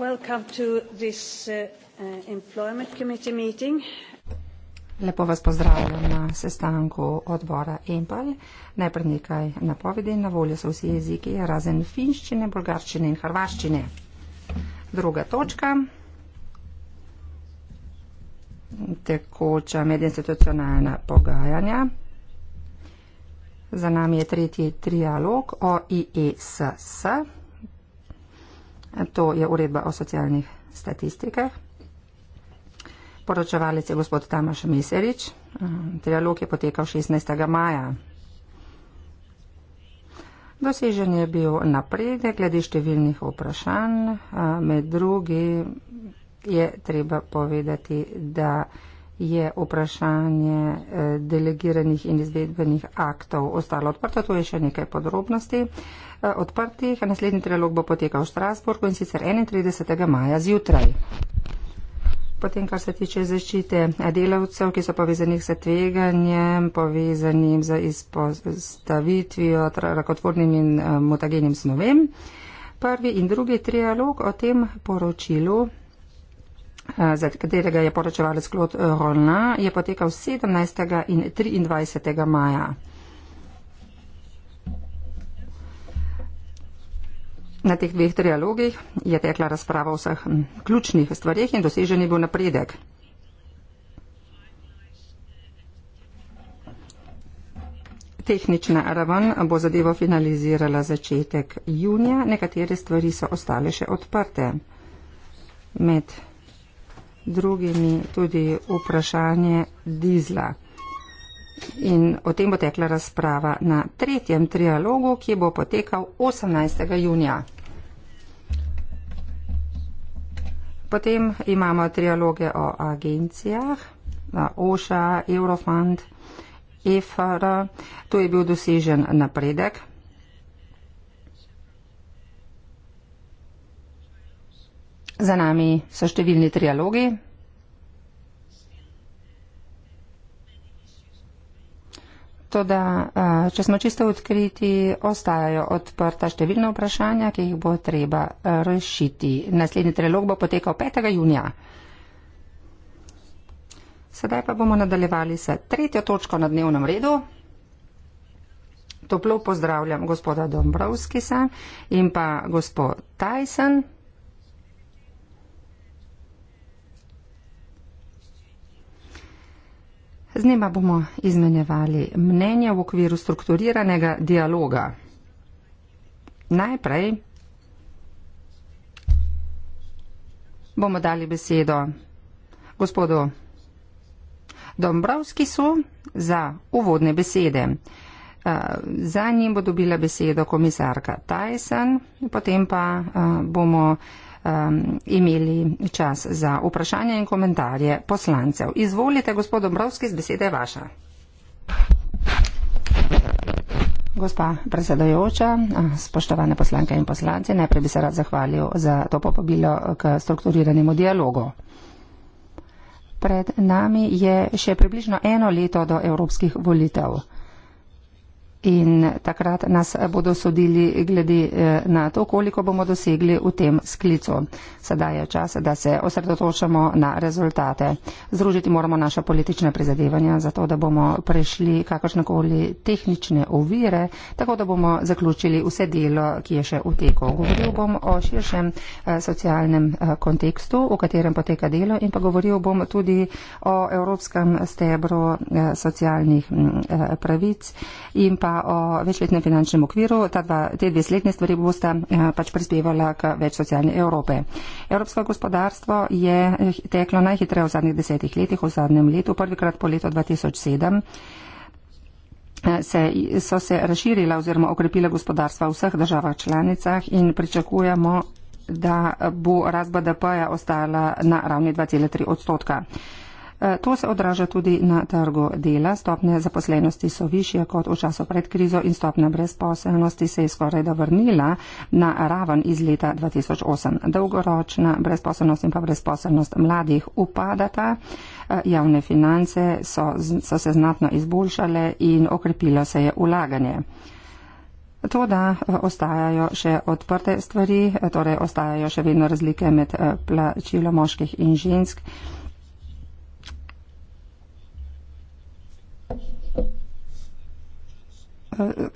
Welcome to this uh, uh, employment committee meeting. Lepo vas pozdravljam na sestanku odbora EMPAL. Najprej nekaj napovedi. Na voljo so vsi jeziki, razen finščine, bolgarščine in hrvaščine. Druga točka. Tekoča medinstitucionalna pogajanja. Za nami je tretji trialog o IESS. To je uredba o socialnih statistikah. Poročevalec je gospod Tamaš Miserič. Trialog je potekal 16. maja. Dosežen je bil napredek glede številnih vprašanj. Med drugim je treba povedati, da je vprašanje eh, delegiranih in izvedbenih aktov ostalo odprto. To je še nekaj podrobnosti eh, odprtih. Naslednji trilog bo potekal v Strasburgu in sicer 31. maja zjutraj. Potem, kar se tiče zaščite eh, delavcev, ki so povezani s tveganjem, povezanim z izpostavitvijo rakotvornim in mutagenim snovem. Prvi in drugi trialog o tem poročilu Eh, za katerega je poročevalec Klot eh, Rolna, je potekal 17. in 23. maja. Na teh dveh trialogih je tekla razprava o vseh ključnih stvarih in dosežen je bil napredek. Tehnična raven bo zadevo finalizirala začetek junija, nekatere stvari so ostale še odprte. Med drugimi tudi vprašanje dizla. In o tem bo tekla razprava na tretjem trialogu, ki bo potekal 18. junija. Potem imamo trialoge o agencijah, OŠA, Eurofund, EFR. Tu je bil dosežen napredek. Za nami so številni trialogi. Toda, če smo čisto odkriti, ostajajo odprta številna vprašanja, ki jih bo treba rešiti. Naslednji trilog bo potekal 5. junija. Sedaj pa bomo nadaljevali s tretjo točko na dnevnem redu. Toplo pozdravljam gospoda Dombrovskisa in pa gospod Tyson. Z njima bomo izmenjevali mnenja v okviru strukturiranega dialoga. Najprej bomo dali besedo gospodu Dombrovskisu za uvodne besede. Eh, za njim bo dobila besedo komisarka Tyson, potem pa eh, bomo um, imeli čas za vprašanje in komentarje poslancev. Izvolite, gospod Dombrovski, z besede je vaša. Gospa predsedojoča, spoštovane poslanke in poslanci, najprej bi se rad zahvalil za to popobilo k strukturiranemu dialogu. Pred nami je še približno eno leto do evropskih volitev in takrat nas bodo sodili glede eh, na to, koliko bomo dosegli v tem sklicu. Sedaj je čas, da se osredotočamo na rezultate. Združiti moramo naša politična prizadevanja, zato da bomo prešli kakršnekoli tehnične ovire, tako da bomo zaključili vse delo, ki je še v teku. Govoril bom o širšem eh, socialnem eh, kontekstu, v katerem poteka delo in pa govoril bom tudi o evropskem stebru socialnih mm, pravic in pa pa o večletnem finančnem okviru, dva, te dve sletne stvari boste eh, pač prispevala k več socialne Evrope. Evropsko gospodarstvo je eh, teklo najhitreje v zadnjih desetih letih, v zadnjem letu, prvikrat po letu 2007. Eh, se, so se razširila oziroma okrepila gospodarstva v vseh državah članicah in pričakujemo, da bo rast BDP-ja ostala na ravni 2,3 odstotka. Eh, to se odraža tudi na trgu dela. Stopne zaposlenosti so više kot v času pred krizo in stopna brezposelnosti se je skoraj da vrnila na raven iz leta 2008. Dolgoročna brezposelnost in pa brezposelnost mladih upadata. Eh, javne finance so, so se znatno izboljšale in okrepilo se je ulaganje. To, da eh, ostajajo še odprte stvari, torej ostajajo še vedno razlike med plačilo moških in ženskih.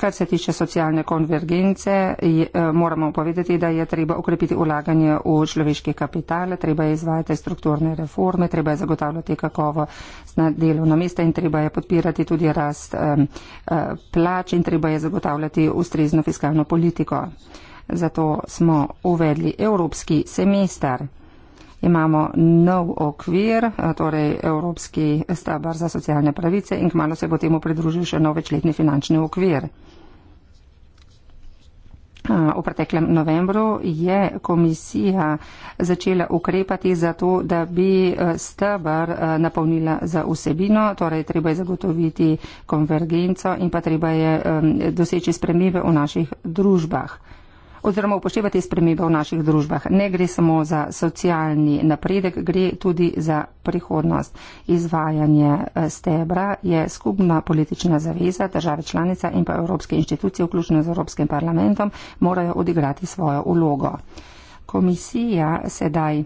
kar se tiče socialne konvergence, eh, moramo povedati, da je treba ukrepiti ulaganje v človeški kapital, treba je izvajati strukturne reforme, treba je zagotavljati kakovostna delovna mesta in treba je podpirati tudi rast eh, plač in treba je zagotavljati ustrezno fiskalno politiko. Zato smo uvedli evropski semester imamo nov okvir, eh, torej Evropski stabar za socialne pravice in kmalo se bo temu pridružil še nov večletni finančni okvir. Eh, v preteklem novembru je komisija začela ukrepati za to, da bi eh, stebr napolnila za vsebino, torej treba je zagotoviti konvergenco in pa treba je doseči spremembe v naših družbah oziroma upoštevati spremembe v naših družbah. Ne gre samo za socialni napredek, gre tudi za prihodnost. Izvajanje eh, stebra je skupna politična zaveza, države članica in pa evropske inštitucije, vključno z Evropskim parlamentom, morajo odigrati svojo ulogo komisija sedaj eh,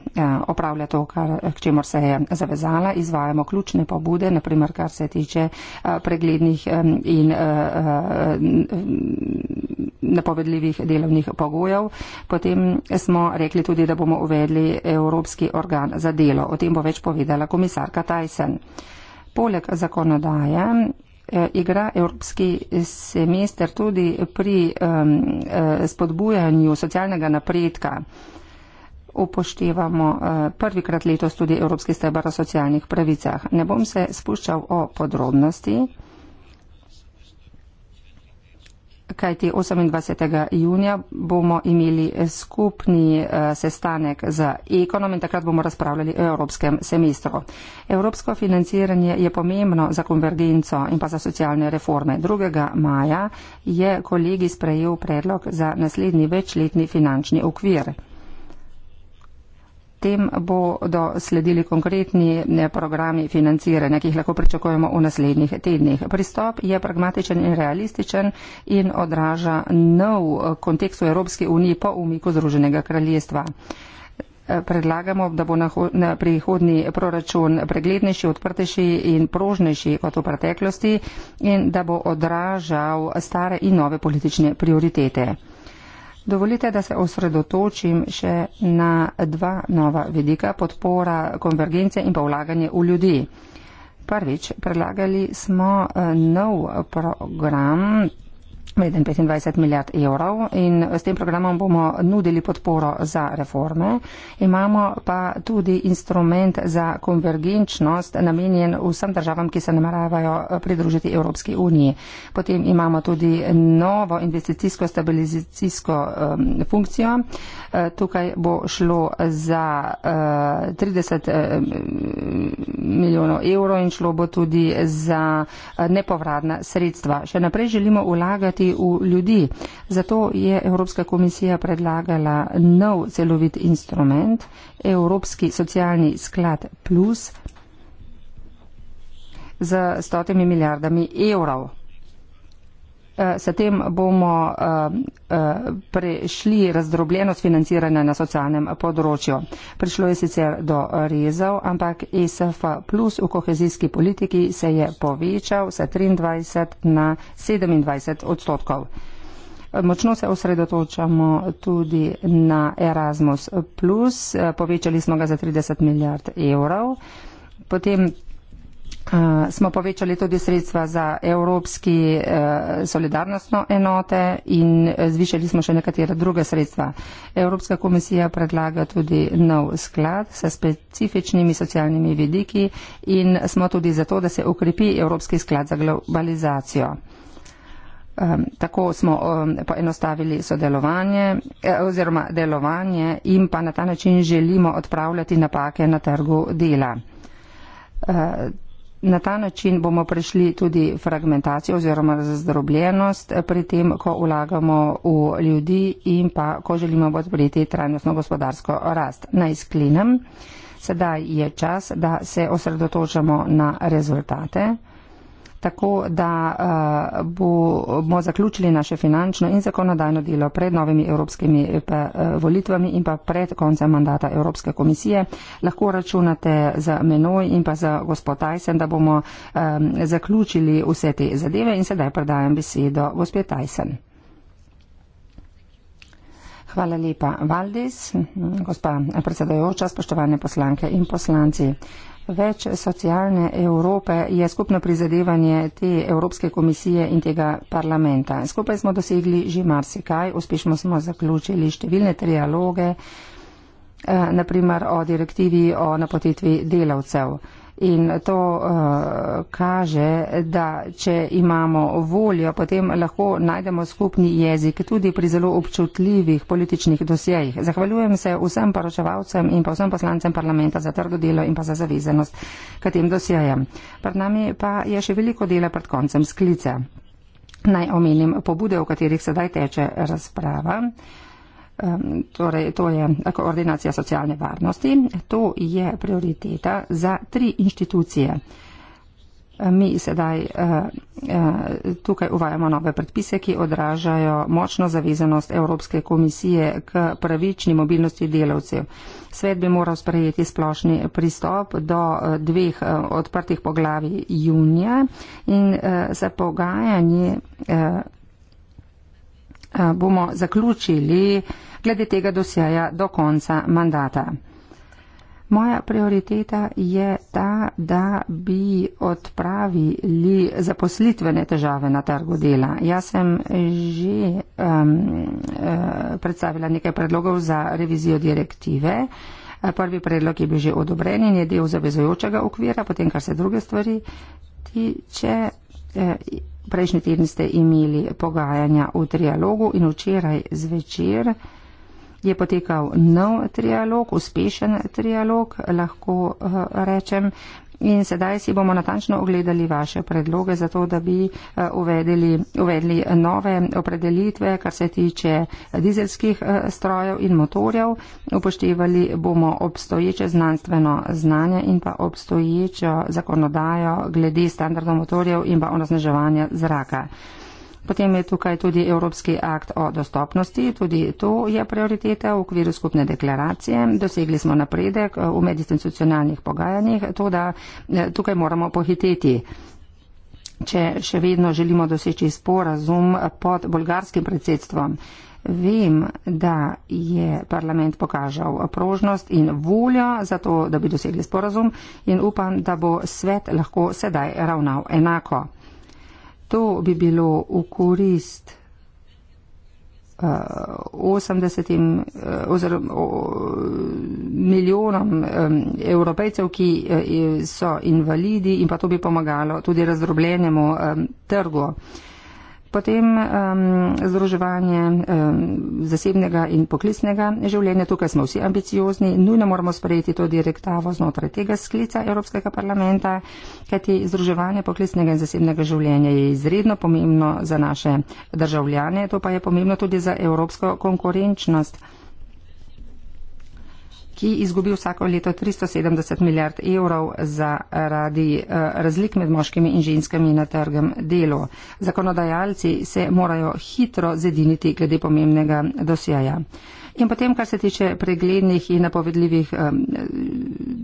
opravlja to, kar, k čemor se je zavezala. Izvajamo ključne pobude, naprimer, kar se tiče eh, preglednih eh, in napovedljivih delovnih pogojev. Potem smo rekli tudi, da bomo uvedli Evropski organ za delo. O tem bo več povedala komisarka Tyson. Poleg zakonodaje igra evropski semester tudi pri um, spodbujanju socialnega napredka upoštevamo eh, prvikrat letos tudi Evropski stebar o socialnih pravicah. Ne bom se spuščal o podrobnosti, kajti 28. junija bomo imeli eh, skupni eh, sestanek z ekonom in takrat bomo razpravljali o evropskem semestru. Evropsko financiranje je pomembno za konvergenco in pa za socialne reforme. 2. maja je kolegi sprejel predlog za naslednji večletni finančni okvir tem bodo sledili konkretni eh, programi financiranja, ki jih lahko pričakujemo v naslednjih tednih. Pristop je pragmatičen in realističen in odraža nov eh, kontekst v Evropski uniji po umiku Združenega kraljestva. Eh, predlagamo, da bo na prihodni proračun preglednejši, odprtejši in prožnejši kot v preteklosti in da bo odražal stare in nove politične prioritete. Dovolite, da se osredotočim še na dva nova vidika podpora konvergence in pa vlaganje v ljudi. Prvič, predlagali smo eh, nov program med 25 milijard evrov in s tem programom bomo nudili podporo za reforme. Imamo pa tudi instrument za konvergenčnost namenjen vsem državam, ki se nameravajo pridružiti Evropski uniji. Potem imamo tudi novo investicijsko stabilizacijsko um, funkcijo. Uh, tukaj bo šlo za uh, 30 uh, milijonov evrov in šlo bo tudi za uh, nepovratna sredstva. Še naprej želimo ulagati v ljudi. Zato je Evropska komisija predlagala nov celovit instrument, Evropski socialni sklad plus z stotimi milijardami evrov. Eh, s tem bomo eh, eh, prešli razdrobljenost financiranja na socialnem področju. Prišlo je sicer do rezov, ampak ESF plus v kohezijski politiki se je povečal sa 23 na 27 odstotkov. Močno se osredotočamo tudi na Erasmus plus, povečali smo ga za 30 milijard evrov. Potem Eh, smo povečali tudi sredstva za evropski eh, solidarnostno enote in eh, zvišali smo še nekatera druga sredstva. Evropska komisija predlaga tudi nov sklad sa specifičnimi socialnimi vidiki in smo tudi zato, da se ukrepi Evropski sklad za globalizacijo. Um, tako smo um, poenostavili sodelovanje eh, oziroma delovanje in pa na ta način želimo odpravljati napake na trgu dela. Uh, na ta način bomo prešli tudi fragmentacijo oziroma zazdrobljenost pri tem, ko ulagamo v ljudi in pa ko želimo odpreti trajnostno gospodarsko rast. Naj sklinem. Sedaj je čas, da se osredotočamo na rezultate tako da uh, bomo zaključili naše finančno in zakonodajno delo pred novimi evropskimi pa, uh, eh, volitvami in pa pred koncem mandata Evropske komisije. Lahko računate za menoj in pa za gospodajsen, da bomo um, zaključili vse te zadeve in sedaj predajam besedo gospodajsen. Hvala lepa, Valdis, gospa predsedajoča, spoštovane poslanke in poslanci. Več socialne Evrope je skupno prizadevanje te Evropske komisije in tega parlamenta. Skupaj smo dosegli že marsikaj, uspešno smo zaključili številne trialoge, eh, naprimer o direktivi o napotitvi delavcev. In to uh, kaže, da če imamo voljo, potem lahko najdemo skupni jezik tudi pri zelo občutljivih političnih dosjejih. Zahvaljujem se vsem poročevalcem in pa vsem poslancem parlamenta za trdo delo in pa za zavezanost k tem dosjejem. Pred nami pa je še veliko dela pred koncem sklica. Naj omenim pobude, o katerih sedaj teče razprava. Uh, torej to je koordinacija socialne varnosti, to je prioriteta za tri inštitucije. Mi sedaj eh, eh, tukaj uvajamo nove predpise, ki odražajo močno zavezanost Evropske komisije k pravični mobilnosti delavcev. Svet bi moral sprejeti splošni pristop do eh, dveh odprtih poglavi junija in se pogajanje bomo zaključili glede tega dosjeja do konca mandata. Moja prioriteta je ta, da bi odpravili zaposlitvene težave na trgu dela. Jaz sem že um, eh, predstavila nekaj predlogov za revizijo direktive. Prvi predlog je bil že odobren in je del zavezojočega okvira, potem kar se druge stvari tiče. Eh, prejšnji teden ste imeli pogajanja v trialogu in včeraj zvečer je potekal nov trialog, uspešen trialog, lahko eh, rečem. In sedaj si bomo natančno ogledali vaše predloge za to, da bi eh, uvedeli, uvedli nove opredelitve, kar se tiče eh, dizelskih strojev in motorjev. Upoštevali bomo obstoječe znanstveno znanje in pa obstoječo zakonodajo glede standardov motorjev in pa onazneževanja zraka. Potem je tukaj tudi Evropski akt o dostopnosti, tudi to je prioriteta v okviru skupne deklaracije. Dosegli smo napredek eh, v medistinstitucionalnih pogajanjih, to da eh, tukaj moramo pohiteti. Če še vedno želimo doseči sporazum pod bolgarskim predsedstvom, vem, da je parlament pokazal prožnost in voljo za to, da bi dosegli sporazum in upam, da bo svet lahko sedaj ravnal enako. To bi bilo v korist uh, eh, 80 eh, oziroma uh, milijonom um, evropejcev, ki uh, so invalidi in pa to bi pomagalo tudi razdrobljenemu um, trgu. Uh, Potem um, združevanje um, zasebnega in poklicnega življenja. Tukaj smo vsi ambiciozni. Nujno moramo sprejeti to direktavo znotraj tega sklica Evropskega parlamenta, kajti združevanje poklicnega in zasebnega življenja je izredno pomembno za naše državljane. To pa je pomembno tudi za evropsko konkurenčnost ki izgubi vsako leto 370 milijard evrov zaradi eh, razlik med moškimi in ženskami na trgem delu. Zakonodajalci se morajo hitro zediniti glede pomembnega dosjeja. In potem, kar se tiče preglednih in napovedljivih um,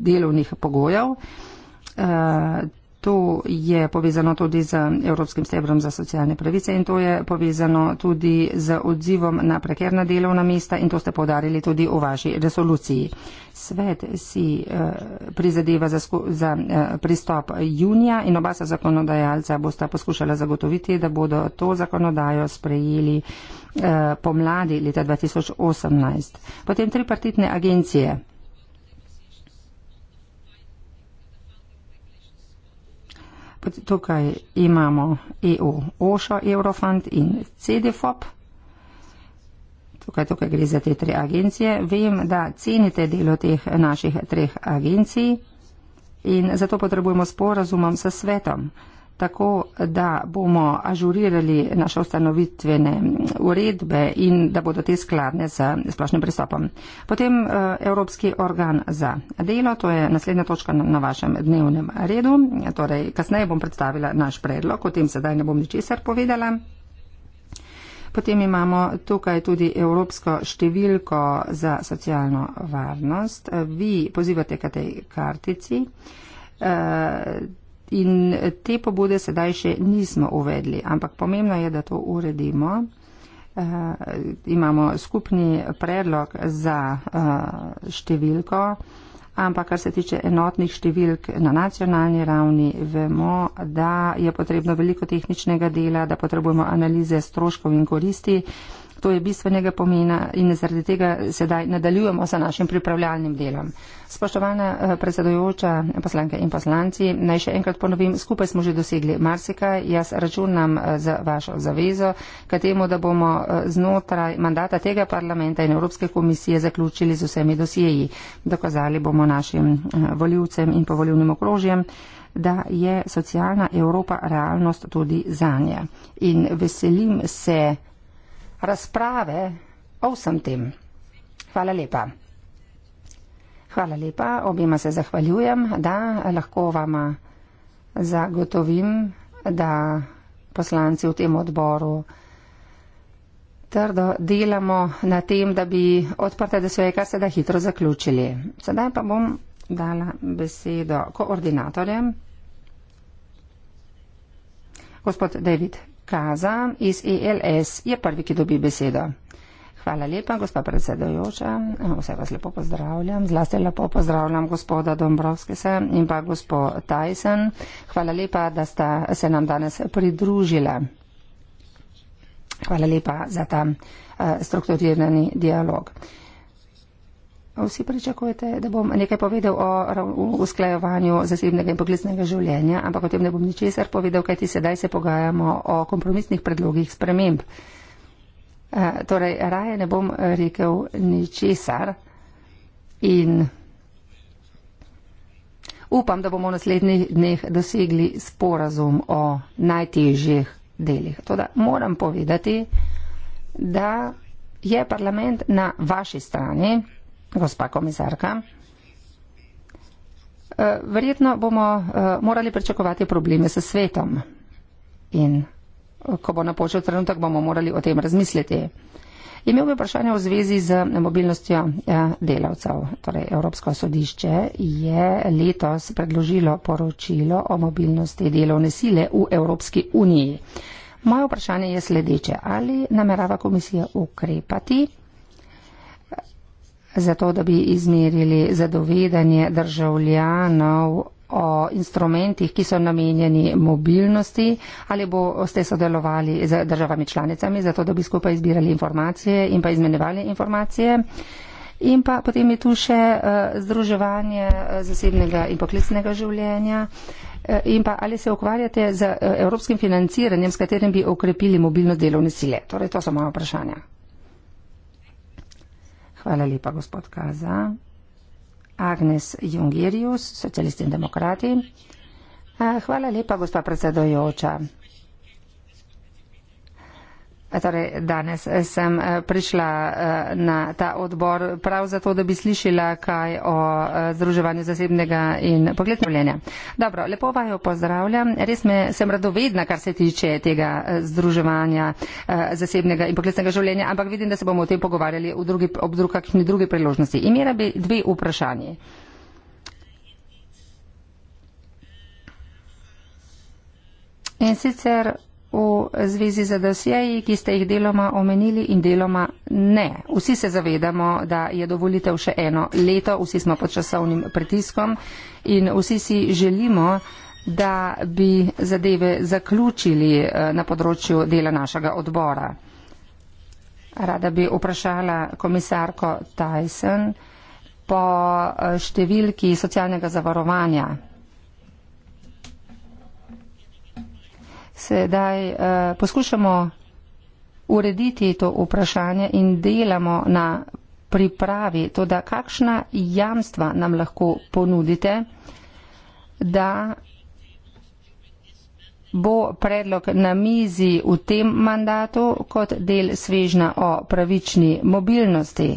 delovnih pogojev, uh, To je povezano tudi z Evropskim stebrom za socialne pravice in to je povezano tudi z odzivom na prekerna delovna mesta in to ste podarili tudi v vaši resoluciji. Svet si uh, prizadeva za, za uh, pristop junija in oba sa zakonodajalca bosta poskušala zagotoviti, da bodo to zakonodajo sprejeli uh, pomladi leta 2018. Potem tripartitne agencije. tukaj imamo EU OŠO, Eurofund in CDFOP. Tukaj, tukaj gre za te tri agencije. Vem, da cenite delo teh naših treh agencij in zato potrebujemo sporazumom s svetom tako da bomo ažurirali naše ustanovitvene uredbe in da bodo te skladne z splošnim pristopom. Potem eh, Evropski organ za delo, to je naslednja točka na vašem dnevnem redu. Torej, kasneje bom predstavila naš predlog, o tem sedaj ne bom ničesar povedala. Potem imamo tukaj tudi Evropsko številko za socialno varnost. Vi pozivate k tej kartici. Uh, In te pobude sedaj še nismo uvedli, ampak pomembno je, da to uredimo. Uh, imamo skupni predlog za uh, številko, ampak kar se tiče enotnih številk na nacionalni ravni, vemo, da je potrebno veliko tehničnega dela, da potrebujemo analize stroškov in koristi To je bistvenega pomena in zaradi tega sedaj nadaljujemo sa našim pripravljalnim delom. Spoštovana eh, predsedojoča, poslanke in poslanci, naj še enkrat ponovim, skupaj smo že dosegli marsikaj. Jaz računam eh, za vašo zavezo, k temu, da bomo eh, znotraj mandata tega parlamenta in Evropske komisije zaključili z vsemi dosjeji. Dokazali bomo našim voljivcem in povoljivnim okrožjem da je socialna Evropa realnost tudi za nje. In veselim se razprave o vsem tem. Hvala lepa. Hvala lepa, objema se zahvaljujem, da lahko vama zagotovim, da poslanci v tem odboru trdo delamo na tem, da bi odprte desoje kar se da hitro zaključili. Sedaj pa bom dala besedo koordinatorjem. Gospod David Kaza iz ELS je prvi, ki dobi besedo. Hvala lepa, gospa predsedojoča. Vse vas lepo pozdravljam. Zlasti lepo pozdravljam gospoda Dombrovskisa in pa gospo Tyson. Hvala lepa, da sta se nam danes pridružila. Hvala lepa za ta uh, strukturirani dialog. Uh, Vsi pričakujete, da bom nekaj povedal o usklajevanju zasebnega in poklicnega življenja, ampak o tem ne bom ničesar povedal, kajti sedaj se pogajamo o kompromisnih predlogih sprememb. Eh, torej, raje ne bom rekel ničesar in upam, da bomo v naslednjih dneh dosegli sporazum o najtežjih delih. Toda moram povedati, da je parlament na vaši strani gospa komisarka. Eh, verjetno bomo eh, morali pričakovati probleme s svetom in eh, ko bo napočil trenutek, bomo morali o tem razmisliti. Imel bi vprašanje v zvezi z mobilnostjo delavcev. Torej, Evropsko sodišče je letos predložilo poročilo o mobilnosti delovne sile v Evropski uniji. Moje vprašanje je sledeče. Ali namerava komisija ukrepati? zato da bi izmerili zadovedanje državljanov o instrumentih, ki so namenjeni mobilnosti, ali boste sodelovali z državami članicami, zato da bi skupaj izbirali informacije in pa izmenjevali informacije. In pa potem je tu še uh, združevanje uh, zasebnega in poklicnega življenja. Uh, in pa ali se ukvarjate z uh, evropskim financiranjem, s katerim bi okrepili mobilno delovne sile? Torej, to so moja vprašanja. Hvala lepa, gospod Kaza. Agnes Jungirius, socialisti in demokrati. Eh, hvala lepa, gospod predsedojoča. Torej, danes eh, sem eh, prišla eh, na ta odbor prav zato, da bi slišala kaj o združevanju zasebnega in pogledno življenja. Dobro, lepo vajo pozdravljam. Res me sem radovedna, kar se tiče tega združevanja zasebnega in poglednega življenja, ampak vidim, da se bomo o tem pogovarjali v drugi, ob kakšni drugi priložnosti. Imela bi dve vprašanje. In sicer v zvezi z DSJ-ji, ki ste jih deloma omenili in deloma ne. Vsi se zavedamo, da je dovolitev še eno leto, vsi smo pod časovnim pritiskom in vsi si želimo, da bi zadeve zaključili eh, na področju dela našega odbora. Rada bi vprašala komisarko Tyson po eh, številki socialnega zavarovanja sedaj uh, poskušamo urediti to vprašanje in delamo na pripravi, to da kakšna jamstva nam lahko ponudite, da bo predlog na mizi v tem mandatu kot del svežna o pravični mobilnosti.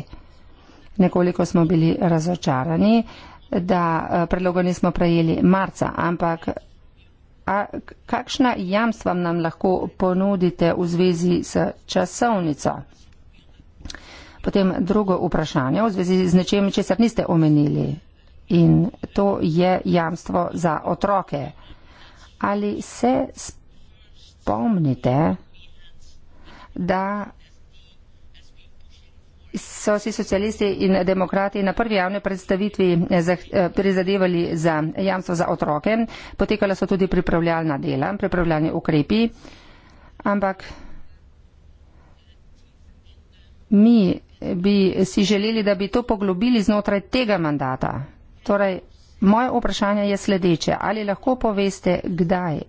Nekoliko smo bili razočarani, da eh, predloga nismo prejeli marca, ampak A kakšna jamstva nam lahko ponudite v zvezi s časovnico? Potem drugo vprašanje v zvezi z nečem, česar niste omenili. In to je jamstvo za otroke. Ali se spomnite, da so si socialisti in demokrati na prvi javni predstavitvi eh, eh, prizadevali za jamstvo za otroke. Potekala so tudi pripravljalna dela, pripravljalni ukrepi, ampak mi bi si želeli, da bi to poglobili znotraj tega mandata. Torej, moje vprašanje je sledeče. Ali lahko poveste, kdaj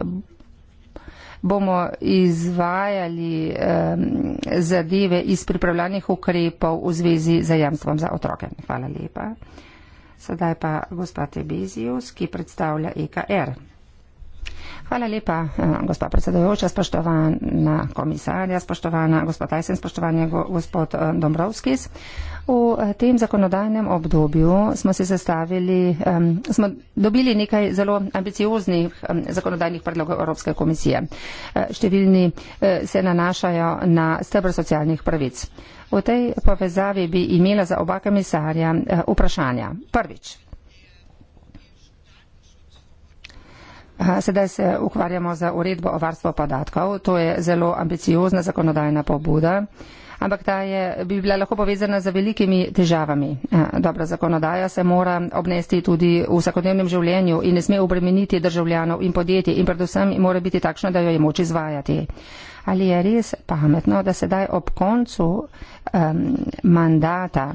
bomo izvajali eh, zadeve iz pripravljanih ukrepov v zvezi z jamstvom za otroke. Hvala lepa. Sedaj pa gospod Ebezijus, ki predstavlja EKR. Hvala lepa, eh, gospa predsedujoča, spoštovana komisarja, spoštovana gospa Tyson, spoštovani gospod eh, Dombrovskis. V eh, tem zakonodajnem obdobju smo si zastavili, smo dobili nekaj zelo ambicioznih zakonodajnih predlogov Evropske komisije. Številni se nanašajo na stebr socialnih pravic. V tej povezavi bi imela za oba komisarja vprašanja. Prvič. Sedaj se ukvarjamo za uredbo o varstvu podatkov. To je zelo ambiciozna zakonodajna pobuda, ampak ta je, bi bila lahko povezana z velikimi težavami. Dobra zakonodaja se mora obnesti tudi v vsakodnevnem življenju in ne sme obremeniti državljanov in podjetij in predvsem mora biti takšna, da jo je moč izvajati. Ali je res pametno, da sedaj ob koncu um, mandata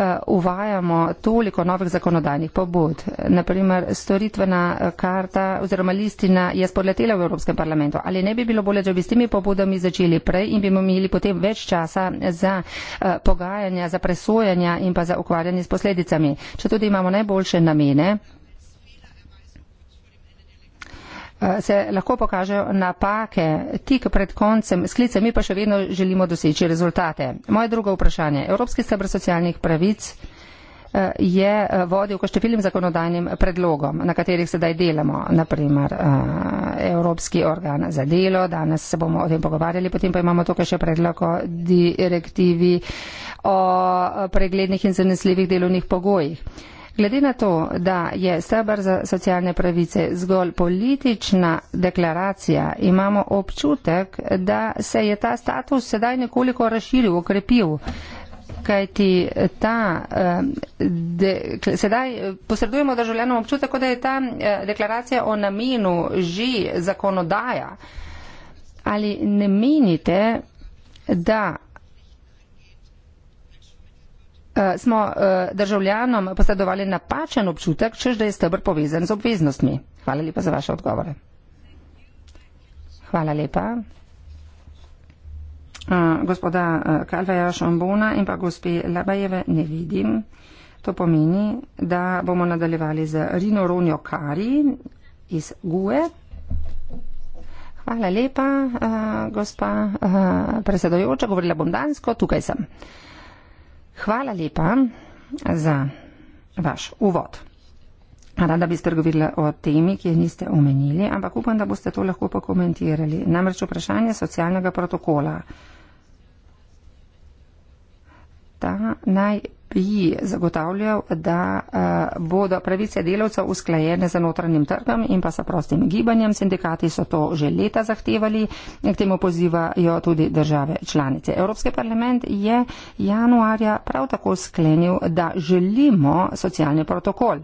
Eh, uvajamo toliko novih zakonodajnih pobud. Naprimer, storitvena eh, karta oziroma listina je spodletela v Evropskem parlamentu. Ali ne bi bilo bolje, da bi s temi pobudami začeli prej in bi imeli potem več časa za eh, pogajanja, za presojanja in pa za ukvarjanje s posledicami? Če tudi imamo najboljše namene, Eh, se lahko pokažejo napake tik pred koncem sklice, mi pa še vedno želimo doseči rezultate. Moje drugo vprašanje. Evropski stebr socialnih pravic eh, je eh, vodil ko številnim zakonodajnim predlogom, na katerih sedaj delamo, naprimer Evropski organ za delo, danes se bomo o tem pogovarjali, potem pa imamo tukaj še predlog o direktivi o preglednih in zanesljivih delovnih pogojih. Glede na to, da je stebr za socialne pravice zgolj politična deklaracija, imamo občutek, da se je ta status sedaj nekoliko razširil, okrepil. Kaj ti ta, eh, de, sedaj eh, posredujemo državljanom občutek, da je ta eh, deklaracija o namenu že zakonodaja. Ali ne menite, da Eh, smo eh, državljanom posredovali napačen občutek, čež da je stebr povezan z obveznostmi. Hvala lepa za vaše odgovore. Hvala lepa. Eh, gospoda Kalveja Šambona in pa gospe Labajeve ne vidim. To pomeni, da bomo nadaljevali z Rino Ronjo Kari iz GUE. Hvala lepa, gospa predsedojoča. Govorila bom dansko, tukaj sem. Hvala lepa za vaš uvod. Rada bi spregovorila o temi, ki je niste omenili, ampak upam, da boste to lahko pokomentirali. Namreč vprašanje socialnega protokola. Ta naj bi zagotavljal, da eh, bodo pravice delavcev usklajene z notranjim trgom in pa s prostim gibanjem. Sindikati so to že leta zahtevali, k temu pozivajo tudi države članice. Evropski parlament je januarja prav tako sklenil, da želimo socialni protokol.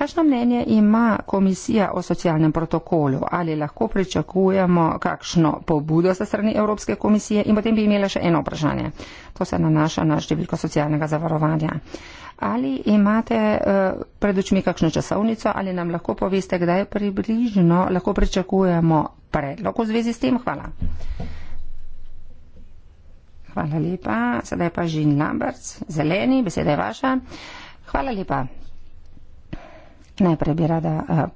Kakšno mnenje ima komisija o socialnem protokolu? Ali lahko pričakujemo kakšno pobudo za strani Evropske komisije? In potem bi imela še eno vprašanje. To se nanaša na številko socialnega zavarovanja. Ali imate eh, pred očmi kakšno časovnico? Ali nam lahko poveste, kdaj približno lahko pričakujemo predlog v zvezi s tem? Hvala. Hvala lepa. Sedaj pa Žin Lamberts, zeleni, beseda je vaša. Hvala lepa. Najprej bi rada eh,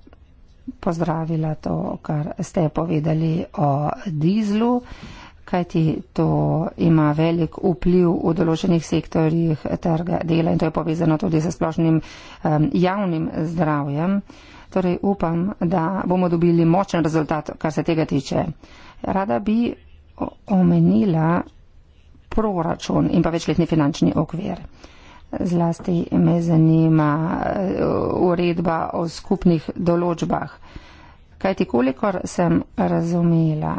pozdravila to, kar ste povedali o dizlu, kajti to ima velik vpliv v določenih sektorjih trga dela in to je povezano tudi z splošnim eh, javnim zdravjem. Torej upam, da bomo dobili močen rezultat, kar se tega tiče. Rada bi omenila proračun in pa večletni finančni okvir. Zlasti me zanima eh, uredba o skupnih določbah. Kajti kolikor sem razumela,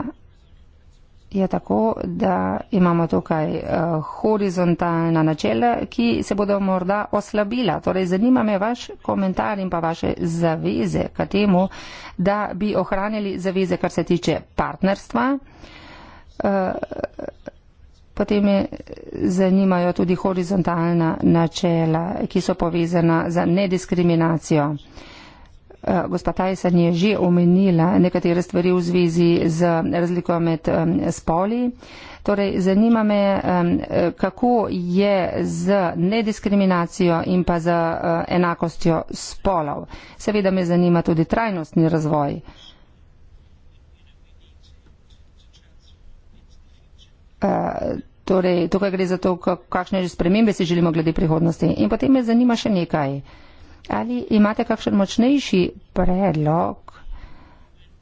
je tako, da imamo tukaj eh, horizontalna načela, ki se bodo morda oslabila. Torej zanima me vaš komentar in pa vaše zaveze k temu, da bi ohranili zaveze, kar se tiče partnerstva. Eh, Potem me zanimajo tudi horizontalna načela, ki so povezana za nediskriminacijo. Eh, gospa Tyson je že omenila nekatere stvari v zvezi z razliko med spoli. Torej, zanima me, kako je z nediskriminacijo in pa z eh, enakostjo spolov. Seveda me zanima tudi trajnostni razvoj. Eh, torej, tukaj gre za to, kakšne spremembe si želimo glede prihodnosti. In potem me zanima še nekaj. Ali imate kakšen močnejši predlog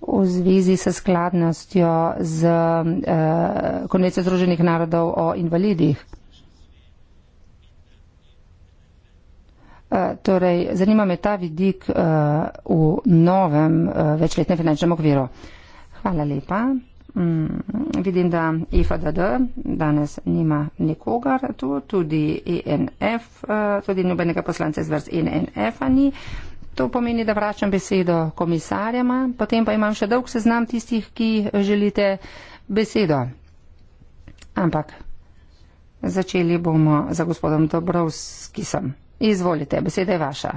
v zvezi s skladnostjo z uh, Konvencijo Združenih narodov o invalidih? Eh, torej, zanima me ta vidik uh, v novem uh, večletnem finančnem okviru. Hvala lepa. Mm, vidim, da IFADD danes nima nikogar tu, tudi INF, e eh, tudi nobenega poslance z vrst INF-a e ni. To pomeni, da vračam besedo komisarjama, potem pa imam še dolg seznam tistih, ki želite besedo. Ampak začeli bomo za gospodom Dobrovskisom. Izvolite, beseda je vaša.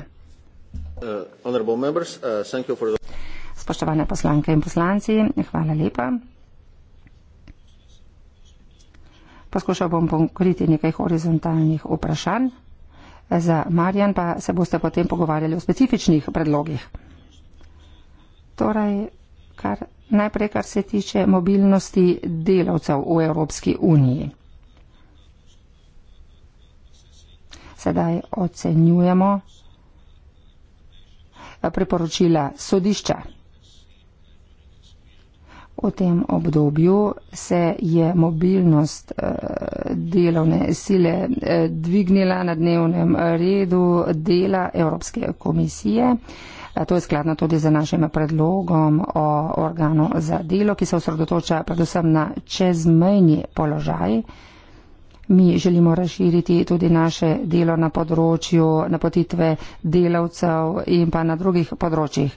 Uh, members, uh, the... Spoštovane poslanke in poslanci, hvala lepa. Poskušal bom pokriti nekaj horizontalnih vprašanj, za Marjan pa se boste potem pogovarjali o specifičnih predlogih. Torej, kar najprej, kar se tiče mobilnosti delavcev v Evropski uniji. Sedaj ocenjujemo priporočila sodišča. V tem obdobju se je mobilnost eh, delovne sile eh, dvignila na dnevnem eh, redu dela Evropske komisije. To je skladno tudi za našim predlogom o organu za delo, ki se osredotoča predvsem na čezmejni položaj Mi želimo razširiti tudi naše delo na področju napotitve delavcev in pa na drugih področjih.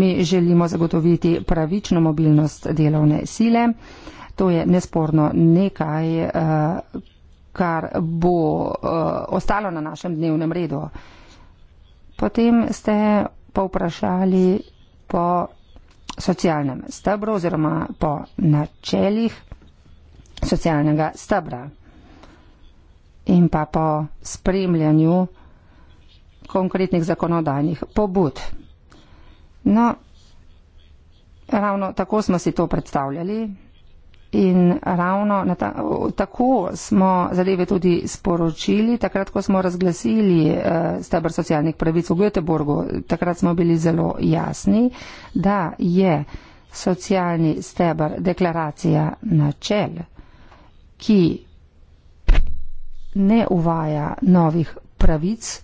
Mi želimo zagotoviti pravično mobilnost delovne sile. To je nesporno nekaj, eh, kar bo eh, ostalo na našem dnevnem redu. Potem ste pa vprašali po socialnem stebru oziroma po načelih socialnega stebra in pa po spremljanju konkretnih zakonodajnih pobud. No, ravno tako smo si to predstavljali in ravno ta, tako smo zadeve tudi sporočili, takrat, ko smo razglasili uh, eh, stebr socialnih pravic v Göteborgu, takrat smo bili zelo jasni, da je socialni stebr deklaracija načel, ki ne uvaja novih pravic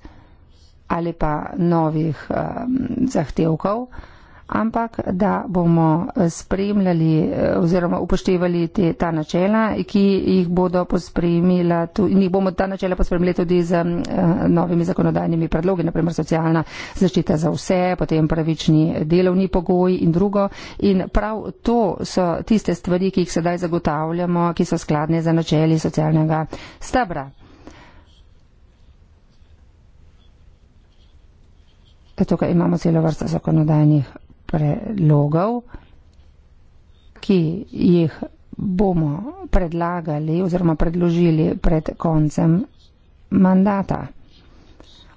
ali pa novih um, zahtevkov ampak da bomo spremljali eh, oziroma upoštevali te, ta načela, ki jih bodo pospremila, in jih bomo ta načela pospremili tudi z uh, novimi zakonodajnimi predlogi, naprimer socialna zaščita za vse, potem pravični delovni pogoji in drugo. In prav to so tiste stvari, ki jih sedaj zagotavljamo, ki so skladne za načeli socialnega stabra. Tukaj imamo celo vrsto zakonodajnih predlogov, ki jih bomo predlagali oziroma predložili pred koncem mandata.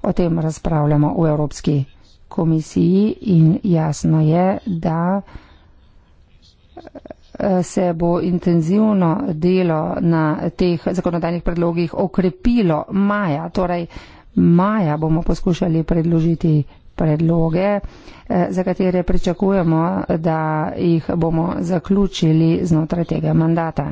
O tem razpravljamo v Evropski komisiji in jasno je, da eh, se bo intenzivno delo na teh zakonodajnih predlogih okrepilo maja. Torej, maja bomo poskušali predložiti predloge, eh, za katere pričakujemo, da jih bomo zaključili znotraj tega mandata.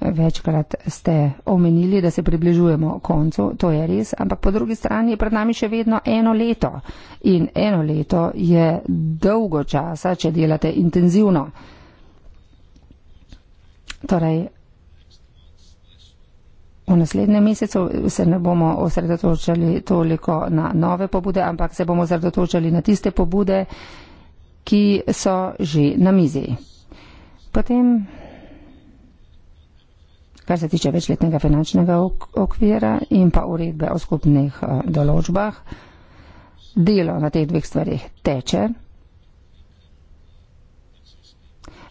Večkrat ste omenili, da se približujemo koncu, to je res, ampak po drugi strani je pred nami še vedno eno leto. In eno leto je dolgo časa, če delate intenzivno. Torej, V naslednjem mesecu se ne bomo osredotočali toliko na nove pobude, ampak se bomo osredotočali na tiste pobude, ki so že na mizi. Potem, kar se tiče večletnega finančnega okvira in pa uredbe o skupnih eh, določbah, delo na teh dveh stvarih teče.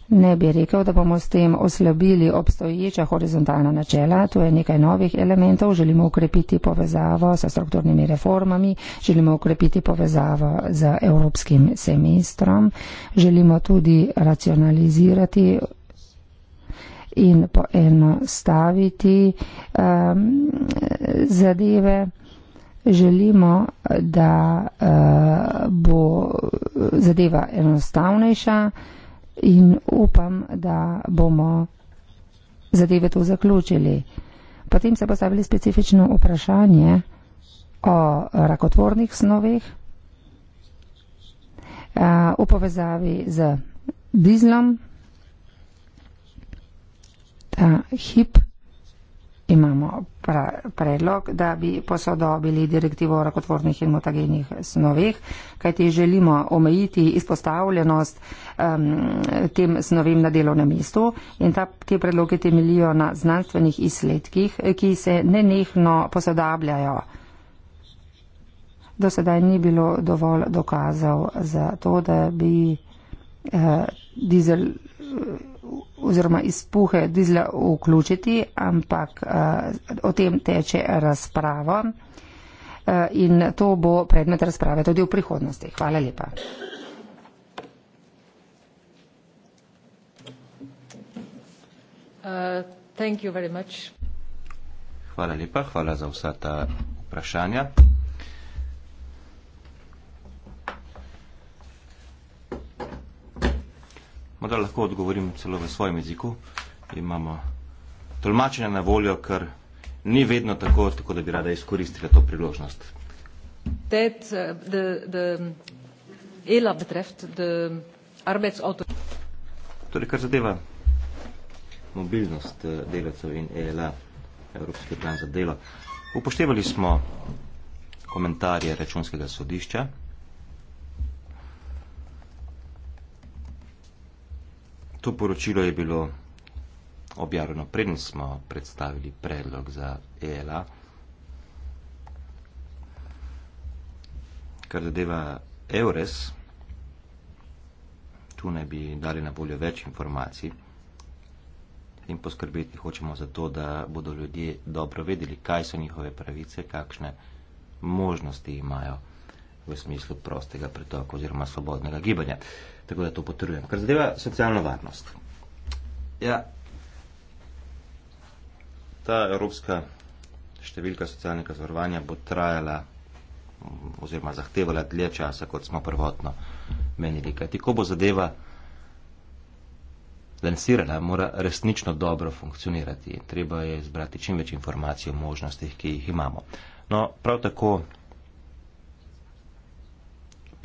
Ne bi rekel, da bomo s tem oslabili obstoječa horizontalna načela, tu je nekaj novih elementov, želimo ukrepiti povezavo s strukturnimi reformami, želimo ukrepiti povezavo z evropskim semestrom, želimo tudi racionalizirati in poenostaviti um, zadeve. Želimo, da uh, bo zadeva enostavnejša in upam, da bomo zadeve to zaključili. Potem se postavili specifično vprašanje o rakotvornih snovih v povezavi z dizlom. Ta hip Imamo pra, predlog, da bi posodobili direktivo o rakotvornih in mutagenih snoveh, kajti želimo omejiti izpostavljenost um, tem snovem na delovnem mestu in ta, te predloge temelijo na znanstvenih izsledkih, ki se nenehno posodabljajo. Do sedaj ni bilo dovolj dokazov za to, da bi uh, dizel. Uh, oziroma izpuhe dizla vključiti, ampak eh, o tem teče razprava eh, in to bo predmet razprave tudi v prihodnosti. Hvala lepa. Uh, hvala lepa, hvala za vsa ta vprašanja. morda lahko odgovorim celo v svojem jeziku. Imamo tolmačenje na voljo, kar ni vedno tako, tako da bi rada izkoristila to priložnost. That, uh, the, the ELA betreft, the arbeidsautor... Torej, kar zadeva mobilnost eh, delavcev in ELA, Evropski plan za delo. Upoštevali smo komentarje računskega sodišča, To poročilo je bilo objavljeno, preden smo predstavili predlog za ELA. Kar zadeva EURES, tu naj bi dali na voljo več informacij in poskrbeti hočemo za to, da bodo ljudje dobro vedeli, kaj so njihove pravice, kakšne možnosti imajo v smislu prostega pretoka oziroma svobodnega gibanja. Tako da to potrujem. Kar zadeva socialno varnost. Ja, ta evropska številka socialnega zavarovanja bo trajala mm, oziroma zahtevala dlje časa, kot smo prvotno menili. Kajti, ko bo zadeva lansirana, mora resnično dobro funkcionirati. Treba je zbrati čim več informacij o možnostih, ki jih imamo. No, prav tako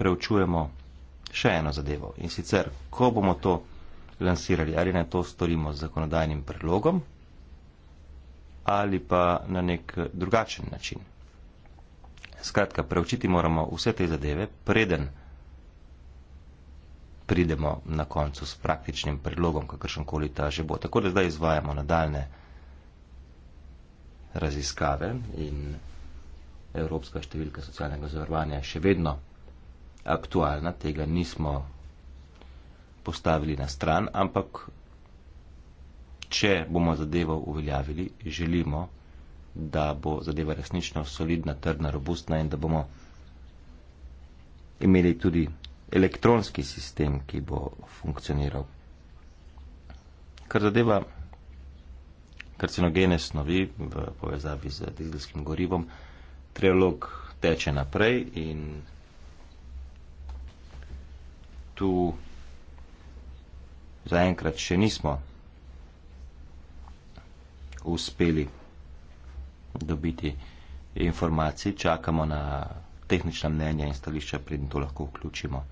preučujemo še eno zadevo. In sicer, ko bomo to lansirali, ali naj to storimo z zakonodajnim predlogom ali pa na nek drugačen način. Skratka, preučiti moramo vse te zadeve, preden pridemo na koncu s praktičnim predlogom, kakršenkoli ta že bo. Tako da zdaj izvajamo nadaljne raziskave in evropska številka socialnega zavarovanja je še vedno aktualna, tega nismo postavili na stran, ampak če bomo zadevo uveljavili, želimo, da bo zadeva resnično solidna, trdna, robustna in da bomo imeli tudi elektronski sistem, ki bo funkcioniral. Kar zadeva karcinogene snovi v povezavi z dizelskim gorivom, trilog teče naprej in tu zaenkrat še nismo uspeli dobiti informacij, čakamo na tehnična mnenja in stališča, preden to lahko vključimo.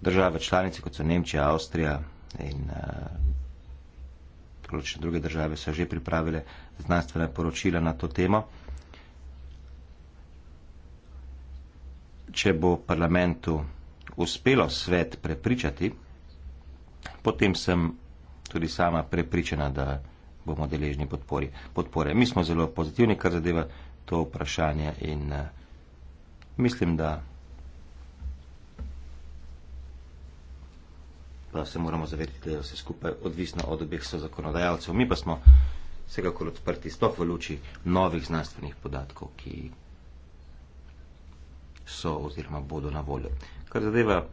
Države članice, kot so Nemčija, Avstrija in eh, določene uh, druge države, so že pripravile znanstvene poročila na to temo. Če bo parlamentu uspelo svet prepričati, potem sem tudi sama prepričana, da bomo deležni podpori, podpore. Mi smo zelo pozitivni, kar zadeva to vprašanje in uh, mislim, da, da se moramo zavedati, da je vse skupaj odvisno od obeh sozakonodajalcev. Mi pa smo vsekakor odprti, sploh v luči novih znanstvenih podatkov, ki so oziroma bodo na voljo kar zadeva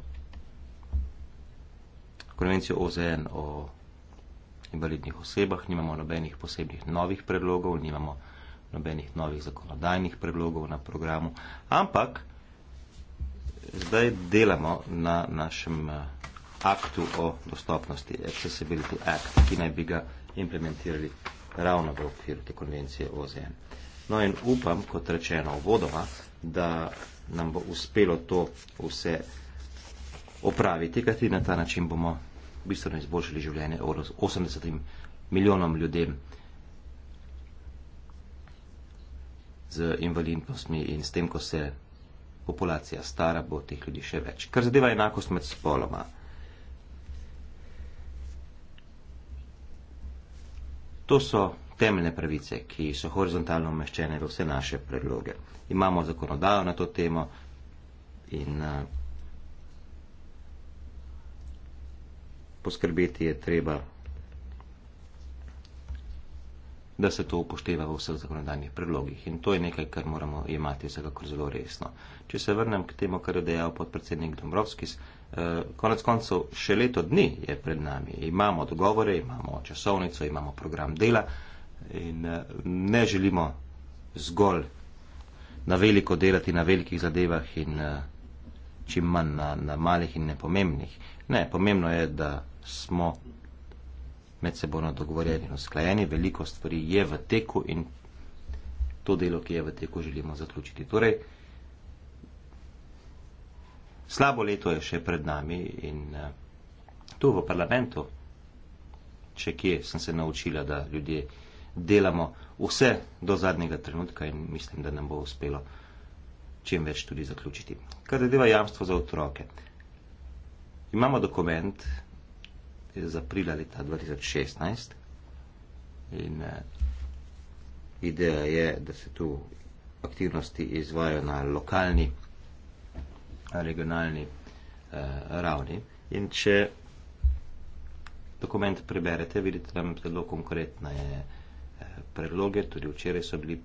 konvencijo OZN o invalidnih osebah, nimamo nobenih posebnih novih predlogov, nimamo nobenih novih zakonodajnih predlogov na programu, ampak zdaj delamo na našem eh, aktu o dostopnosti, Accessibility Act, ki naj bi ga implementirali ravno v okviru te konvencije OZN. No in upam, kot rečeno v vodoma, da nam bo uspelo to vse opraviti, kajti na ta način bomo bistveno izboljšali življenje 80 milijonom ljudem z invalidnostmi in s tem, ko se populacija stara, bo teh ljudi še več. Kar zadeva enakost med spoloma. To so temeljne pravice, ki so horizontalno umeščene v vse naše predloge. Imamo zakonodajo na to temo in uh, poskrbeti je treba, da se to upošteva v vseh zakonodajnih predlogih. In to je nekaj, kar moramo imati vsekakor zelo resno. Če se vrnem k temu, kar je dejal podpredsednik Dombrovskis, uh, konec koncev še leto dni je pred nami. Imamo dogovore, imamo časovnico, imamo program dela. In eh, ne želimo zgolj na veliko delati na velikih zadevah in eh, čim manj na, na malih in nepomembnih. Ne, pomembno je, da smo med sebojno dogovorjeni in usklajeni, veliko stvari je v teku in to delo, ki je v teku, želimo zaključiti. Torej, slabo leto je še pred nami in eh, tu v parlamentu, če kje, sem se naučila, da ljudje delamo vse do zadnjega trenutka in mislim, da nam bo uspelo čim več tudi zaključiti. Kar zadeva jamstvo za otroke. Imamo dokument iz aprila leta 2016 in eh, ideja je, da se tu aktivnosti izvajo na lokalni, regionalni eh, ravni. In če dokument preberete, vidite tam zelo konkretno je. Eh, predloge, tudi včeraj so bili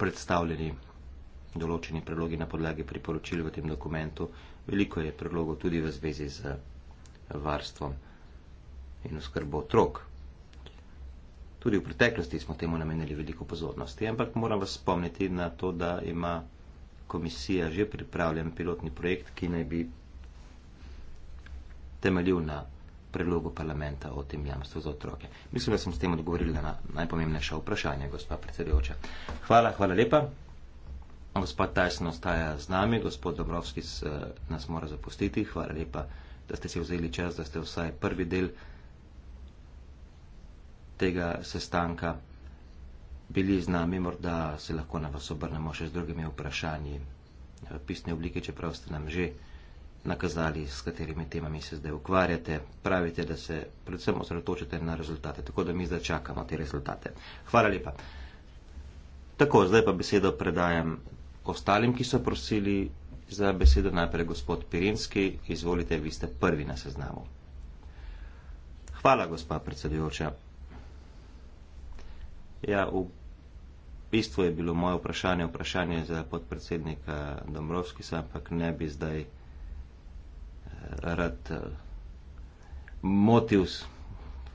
predstavljeni določeni predlogi na podlagi priporočil v tem dokumentu. Veliko je predlogov tudi v zvezi z varstvom in oskrbo otrok. Tudi v preteklosti smo temu namenili veliko pozornosti, ampak moram vas spomniti na to, da ima komisija že pripravljen pilotni projekt, ki naj bi temeljil na predlogu parlamenta o tem jamstvu za otroke. Mislim, da sem s tem odgovorila na najpomembnejša vprašanja, gospa predsedujoča. Hvala, hvala lepa. Gospa Tyson ostaja z nami, gospod Dobrovski s, nas mora zapustiti. Hvala lepa, da ste si vzeli čas, da ste vsaj prvi del tega sestanka bili z nami. Morda se lahko na vas obrnemo še z drugimi vprašanji v eh, pisni obliki, čeprav ste nam že nakazali, s katerimi temami se zdaj ukvarjate. Pravite, da se predvsem osredotočite na rezultate, tako da mi zdaj čakamo te rezultate. Hvala lepa. Tako, zdaj pa besedo predajam ostalim, ki so prosili za besedo. Najprej gospod Pirinski, izvolite, vi ste prvi na seznamu. Hvala, gospa predsedujoča. Ja, v bistvu je bilo moje vprašanje vprašanje za podpredsednika Dombrovskisa, ampak ne bi zdaj rad eh, motil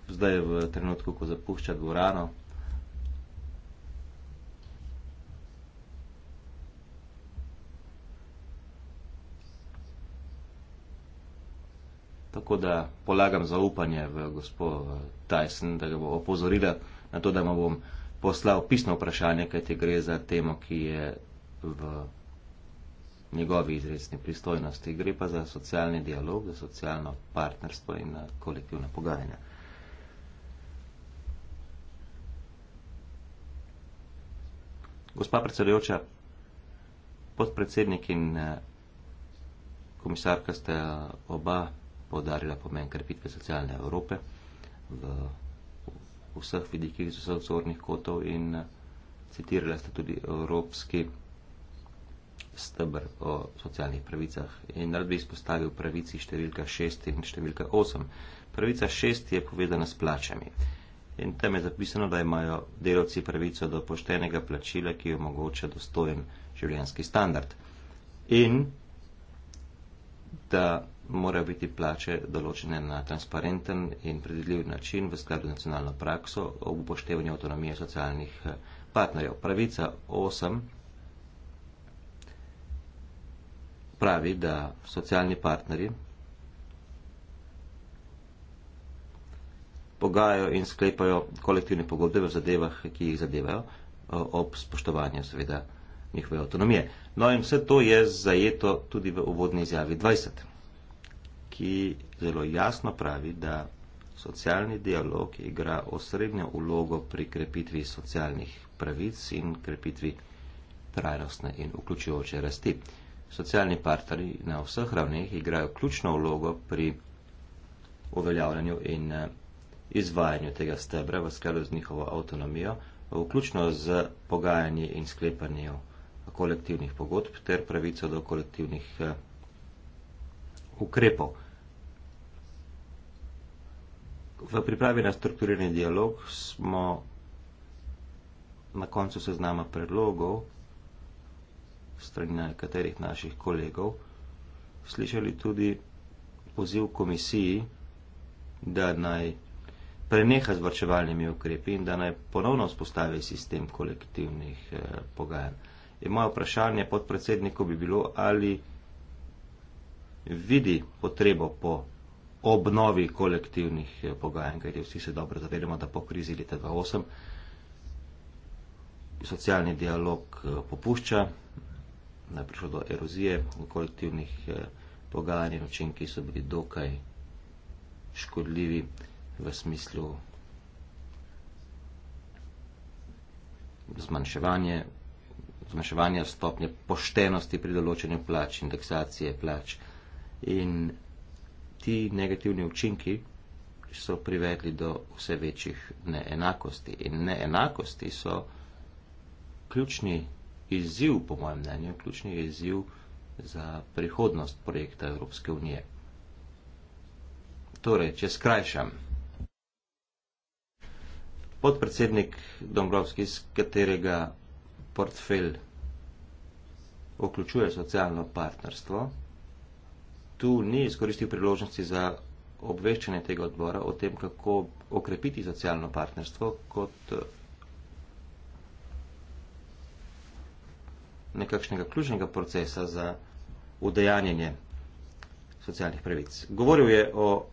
zdaj v trenutku, ko zapušča dvorano. Tako da polagam zaupanje v gospod eh, Tyson, da ga bo opozorila na to, da mu bom poslal pisno vprašanje, kaj ti gre za temo, ki je v njegovi izredni pristojnosti, gre pa za socialni dialog, za socialno partnerstvo in eh, kolektivna pogajanja. Gospa predsedujoča, podpredsednik in eh, komisarka ste oba podarila pomen krepitve socialne Evrope v vseh vidikih z vseh zornih kotov in eh, citirala ste tudi evropski stebr o socialnih pravicah in rad bi izpostavil pravici številka 6 in številka 8. Pravica 6 je povezana s plačami in tam je zapisano, da imajo delavci pravico do poštenega plačila, ki omogoča dostojen življenjski standard in da morajo biti plače določene na transparenten in predvidljiv način v skladu z nacionalno prakso ob upoštevanju avtonomije socialnih eh, partnerjev. Pravica 8 pravi, da socialni partnerji pogajajo in sklepajo kolektivne pogodbe v zadevah, ki jih zadevajo, ob spoštovanju seveda njihove avtonomije. No in vse to je zajeto tudi v uvodni izjavi 20, ki zelo jasno pravi, da socialni dialog igra osrednjo ulogo pri krepitvi socialnih pravic in krepitvi trajnostne in vključujoče rasti socialni partneri na vseh ravneh igrajo ključno vlogo pri uveljavljanju in eh, izvajanju tega stebra v skladu z njihovo avtonomijo, vključno z pogajanji in sklepanjem kolektivnih pogodb ter pravico do kolektivnih eh, ukrepov. V pripravi na strukturirani dialog smo na koncu seznama predlogov strani nekaterih naših kolegov, slišali tudi poziv komisiji, da naj preneha z vrčevalnimi ukrepi in da naj ponovno vzpostavi sistem kolektivnih eh, pogajanj. In moje vprašanje podpredsedniku bi bilo, ali vidi potrebo po obnovi kolektivnih eh, pogajanj, kajti vsi se dobro zavedamo, da po krizi leta 2008 socialni dialog eh, popušča, prišlo do erozije kolektivnih eh, pogajanj in učinki so bili dokaj škodljivi v smislu zmanjševanje, zmanjševanje stopnje poštenosti pri določenju plač, indeksacije plač. In ti negativni učinki so privedli do vse večjih neenakosti. In neenakosti so ključni izziv, po mojem mnenju, ključni izziv za prihodnost projekta Evropske unije. Torej, če skrajšam. Podpredsednik Dombrovski, iz katerega portfelj vključuje socialno partnerstvo, tu ni izkoristil priložnosti za obveščanje tega odbora o tem, kako okrepiti socialno partnerstvo kot nekakšnega ključnega procesa za udejanjenje socialnih pravic. Govoril je o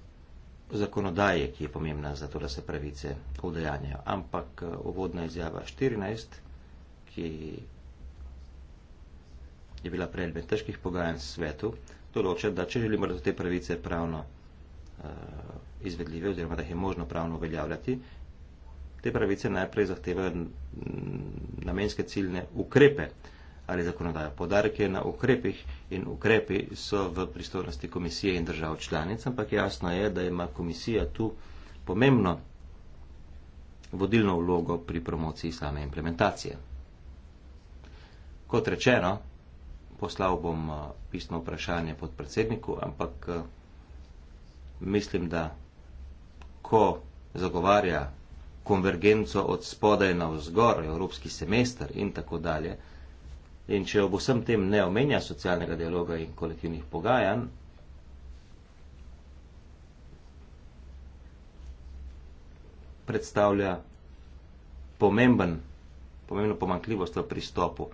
zakonodaji, ki je pomembna za to, da se pravice udejanjajo, ampak eh, uvodna izjava 14, ki je bila predmet težkih pogajanj s svetu, določa, da če želimo, da so te pravice pravno uh, izvedljive oziroma da jih je možno pravno uveljavljati, te pravice najprej zahtevajo namenske ciljne ukrepe ali zakonodajo. Podarek je na ukrepih in ukrepi so v pristojnosti komisije in držav članic, ampak jasno je, da ima komisija tu pomembno vodilno vlogo pri promociji same implementacije. Kot rečeno, poslal bom eh, pisno vprašanje podpredsedniku, ampak eh, mislim, da ko zagovarja konvergenco od spodaj na vzgor, evropski semester in tako dalje, In če ob vsem tem ne omenja socialnega dialoga in kolektivnih pogajanj, predstavlja pomemben, pomembno pomankljivost v pristopu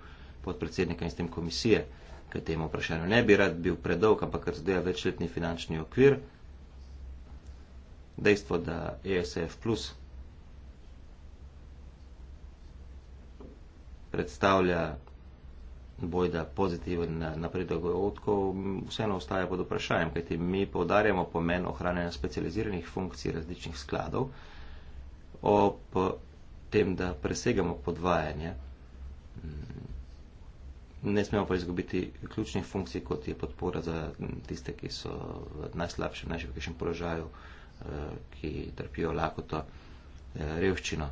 podpredsednika in s tem komisije k temu vprašanju. Ne bi rad bil predolg, ampak ker zdaj je večletni finančni okvir, dejstvo, da ESF plus predstavlja bojda pozitiven napredek dogodkov, vseeno ostaja pod vprašanjem, kajti mi povdarjamo pomen ohranjanja specializiranih funkcij različnih skladov ob tem, da presegamo podvajanje. Ne smemo pa izgubiti ključnih funkcij, kot je podpora za tiste, ki so v najslabšem, najšepkejšem položaju, eh, ki trpijo lakoto, eh, revščino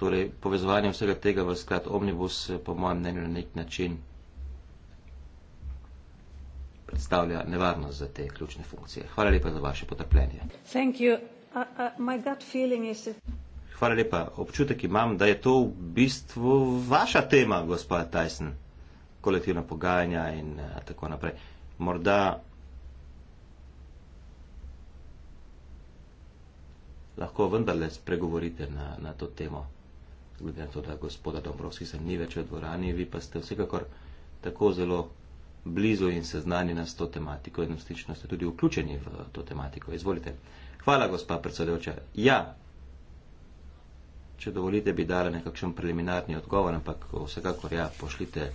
torej povezovanjem vsega tega v sklad omnibus, eh, po mojem mnenju, na nek način predstavlja nevarnost za te ključne funkcije. Hvala lepa za vaše potrpljenje. Uh, uh, that... Hvala lepa. Občutek imam, da je to v bistvu vaša tema, gospod Tyson, kolektivna pogajanja in uh, tako naprej. Morda lahko vendarle spregovorite na, na to temo glede na to, da gospoda Dombrovski se ni več v dvorani, vi pa ste vsekakor tako zelo blizu in seznanjena s to tematiko in vstično ste tudi vključeni v to tematiko. Izvolite. Hvala, gospa predsedujoča. Ja, če dovolite, bi dala nekakšen preliminarni odgovor, ampak vsekakor ja, pošljite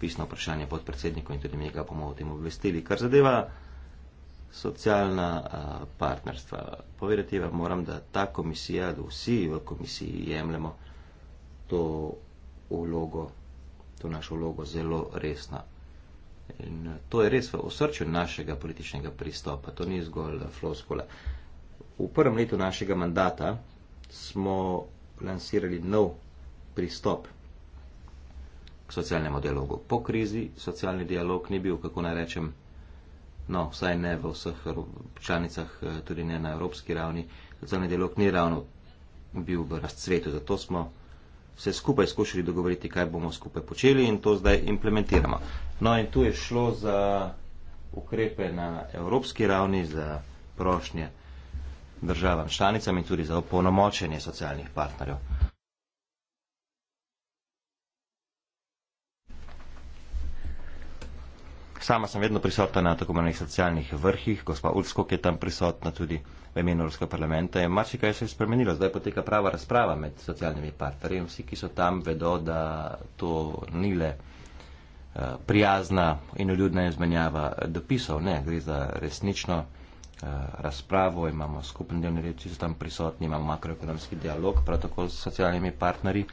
pisno vprašanje podpredsedniku in tudi mi ga bomo o tem obvestili. Kar zadeva socialna a, partnerstva, povedati vam moram, da ta komisija, da vsi v komisiji jemljemo, to ulogo, to našo ulogo zelo resna. In eh, to je res v osrčju našega političnega pristopa, to ni zgolj eh, floskola. V prvem letu našega mandata smo lansirali nov pristop k socialnemu dialogu. Po krizi socialni dialog ni bil, kako naj rečem, no, vsaj ne v vseh članicah, eh, tudi ne na evropski ravni, socialni dialog ni ravno bil v razcvetu, zato smo se skupaj skušali dogovoriti, kaj bomo skupaj počeli in to zdaj implementiramo. No in tu je šlo za ukrepe na evropski ravni, za prošnje državam članicam in tudi za opolnomočenje socialnih partnerjev. Sama sem vedno prisotna na tako manjih socialnih vrhih, gospa Ulskog je tam prisotna tudi prisotna v imenu Evropskega parlamenta, je marsikaj se spremenilo. Zdaj poteka prava razprava med socialnimi partnerji. Vsi, ki so tam, vedo, da to ni le eh, prijazna in ljudna izmenjava dopisov. Ne, gre za resnično eh, razpravo, imamo skupen delni red, vsi so tam prisotni, imamo makroekonomski dialog, prav tako s socialnimi partnerji.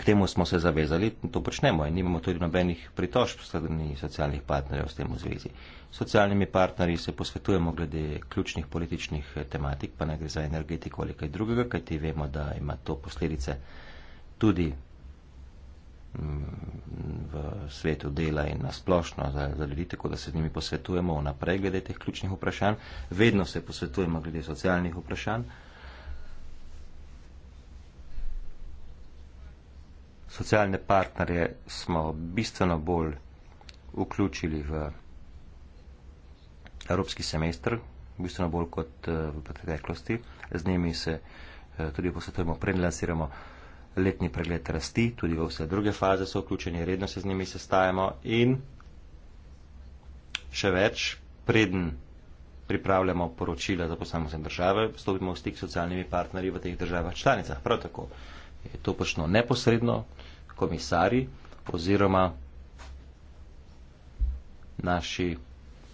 K temu smo se zavezali in to počnemo in imamo tudi nobenih pritožb strani socialnih partnerjev s tem v zvezi. S socialnimi partnerji se posvetujemo glede ključnih političnih eh, tematik, pa ne gre za energetiko ali kaj drugega, kajti vemo, da ima to posledice tudi mm, v svetu dela in nasplošno za, za ljudi, tako da se z njimi posvetujemo vnaprej glede teh ključnih vprašanj. Vedno se posvetujemo glede socialnih vprašanj. socialne partnerje smo bistveno bolj vključili v evropski semestr, bistveno bolj kot eh, v preteklosti. Z njimi se eh, tudi posvetujemo, prenlansiramo letni pregled rasti, tudi v vse druge faze so vključeni, redno se z njimi sestajamo in še več, preden pripravljamo poročila za posamezne države, stopimo v stik s socialnimi partnerji v teh državah članicah. Prav tako je to počno neposredno komisari oziroma naši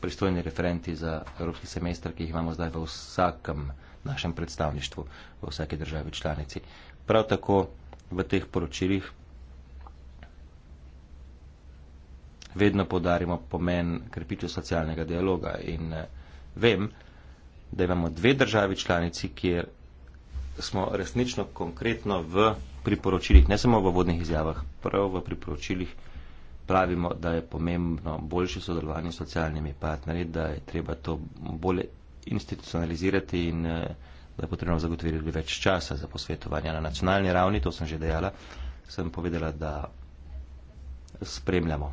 pristojni referenti za evropski semester, ki jih imamo zdaj v vsakem našem predstavništvu, v vsaki državi članici. Prav tako v teh poročilih vedno podarimo pomen krepitev socialnega dialoga in eh, vem, da imamo dve državi članici, kjer smo resnično konkretno v priporočilih, ne samo v vodnih izjavah, prav v priporočilih pravimo, da je pomembno boljše sodelovanje s socialnimi partnerji, da je treba to bolje institucionalizirati in eh, da je potrebno zagotoviti več časa za posvetovanje na nacionalni ravni, to sem že dejala, sem povedala, da spremljamo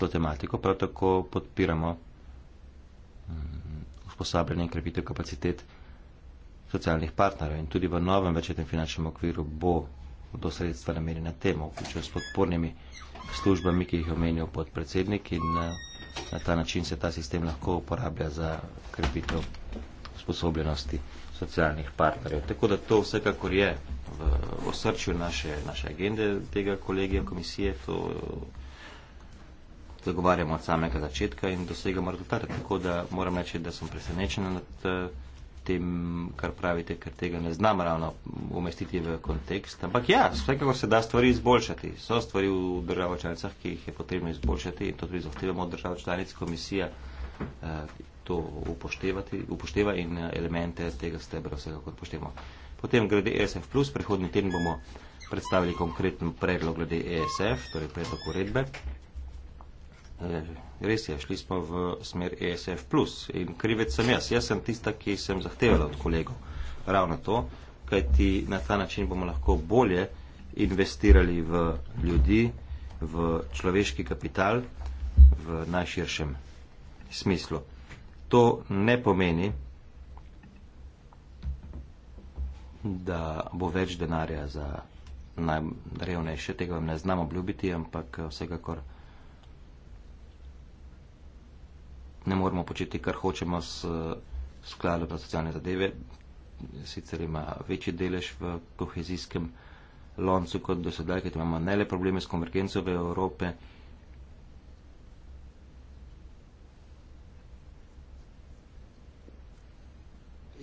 to tematiko, prav tako podpiramo mm, usposabljanje in krepitev kapacitet socialnih partnerjev. In tudi v novem večjetem finančnem okviru bo do sredstva namenjena temu, vključno s podpornimi službami, ki jih je omenil podpredsednik in eh, na ta način se ta sistem lahko uporablja za krepitev sposobljenosti socialnih partnerjev. Tako da to vsekakor je v osrčju naše, naše agende tega kolegija komisije, to zagovarjamo od samega začetka in dosegamo rezultate. Tako da moram reči, da sem presenečen nad eh, tem, kar pravite, ker tega ne znam ravno umestiti v kontekst. Ampak ja, vsekako se da stvari izboljšati. So stvari v državo članicah, ki jih je potrebno izboljšati in to tudi zahtevamo od državo članic komisija eh, to upoštevati, upošteva in eh, elemente tega stebra vsekako upoštevamo. Potem glede ESF+, prihodni teden bomo predstavili konkreten predlog glede ESF, torej predlog uredbe. Res je, šli smo v smer ESF. In krivec sem jaz. Jaz sem tista, ki sem zahtevala od kolegov ravno to, kajti na ta način bomo lahko bolje investirali v ljudi, v človeški kapital, v najširšem smislu. To ne pomeni, da bo več denarja za najrevnejše, tega vam ne znam obljubiti, ampak eh, vsekakor ne moremo početi, kar hočemo s eh, skladom za socialne zadeve. Sicer ima večji delež v kohezijskem loncu kot do sedaj, ker imamo ne le probleme s konvergenco v Evrope.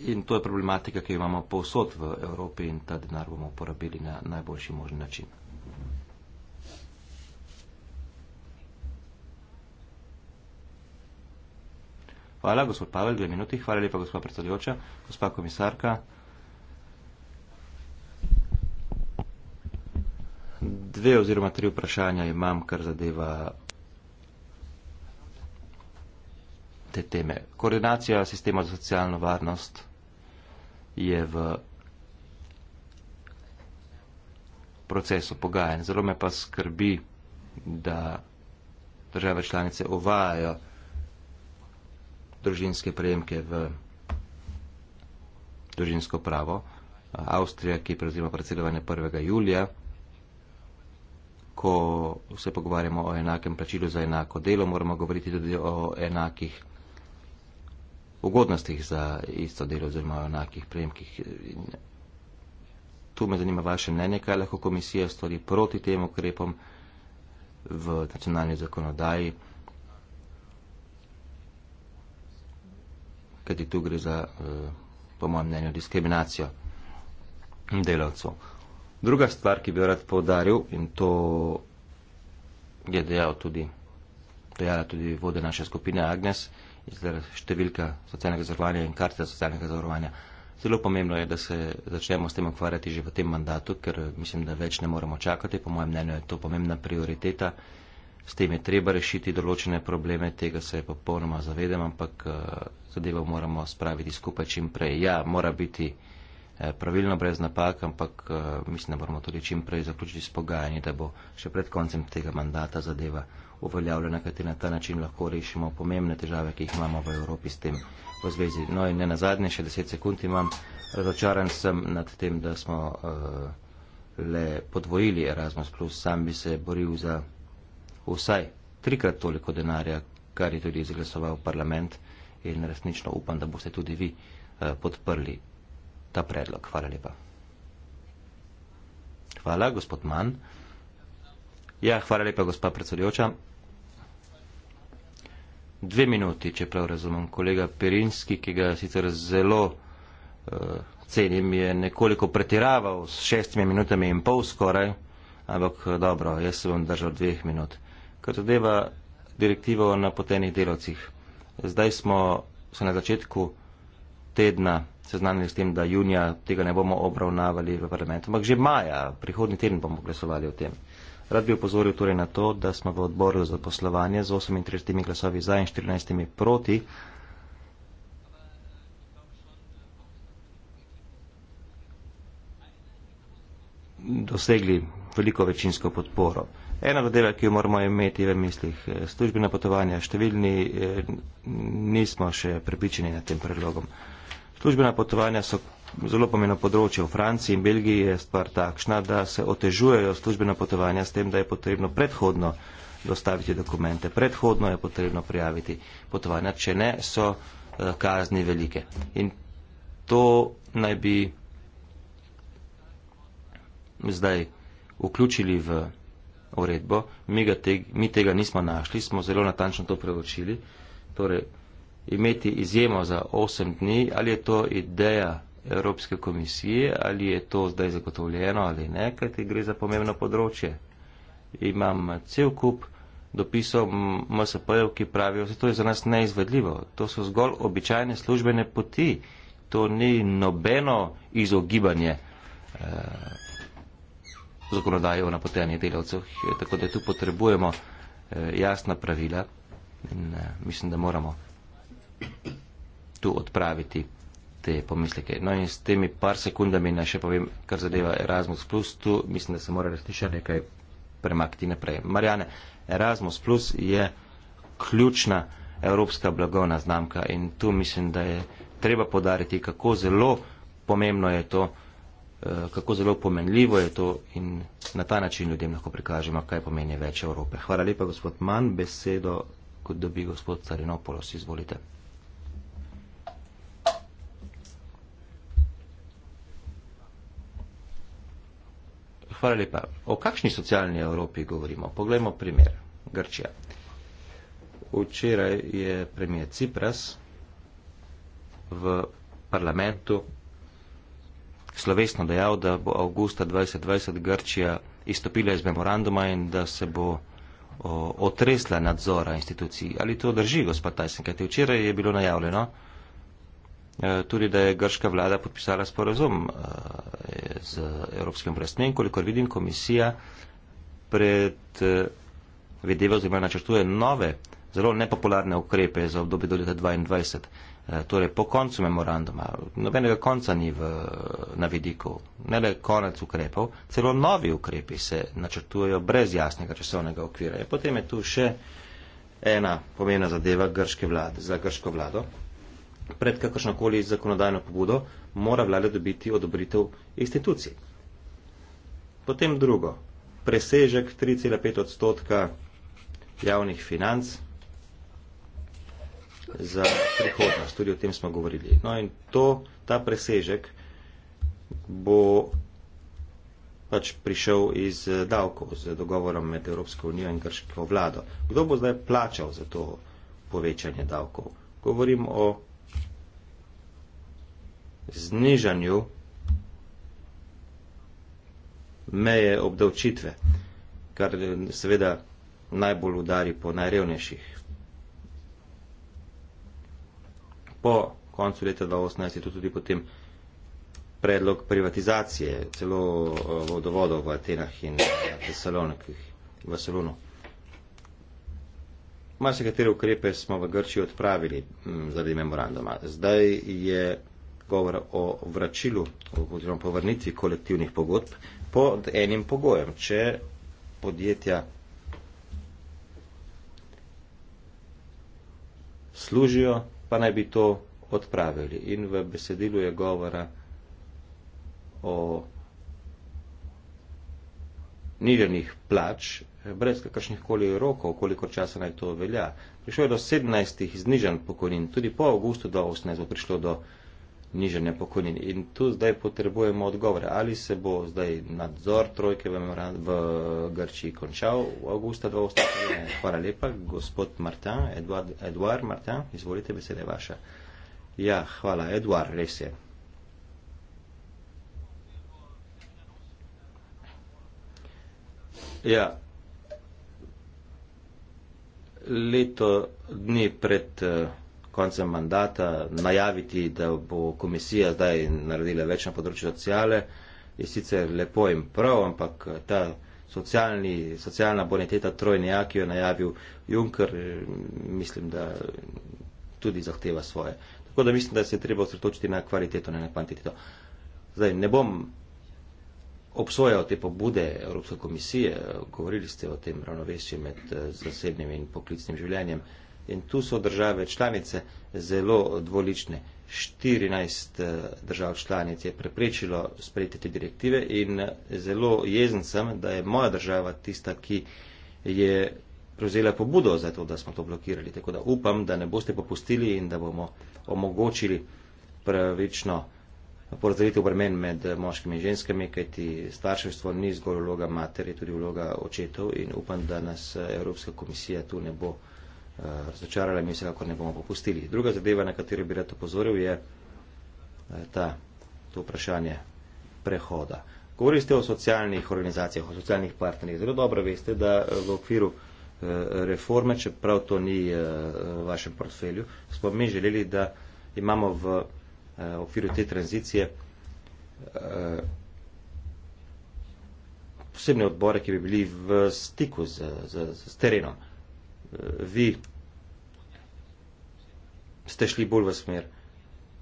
In to je problematika, ki jo imamo povsod v Evropi in ta denar bomo uporabili na najboljši možen način. Hvala, gospod Pavel, dve minuti. Hvala lepa, gospod predsedujoča, gospod komisarka. Dve oziroma tri vprašanja imam, kar zadeva te teme. Koordinacija sistema za socialno varnost je v procesu pogajanj. Zelo me pa skrbi, da države članice uvajajo družinske prejemke v družinsko pravo. Avstrija, ki je prevzima predsedovanje 1. julija, ko se pogovarjamo o enakem plačilu za enako delo, moramo govoriti tudi o enakih ugodnostih za isto delo oziroma o enakih prejemkih. Tu me zanima vaše mnenje, kaj lahko komisija stori proti tem ukrepom v nacionalni zakonodaji. kajti tu gre za, eh, po mojem mnenju, diskriminacijo delavcev. Druga stvar, ki bi jo rad povdaril in to je dejal tudi, dejala tudi vode naše skupine Agnes, številka socialnega zavarovanja in karta socialnega zavarovanja. Zelo pomembno je, da se začnemo s tem ukvarjati že v tem mandatu, ker eh, mislim, da več ne moremo čakati. Po mojem mnenju je to pomembna prioriteta s tem je treba rešiti določene probleme, tega se popolnoma zavedam, ampak eh, zadevo moramo spraviti skupaj čim prej. Ja, mora biti eh, pravilno brez napak, ampak eh, mislim, da moramo tudi čim prej zaključiti s pogajanji, da bo še pred koncem tega mandata zadeva uveljavljena, kajti na ta način lahko rešimo pomembne težave, ki jih imamo v Evropi s tem v zvezi. No in ne na zadnje, še 10 sekund imam, razočaran sem nad tem, da smo uh, le podvojili Erasmus, sam bi se boril za vsaj trikrat toliko denarja, kar je tudi izglasoval parlament in resnično upam, da boste tudi vi eh, podprli ta predlog. Hvala lepa. Hvala, gospod Mann. Ja, hvala lepa, gospa predsedujoča. Dve minuti, če prav razumem. Kolega Perinski, ki ga sicer zelo uh, cenim, je nekoliko pretiraval s šestimi minutami in pol skoraj, ampak eh, dobro, jaz se bom držal dveh minut kar zadeva direktivo o napotenih delovcih. Zdaj smo se na začetku tedna seznanili s tem, da junija tega ne bomo obravnavali v parlamentu, ampak že maja, prihodni teden bomo glasovali o tem. Rad bi upozoril torej na to, da smo v odboru za poslovanje z 38 glasovi za in 14 proti dosegli veliko večinsko podporo. Ena zadeva, ki jo moramo imeti v mislih, eh, službena potovanja, številni eh, nismo še prepričani nad tem predlogom. Službena potovanja so zelo pomeno področje v Franciji in Belgiji je stvar takšna, da se otežujejo službena potovanja s tem, da je potrebno predhodno dostaviti dokumente, predhodno je potrebno prijaviti potovanja, če ne, so eh, kazni velike. In to naj bi zdaj vključili v uredbo, mi, teg, mi tega nismo našli, smo zelo natančno to preučili. Torej, imeti izjemo za 8 dni, ali je to ideja Evropske komisije, ali je to zdaj zagotovljeno ali ne, kajti gre za pomembno področje. Imam cel kup dopisov MSP-ev, ki pravijo, da to je za nas neizvedljivo. To so zgolj običajne službene poti. To ni nobeno izogibanje. Uh, zakonodajo o napotevanju delavcev, eh, tako da tu potrebujemo eh, jasna pravila in eh, mislim, da moramo tu odpraviti te pomisleke. No in s temi par sekundami naj še povem, kar zadeva Erasmus Plus, tu mislim, da se mora resnično nekaj premakti naprej. Marjane, Erasmus Plus je ključna evropska blagovna znamka in tu mislim, da je treba podariti, kako zelo pomembno je to, Eh, kako zelo pomenljivo je to in na ta način ljudem lahko prikažemo, kaj pomeni več Evrope. Hvala lepa, gospod Mann, besedo, kot dobi gospod Carinopolos, izvolite. Hvala lepa. O kakšni socialni Evropi govorimo? Poglejmo primer. Grčija. Včeraj je premijer Cipras v parlamentu slovesno dejal, da bo avgusta 2020 Grčija izstopila iz memoranduma in da se bo o, otresla nadzora institucij. Ali to drži, gospod Tyson? Kajte včeraj je bilo najavljeno e, tudi, da je grška vlada podpisala sporozum e, z Evropskim obrestnim, kolikor vidim, komisija predvideva e, oziroma načrtuje nove, zelo nepopularne ukrepe za obdobje do leta 2022. Eh, torej po koncu memoranduma, nobenega konca ni v, na vidiku, ne le konec ukrepov, celo novi ukrepi se načrtujejo brez jasnega časovnega okvira. In potem je tu še ena pomena zadeva vlade, za grško vlado. Pred kakršnokoli zakonodajno pobudo mora vlada dobiti odobritev institucij. Potem drugo, presežek 3,5 odstotka javnih financ za prihodnost. Tudi o tem smo govorili. No in to, ta presežek bo pač prišel iz eh, davkov, z dogovorom med Evropsko unijo in grško vlado. Kdo bo zdaj plačal za to povečanje davkov? Govorim o znižanju meje obdavčitve, kar eh, seveda najbolj udari po najrevnejših, po koncu leta 2018 je to tudi potem predlog privatizacije celo eh, vodovodov v Atenah in eh, v Salonu. Malo se katere ukrepe smo v Grči odpravili mm, zaradi memoranduma. Zdaj je govor o vračilu oziroma povrnitvi kolektivnih pogodb pod enim pogojem. Če podjetja služijo pa naj bi to odpravili. In v besedilu je govora o nirenih plač, brez kakršnih koli rokov, koliko časa naj to velja. Prišlo je do 17 znižanj pokojnin, tudi po avgustu do 18 prišlo do nižanja pokojnin. In tu zdaj potrebujemo odgovore, ali se bo zdaj nadzor trojke v, v Grčiji končal v augusta 2018. Hvala lepa, gospod Martin, Eduard, Eduard Martin, izvolite, beseda je vaša. Ja, hvala, Eduard, res je. Ja, leto dni pred. Uh, koncem mandata najaviti, da bo komisija zdaj naredila več na področju sociale, je sicer lepo in prav, ampak ta socialni, socialna boniteta trojnja, ki jo je najavil Juncker, mislim, da tudi zahteva svoje. Tako da mislim, da se je treba osredotočiti na kvaliteto, ne na kvantiteto. Zdaj, ne bom obsojal te pobude Evropske komisije, govorili ste o tem ravnovesju med eh, zasebnim in poklicnim življenjem in tu so države članice zelo dvolične. 14 eh, držav članic je preprečilo sprejeti te direktive in eh, zelo jezen sem, da je moja država tista, ki je prevzela pobudo za to, da smo to blokirali. Tako da upam, da ne boste popustili in da bomo omogočili pravično porazdelitev bremen med eh, moškimi in ženskami, kajti starševstvo ni zgolj vloga mater, je tudi vloga očetov in upam, da nas Evropska komisija tu ne bo razočarali, eh, mi vsekakor ne bomo popustili. Druga zadeva, na katero bi rad opozoril, je eh, ta, to vprašanje prehoda. Govorili ste o socialnih organizacijah, o socialnih partnerjih. Zelo dobro veste, da eh, v okviru reforme, čeprav to ni v vašem portfelju, smo mi želeli, da imamo v okviru te tranzicije posebne odbore, ki bi bili v stiku z, z, z terenom vi ste šli bolj v smer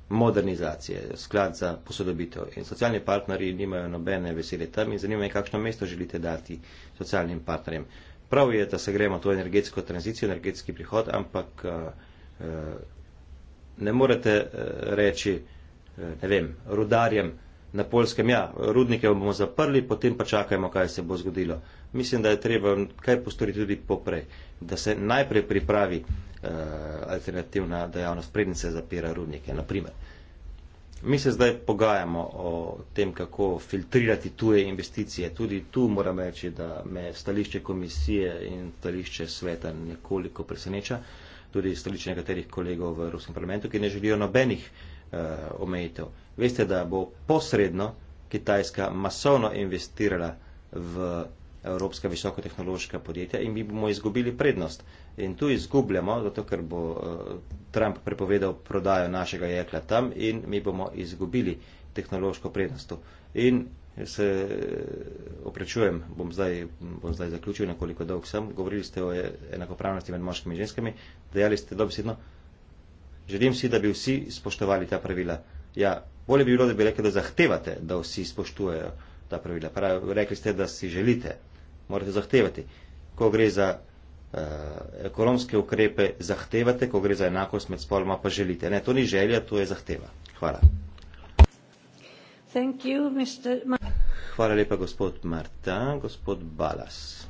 modernizacije, sklad za posodobitev. In socialni partnerji nimajo nobene besede tam in zanimajo, kakšno mesto želite dati socialnim partnerjem. Prav je, da se gremo to energetsko tranzicijo, energetski prihod, ampak eh, ne morete eh, reči, eh, ne vem, rudarjem na polskem, ja, rudnike bomo zaprli, potem pa čakajmo, kaj se bo zgodilo mislim, da je treba kaj postoriti tudi poprej, da se najprej pripravi eh, alternativna dejavnost prednice za pira rudnike, naprimer. Mi se zdaj pogajamo o tem, kako filtrirati tuje investicije. Tudi tu moram reči, da me stališče komisije in stališče sveta nekoliko preseneča, tudi stališče nekaterih kolegov v Ruskem parlamentu, ki ne želijo nobenih eh, omejitev. Veste, da bo posredno Kitajska masovno investirala v evropska visokotehnološka podjetja in mi bomo izgubili prednost. In tu izgubljamo, zato ker bo eh, Trump prepovedal prodajo našega jekla tam in mi bomo izgubili tehnološko prednost. In se eh, oprečujem, bom zdaj, bom zdaj zaključil, nekoliko dolg sem, govorili ste o enakopravnosti med moškimi in ženskami, dejali ste dobesedno, želim si, da bi vsi spoštovali ta pravila. Ja, bolje bi bilo, da bi rekli, da zahtevate, da vsi spoštujejo ta pravila. Prav, rekli ste, da si želite, morate zahtevati. Ko gre za uh, ekonomske ukrepe, zahtevate, ko gre za enakost med spoloma, pa želite. Ne, to ni želja, to je zahteva. Hvala. You, Hvala lepa, gospod Marta. Gospod Balas.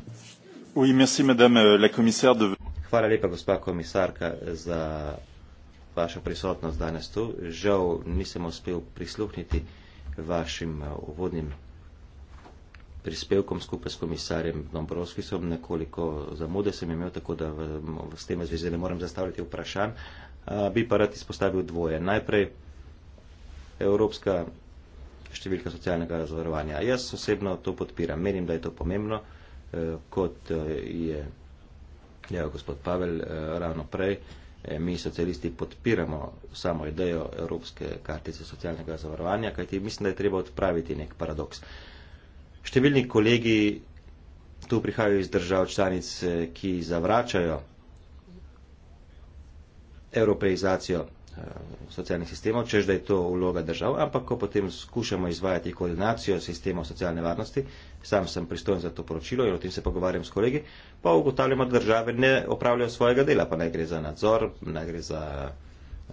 Oui, merci, madame, euh, de... Hvala lepa, gospa komisarka, za vašo prisotnost danes tu. Žal nisem uspel prisluhniti vašim eh, uvodnim. Uh, prispevkom skupaj s komisarjem Dombrovskisom nekoliko zamude sem imel, tako da v, v, s tem zvezi ne morem zastavljati vprašanj. Bi pa rad izpostavil dvoje. Najprej evropska številka socialnega razvarovanja. Jaz osebno to podpiram. Menim, da je to pomembno, e, kot e, je ja, gospod Pavel e, ravno prej. Mi socialisti podpiramo samo idejo Evropske kartice socialnega zavarovanja, kajti mislim, da je treba odpraviti nek paradoks. Uh, Številni kolegi tu prihajajo iz držav članice, eh, ki zavračajo evropeizacijo eh, socialnih sistemov, čež da je to vloga držav, ampak ko potem skušamo izvajati koordinacijo sistemov socialne varnosti, sam sem pristojen za to poročilo in o tem se pogovarjam s kolegi, pa ugotavljamo, da države ne opravljajo svojega dela, pa naj gre za nadzor, naj gre za uh,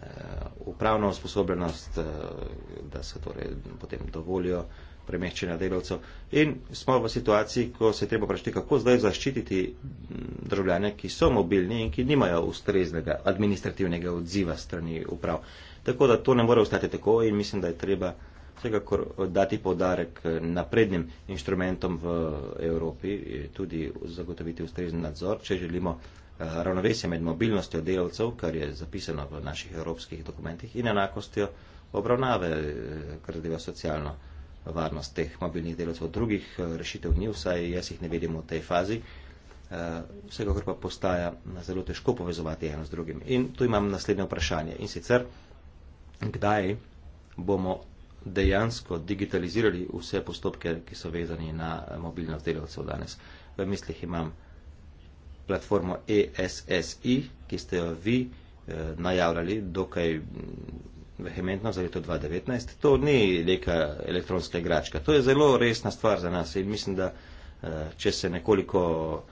upravno usposobljenost, uh, da se torej potem dovolijo uh, premeščanja delavcev. In smo v situaciji, ko se je treba vprašati, kako zdaj zaščititi mm, državljane, ki so mobilni in ki nimajo ustreznega administrativnega odziva strani uprav. Tako da to ne more ostati tako in mislim, da je treba vsekakor dati podarek eh, naprednim inštrumentom v eh, Evropi, eh, tudi zagotoviti ustrezen nadzor, če želimo ravnovesje med mobilnostjo delavcev, kar je zapisano v naših evropskih dokumentih, in enakostjo obravnave, kar zadeva socialno varnost teh mobilnih delovcev. Drugih eh, rešitev ni, vsaj jaz jih ne vidim v tej fazi. Eh, vsekakor pa postaja eh, zelo težko povezovati eno z drugim. In tu imam naslednje vprašanje. In sicer, kdaj bomo dejansko digitalizirali vse postopke, ki so vezani na mobilnost delovcev danes? V mislih imam platformo ESSI, ki ste jo vi najavljali dokaj vehementno za leto 2019. To ni neka elektronska igračka. To je zelo resna stvar za nas in mislim, da eh, če se nekoliko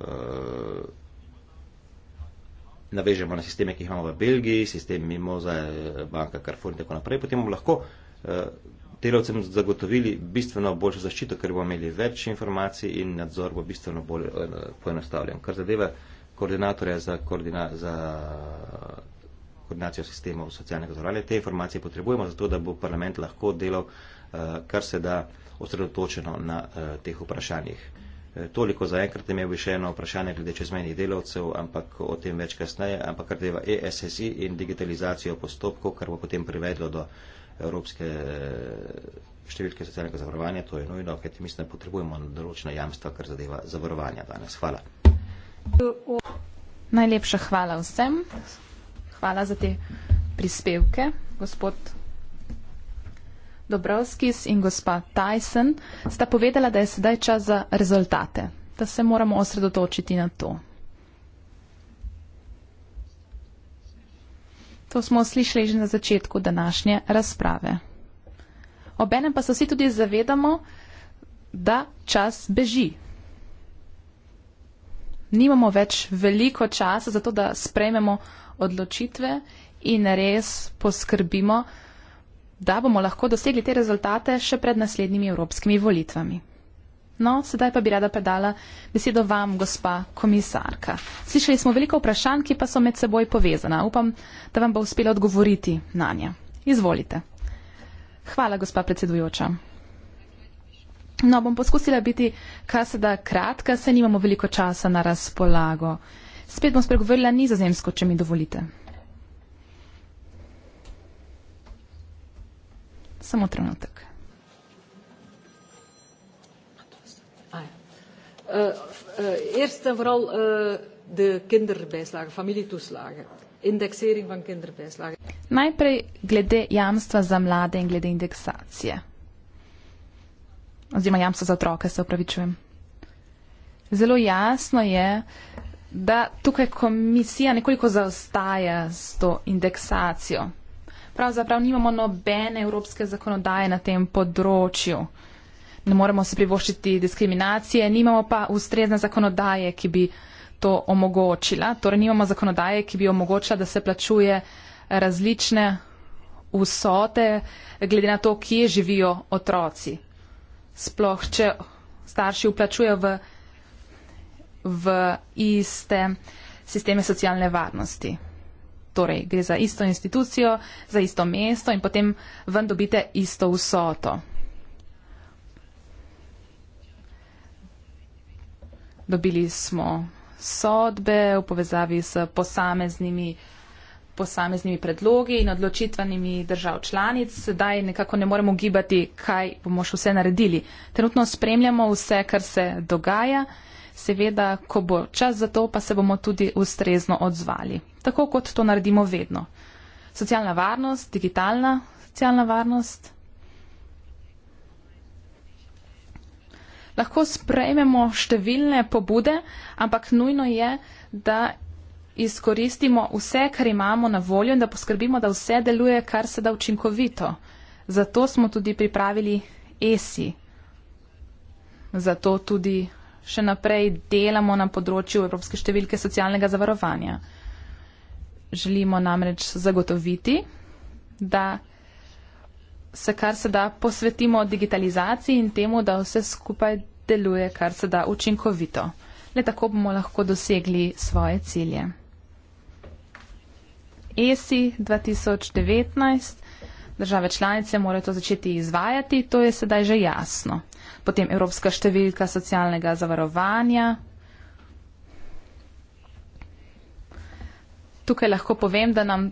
eh, navežemo na sisteme, ki jih imamo v Belgiji, sistem Mimoza, eh, banka Carrefour in tako naprej, potem bomo lahko delavcem zagotovili bistveno boljšo zaščito, ker bomo imeli več informacij in nadzor bo bistveno bolj poenostavljen. Kar zadeva koordinatorja za, koordina, za koordinacijo sistemov socialnega zdravljenja. Te informacije potrebujemo zato, da bo parlament lahko delal eh, kar se da osredotočeno na eh, teh vprašanjih. Eh, toliko za enkrat imel bi še eno vprašanje glede čezmenih delavcev, ampak o tem več kasneje, ampak kar deva ESSI in digitalizacijo postopkov, kar bo potem privedlo do Evropske številke socialnega zavarovanja, to je nujno, kajti mislim, da potrebujemo določena jamstva, kar zadeva zavarovanja danes. Hvala. Najlepša hvala vsem hvala za te prispevke, gospod Dobrovskis in gospa Tyson, sta povedala, da je sedaj čas za rezultate, da se moramo osredotočiti na to. To smo slišali že na začetku današnje razprave. Obenem pa se vsi tudi zavedamo, da čas beži. Nimamo več veliko časa za to, da sprejmemo odločitve in res poskrbimo, da bomo lahko dosegli te rezultate še pred naslednjimi evropskimi volitvami. No, sedaj pa bi rada predala besedo vam, gospa komisarka. Slišali smo veliko vprašanj, ki pa so med seboj povezana. Upam, da vam bo uspelo odgovoriti na nje. Izvolite. Hvala, gospa predsedujoča. No, bom poskusila biti kar se da kratka, saj nimamo veliko časa na razpolago. Spet bom spregovorila nizozemsko, če mi dovolite. Samo trenutek. Ah, ja. eh, eh, Eerste vooral uh, de kinderbijslagen, familietoeslagen, indexering van kinderbijslagen. Najprej glede jamstva za mlade in glede indeksacije. Oziroma jamstva za otroke, se opravičujem. Zelo jasno je, da tukaj komisija nekoliko zaostaja s to indeksacijo. Pravzaprav nimamo nobene evropske zakonodaje na tem področju. Ne moremo se privoščiti diskriminacije, nimamo pa ustrezne zakonodaje, ki bi to omogočila. Torej nimamo zakonodaje, ki bi omogočila, da se plačuje različne vsote, glede na to, kje živijo otroci. Sploh, če starši vplačujejo v v iste sisteme socialne varnosti. Torej, gre za isto institucijo, za isto mesto in potem ven dobite isto vsoto. Dobili smo sodbe v povezavi s posameznimi, posameznimi predlogi in odločitvenimi držav članic. Sedaj nekako ne moremo gibati, kaj bomo še vse naredili. Trenutno spremljamo vse, kar se dogaja. Seveda, ko bo čas za to, pa se bomo tudi ustrezno odzvali, tako kot to naredimo vedno. Socialna varnost, digitalna socialna varnost. Lahko sprejmemo številne pobude, ampak nujno je, da izkoristimo vse, kar imamo na voljo in da poskrbimo, da vse deluje, kar se da učinkovito. Zato smo tudi pripravili ESI. Zato tudi še naprej delamo na področju Evropske številke socialnega zavarovanja. Želimo namreč zagotoviti, da se kar se da posvetimo digitalizaciji in temu, da vse skupaj deluje kar se da učinkovito. Le tako bomo lahko dosegli svoje cilje. ESI 2019, države članice morajo to začeti izvajati, to je sedaj že jasno potem evropska številka socialnega zavarovanja. Tukaj lahko povem, da nam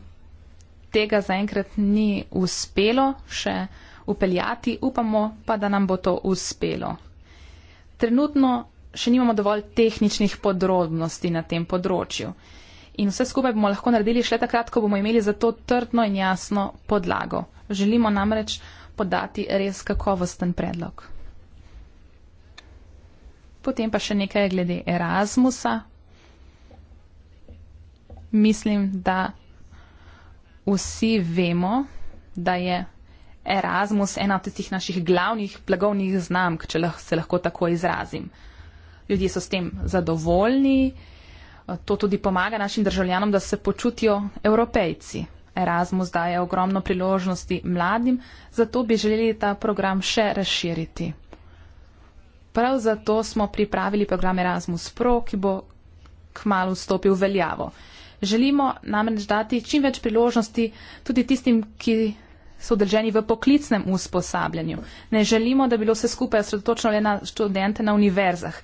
tega zaenkrat ni uspelo še upeljati, upamo pa, da nam bo to uspelo. Trenutno še nimamo dovolj tehničnih podrobnosti na tem področju. In vse skupaj bomo lahko naredili šele takrat, ko bomo imeli za to trdno in jasno podlago. Želimo namreč podati res kakovosten predlog. Potem pa še nekaj glede Erasmusa. Mislim, da vsi vemo, da je Erasmus ena od tistih naših glavnih blagovnih znamk, če se lahko tako izrazim. Ljudje so s tem zadovoljni, to tudi pomaga našim državljanom, da se počutijo evropejci. Erasmus daje ogromno priložnosti mladim, zato bi želeli ta program še razširiti. Prav zato smo pripravili program Erasmus Pro, ki bo kmalo vstopil v veljavo. Želimo namreč dati čim več priložnosti tudi tistim, ki so drženi v poklicnem usposabljanju. Ne želimo, da bi bilo vse skupaj osredotočeno le na študente na univerzah.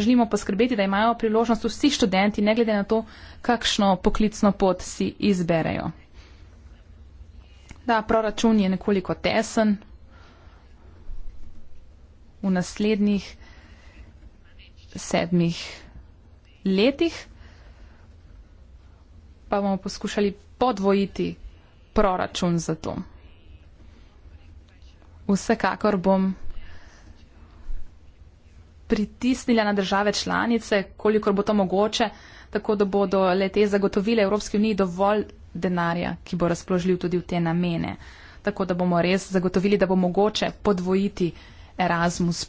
Želimo poskrbeti, da imajo priložnost vsi študenti, ne glede na to, kakšno poklicno pot si izberejo. Da, proračun je nekoliko tesen, v naslednjih sedmih letih. Pa bomo poskušali podvojiti proračun za to. Vsekakor bom pritisnila na države članice, kolikor bo to mogoče, tako da bodo lete zagotovile Evropski uniji dovolj denarja, ki bo razpoložljiv tudi v te namene. Tako da bomo res zagotovili, da bo mogoče podvojiti proračun. Erasmus.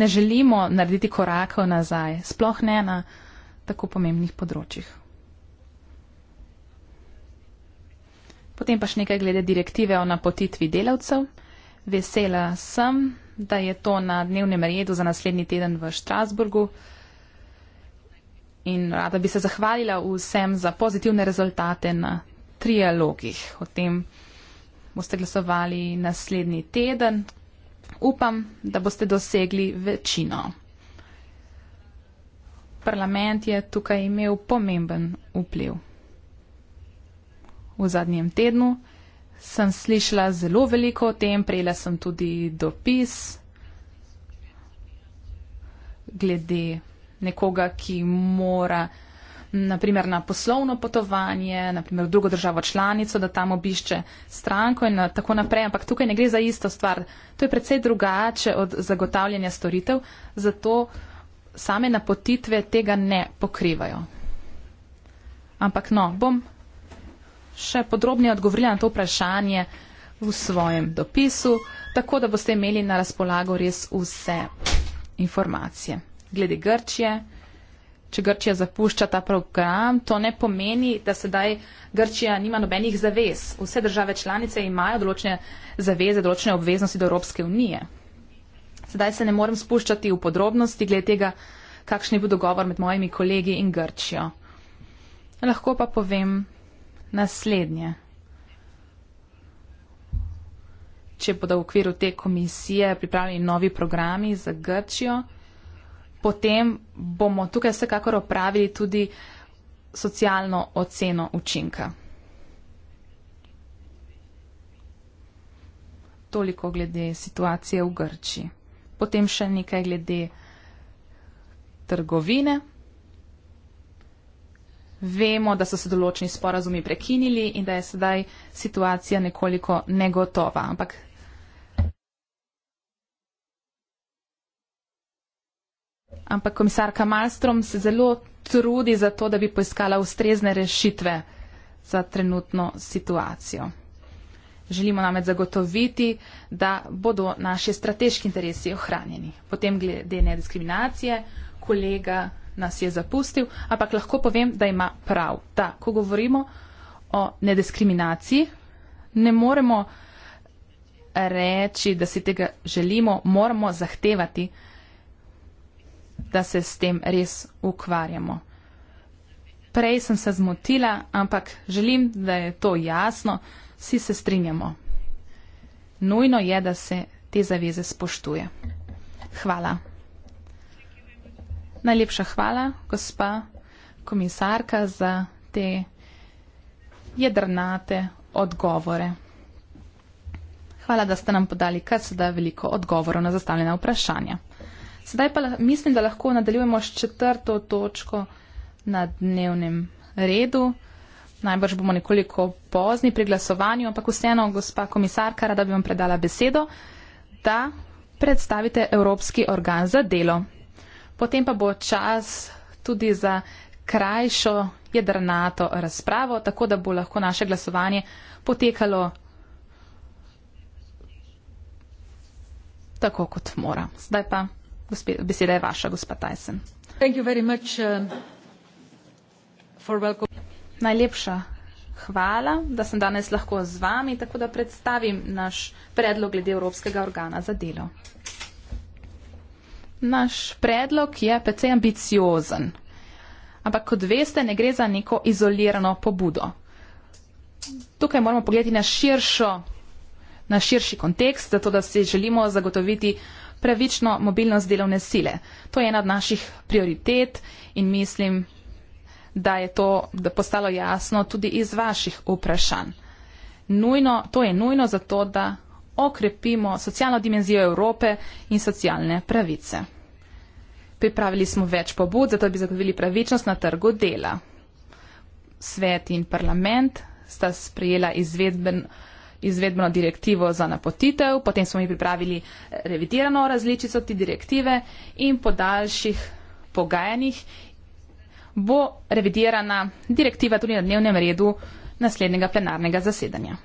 Ne želimo narediti korakov nazaj, sploh ne na tako pomembnih področjih. Potem pa še nekaj glede direktive o napotitvi delavcev. Vesela sem, da je to na dnevnem redu za naslednji teden v Štrasburgu. In rada bi se zahvalila vsem za pozitivne rezultate na trialogih. O tem boste glasovali naslednji teden, Upam, da boste dosegli večino. Parlament je tukaj imel pomemben vpliv. V zadnjem tednu sem slišala zelo veliko o tem, prejela sem tudi dopis glede nekoga, ki mora naprimer na poslovno potovanje, naprimer drugo državo članico, da tam obišče stranko in tako naprej. Ampak tukaj ne gre za isto stvar. To je predvsej drugače od zagotavljanja storitev, zato same napotitve tega ne pokrivajo. Ampak no, bom še podrobneje odgovorila na to vprašanje v svojem dopisu, tako da boste imeli na razpolago res vse informacije. Glede Grčije če Grčija zapušča ta program, to ne pomeni, da sedaj Grčija nima nobenih zavez. Vse države članice imajo določene zaveze, določene obveznosti do Evropske unije. Sedaj se ne morem spuščati v podrobnosti glede tega, kakšen je bil dogovor med mojimi kolegi in Grčijo. Lahko pa povem naslednje. Če bodo v okviru te komisije pripravljeni novi programi za Grčijo, potem bomo tukaj vsekakor opravili tudi socialno oceno učinka. Toliko glede situacije v Grči. Potem še nekaj glede trgovine. Vemo, da so se določeni sporazumi prekinili in da je sedaj situacija nekoliko negotova, ampak ampak komisarka Malmström se zelo trudi za to, da bi poiskala ustrezne rešitve za trenutno situacijo. Želimo namreč zagotoviti, da bodo naši strateški interesi ohranjeni. Potem glede nediskriminacije, kolega nas je zapustil, ampak lahko povem, da ima prav. Da, ko govorimo o nediskriminaciji, ne moremo reči, da si tega želimo, moramo zahtevati, da se s tem res ukvarjamo. Prej sem se zmotila, ampak želim, da je to jasno, vsi se strinjamo. Nujno je, da se te zaveze spoštuje. Hvala. Najlepša hvala, gospa komisarka, za te jedrnate odgovore. Hvala, da ste nam podali kar se da veliko odgovorov na zastavljena vprašanja. Sedaj pa mislim, da lahko nadaljujemo s četrto točko na dnevnem redu. Najbrž bomo nekoliko pozni pri glasovanju, ampak vseeno, gospa komisarka, rada bi vam predala besedo, da predstavite Evropski organ za delo. Potem pa bo čas tudi za krajšo jedrnato razpravo, tako da bo lahko naše glasovanje potekalo tako, kot mora. Zdaj pa. Beseda je vaša, gospa Tyson. Uh, Najlepša hvala, da sem danes lahko z vami, tako da predstavim naš predlog glede Evropskega organa za delo. Naš predlog je precej ambiciozen, ampak kot veste, ne gre za neko izolirano pobudo. Tukaj moramo pogledati na, širšo, na širši kontekst, zato da si želimo zagotoviti pravično mobilnost delovne sile. To je ena od naših prioritet in mislim, da je to da postalo jasno tudi iz vaših vprašanj. Nujno, to je nujno zato, da okrepimo socialno dimenzijo Evrope in socialne pravice. Pripravili smo več pobud, zato bi zagotovili pravičnost na trgu dela. Svet in parlament sta sprejela izvedben izvedbeno direktivo za napotitev, potem smo mi pripravili eh, revidirano različico te direktive in po daljših pogajanjih bo revidirana direktiva tudi na dnevnem redu naslednjega plenarnega zasedanja.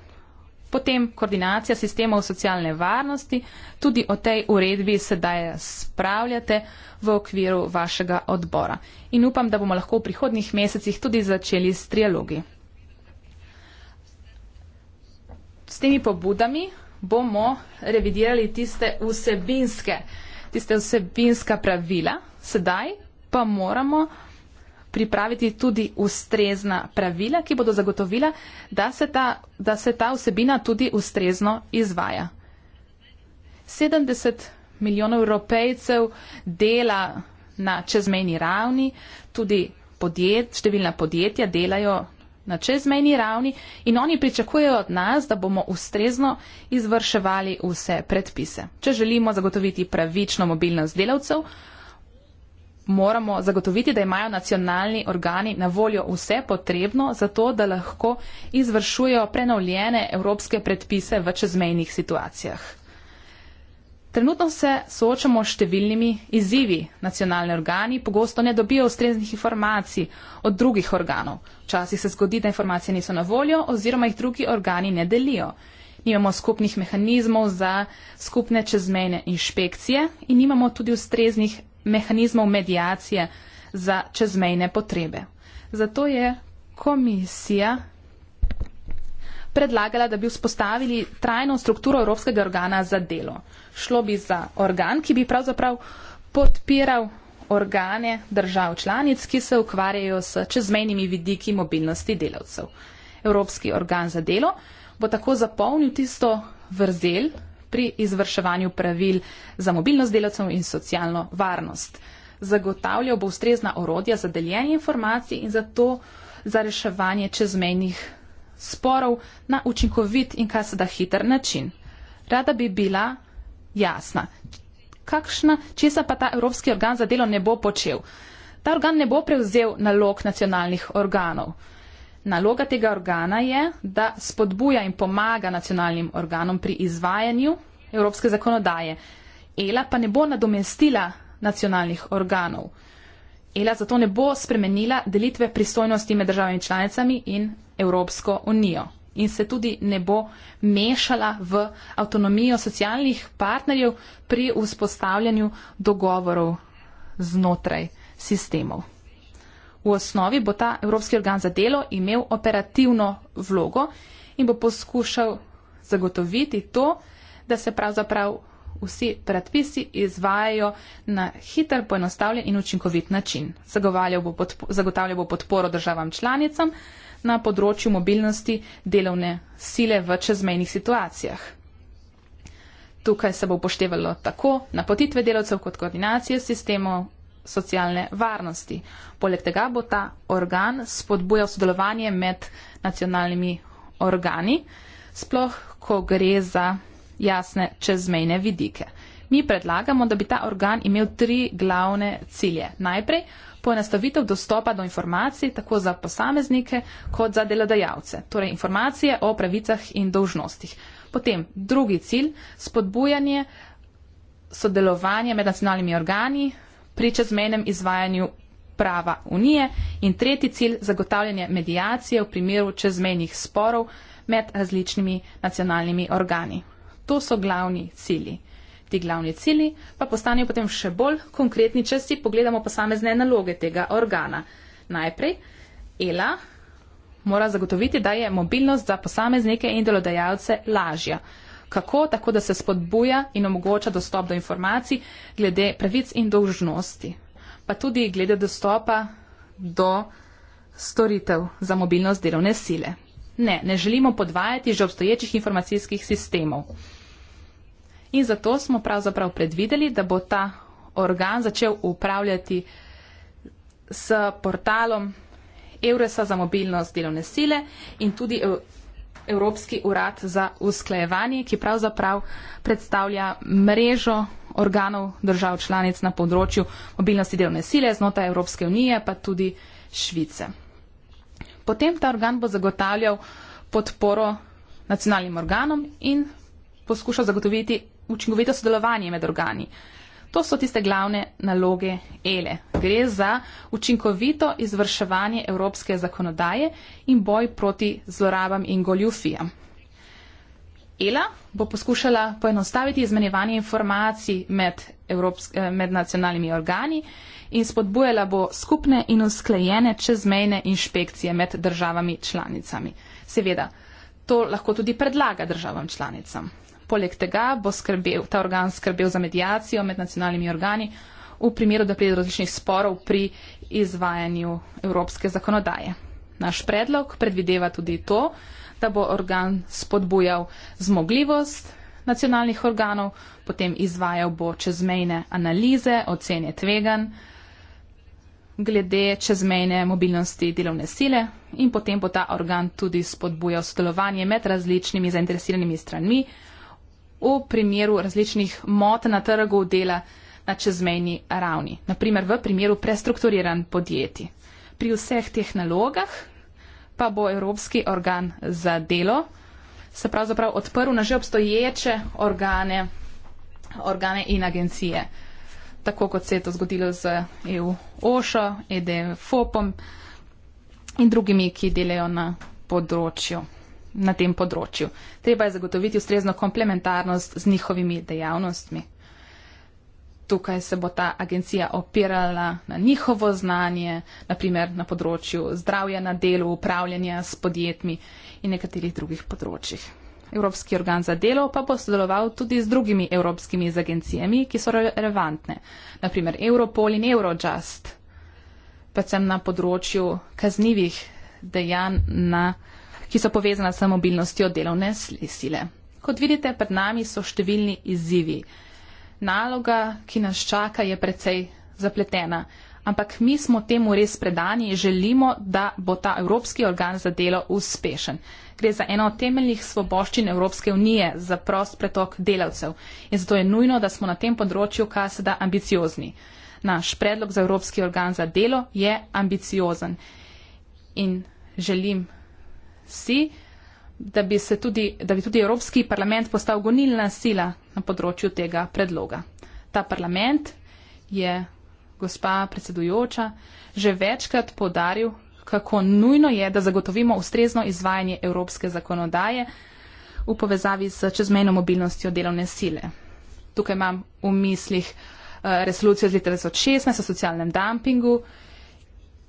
Potem koordinacija sistemov socialne varnosti, tudi o tej uredbi sedaj spravljate v okviru vašega odbora. In upam, da bomo lahko v prihodnjih mesecih tudi začeli s trialogi. s temi pobudami bomo revidirali tiste vsebinske, tiste vsebinska pravila, sedaj pa moramo pripraviti tudi ustrezna pravila, ki bodo zagotovila, da se ta, da se ta vsebina tudi ustrezno izvaja. 70 milijonov evropejcev dela na čezmejni ravni, tudi podjet, številna podjetja delajo na čezmejni ravni in oni pričakujejo od nas, da bomo ustrezno izvrševali vse predpise. Če želimo zagotoviti pravično mobilnost delavcev, moramo zagotoviti, da imajo nacionalni organi na voljo vse potrebno za to, da lahko izvršujejo prenovljene evropske predpise v čezmejnih situacijah. Trenutno se soočamo s številnimi izzivi. Nacionalni organi pogosto ne dobijo ustreznih informacij od drugih organov. Včasih se zgodi, da informacije niso na voljo oziroma jih drugi organi ne delijo. Nimamo skupnih mehanizmov za skupne čezmejne inšpekcije in nimamo tudi ustreznih mehanizmov medijacije za čezmejne potrebe. Zato je komisija predlagala, da bi vzpostavili trajno strukturo Evropskega organa za delo. Šlo bi za organ, ki bi pravzaprav podpiral organe držav članic, ki se ukvarjajo s čezmejnimi vidiki mobilnosti delavcev. Evropski organ za delo bo tako zapolnil tisto vrzel pri izvrševanju pravil za mobilnost delavcev in socialno varnost. Zagotavljal bo ustrezna orodja za deljenje informacij in za to za reševanje čezmejnih sporov na učinkovit in kar se da hiter način. Rada bi bila jasna, kakšna, če se pa ta Evropski organ za delo ne bo počel. Ta organ ne bo prevzel nalog nacionalnih organov. Naloga tega organa je, da spodbuja in pomaga nacionalnim organom pri izvajanju evropske zakonodaje. Ela pa ne bo nadomestila nacionalnih organov. Ela zato ne bo spremenila delitve pristojnosti med državami članicami in Evropsko unijo in se tudi ne bo mešala v avtonomijo socialnih partnerjev pri vzpostavljanju dogovorov znotraj sistemov. V osnovi bo ta Evropski organ za delo imel operativno vlogo in bo poskušal zagotoviti to, da se pravzaprav vsi predpisi izvajajo na hiter, poenostavljen in učinkovit način. Zagotavljal bo podporo državam članicam, na področju mobilnosti delovne sile v čezmejnih situacijah. Tukaj se bo upoštevalo tako napotitve delavcev kot koordinacije sistemov socialne varnosti. Poleg tega bo ta organ spodbujal sodelovanje med nacionalnimi organi, sploh ko gre za jasne čezmejne vidike. Mi predlagamo, da bi ta organ imel tri glavne cilje. Najprej poenostavitev dostopa do informacij tako za posameznike kot za delodajalce, torej informacije o pravicah in dolžnostih. Potem drugi cilj, spodbujanje sodelovanja med nacionalnimi organi pri čezmenem izvajanju prava unije in tretji cilj, zagotavljanje medijacije v primeru čezmenih sporov med različnimi nacionalnimi organi. To so glavni cilji. Ti glavni cilji pa postanejo potem še bolj konkretni, če si pogledamo posamezne naloge tega organa. Najprej, ELA mora zagotoviti, da je mobilnost za posameznike in delodajalce lažja. Kako? Tako, da se spodbuja in omogoča dostop do informacij glede pravic in dolžnosti, pa tudi glede dostopa do storitev za mobilnost delovne sile. Ne, ne želimo podvajati že obstoječih informacijskih sistemov. In zato smo pravzaprav predvideli, da bo ta organ začel upravljati s portalom Euresa za mobilnost delovne sile in tudi Evropski urad za usklajevanje, ki pravzaprav predstavlja mrežo organov držav članic na področju mobilnosti delovne sile znotraj Evropske unije, pa tudi Švice. Potem ta organ bo zagotavljal podporo nacionalnim organom in poskušal zagotoviti učinkovito sodelovanje med organi. To so tiste glavne naloge ELE. Gre za učinkovito izvrševanje evropske zakonodaje in boj proti zlorabam in goljufijam. ELA bo poskušala poenostaviti izmenjevanje informacij med, evropske, eh, med nacionalnimi organi in spodbujala bo skupne in usklejene čezmejne inšpekcije med državami članicami. Seveda, to lahko tudi predlaga državam članicam. Poleg tega bo skrbel, ta organ skrbel za medijacijo med nacionalnimi organi v primeru, da pride do različnih sporov pri izvajanju evropske zakonodaje. Naš predlog predvideva tudi to, da bo organ spodbujal zmogljivost nacionalnih organov, potem izvajal bo čezmejne analize, ocene tvegan glede čezmejne mobilnosti delovne sile in potem bo ta organ tudi spodbujal sodelovanje med različnimi zainteresiranimi stranmi, v primeru različnih mot na trgu dela na čezmejni ravni, naprimer v primeru prestrukturiran podjetij. Pri vseh teh nalogah pa bo Evropski organ za delo se pravzaprav odprl na že obstoječe organe, organe in agencije, tako kot se je to zgodilo z EU OŠO, EDF-om in drugimi, ki delajo na področju na tem področju. Treba je zagotoviti ustrezno komplementarnost z njihovimi dejavnostmi. Tukaj se bo ta agencija opirala na njihovo znanje, naprimer na področju zdravja na delu, upravljanja s podjetmi in nekaterih drugih področjih. Evropski organ za delo pa bo sodeloval tudi z drugimi evropskimi agencijami, ki so relevantne, naprimer Europol in Eurojust, predvsem na področju kaznivih dejanj na ki so povezana s mobilnostjo delovne sile. Kot vidite, pred nami so številni izzivi. Naloga, ki nas čaka, je precej zapletena. Ampak mi smo temu res predani in želimo, da bo ta Evropski organ za delo uspešen. Gre za eno od temeljnih svoboščin Evropske unije, za prost pretok delavcev. In zato je nujno, da smo na tem področju kaseda ambiciozni. Naš predlog za Evropski organ za delo je ambiciozen. In želim vsi, da bi, tudi, da bi tudi Evropski parlament postal gonilna sila na področju tega predloga. Ta parlament je, gospa predsedujoča, že večkrat podaril, kako nujno je, da zagotovimo ustrezno izvajanje evropske zakonodaje v povezavi s čezmejno mobilnostjo delovne sile. Tukaj imam v mislih eh, resolucijo iz leta 2016 o socialnem dumpingu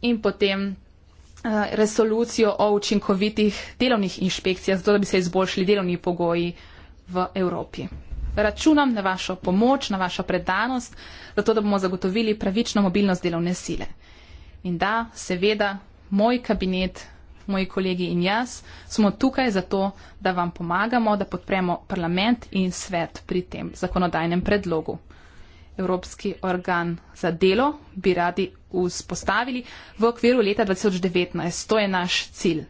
in potem Eh, resolucijo o učinkovitih delovnih inšpekcijah, zato da bi se izboljšali delovni pogoji v Evropi. Računam na vašo pomoč, na vašo predanost, zato da bomo zagotovili pravično mobilnost delovne sile. In da, seveda, moj kabinet, moji kolegi in jaz smo tukaj zato, da vam pomagamo, da podpremo parlament in svet pri tem zakonodajnem predlogu. Evropski organ za delo bi radi vzpostavili v okviru leta 2019. To je naš cilj.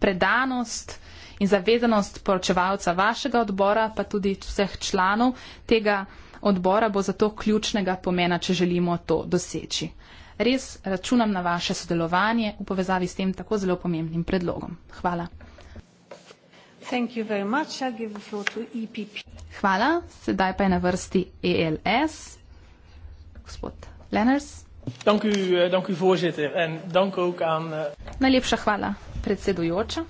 Predanost in zavedanost poročevalca vašega odbora, pa tudi vseh članov tega odbora bo zato ključnega pomena, če želimo to doseči. Res računam na vaše sodelovanje v povezavi s tem tako zelo pomembnim predlogom. Hvala. E hvala. Sedaj pa je na vrsti ELS. Gospod Lenners. Eh, eh, Najlepša hvala, predsedujoča.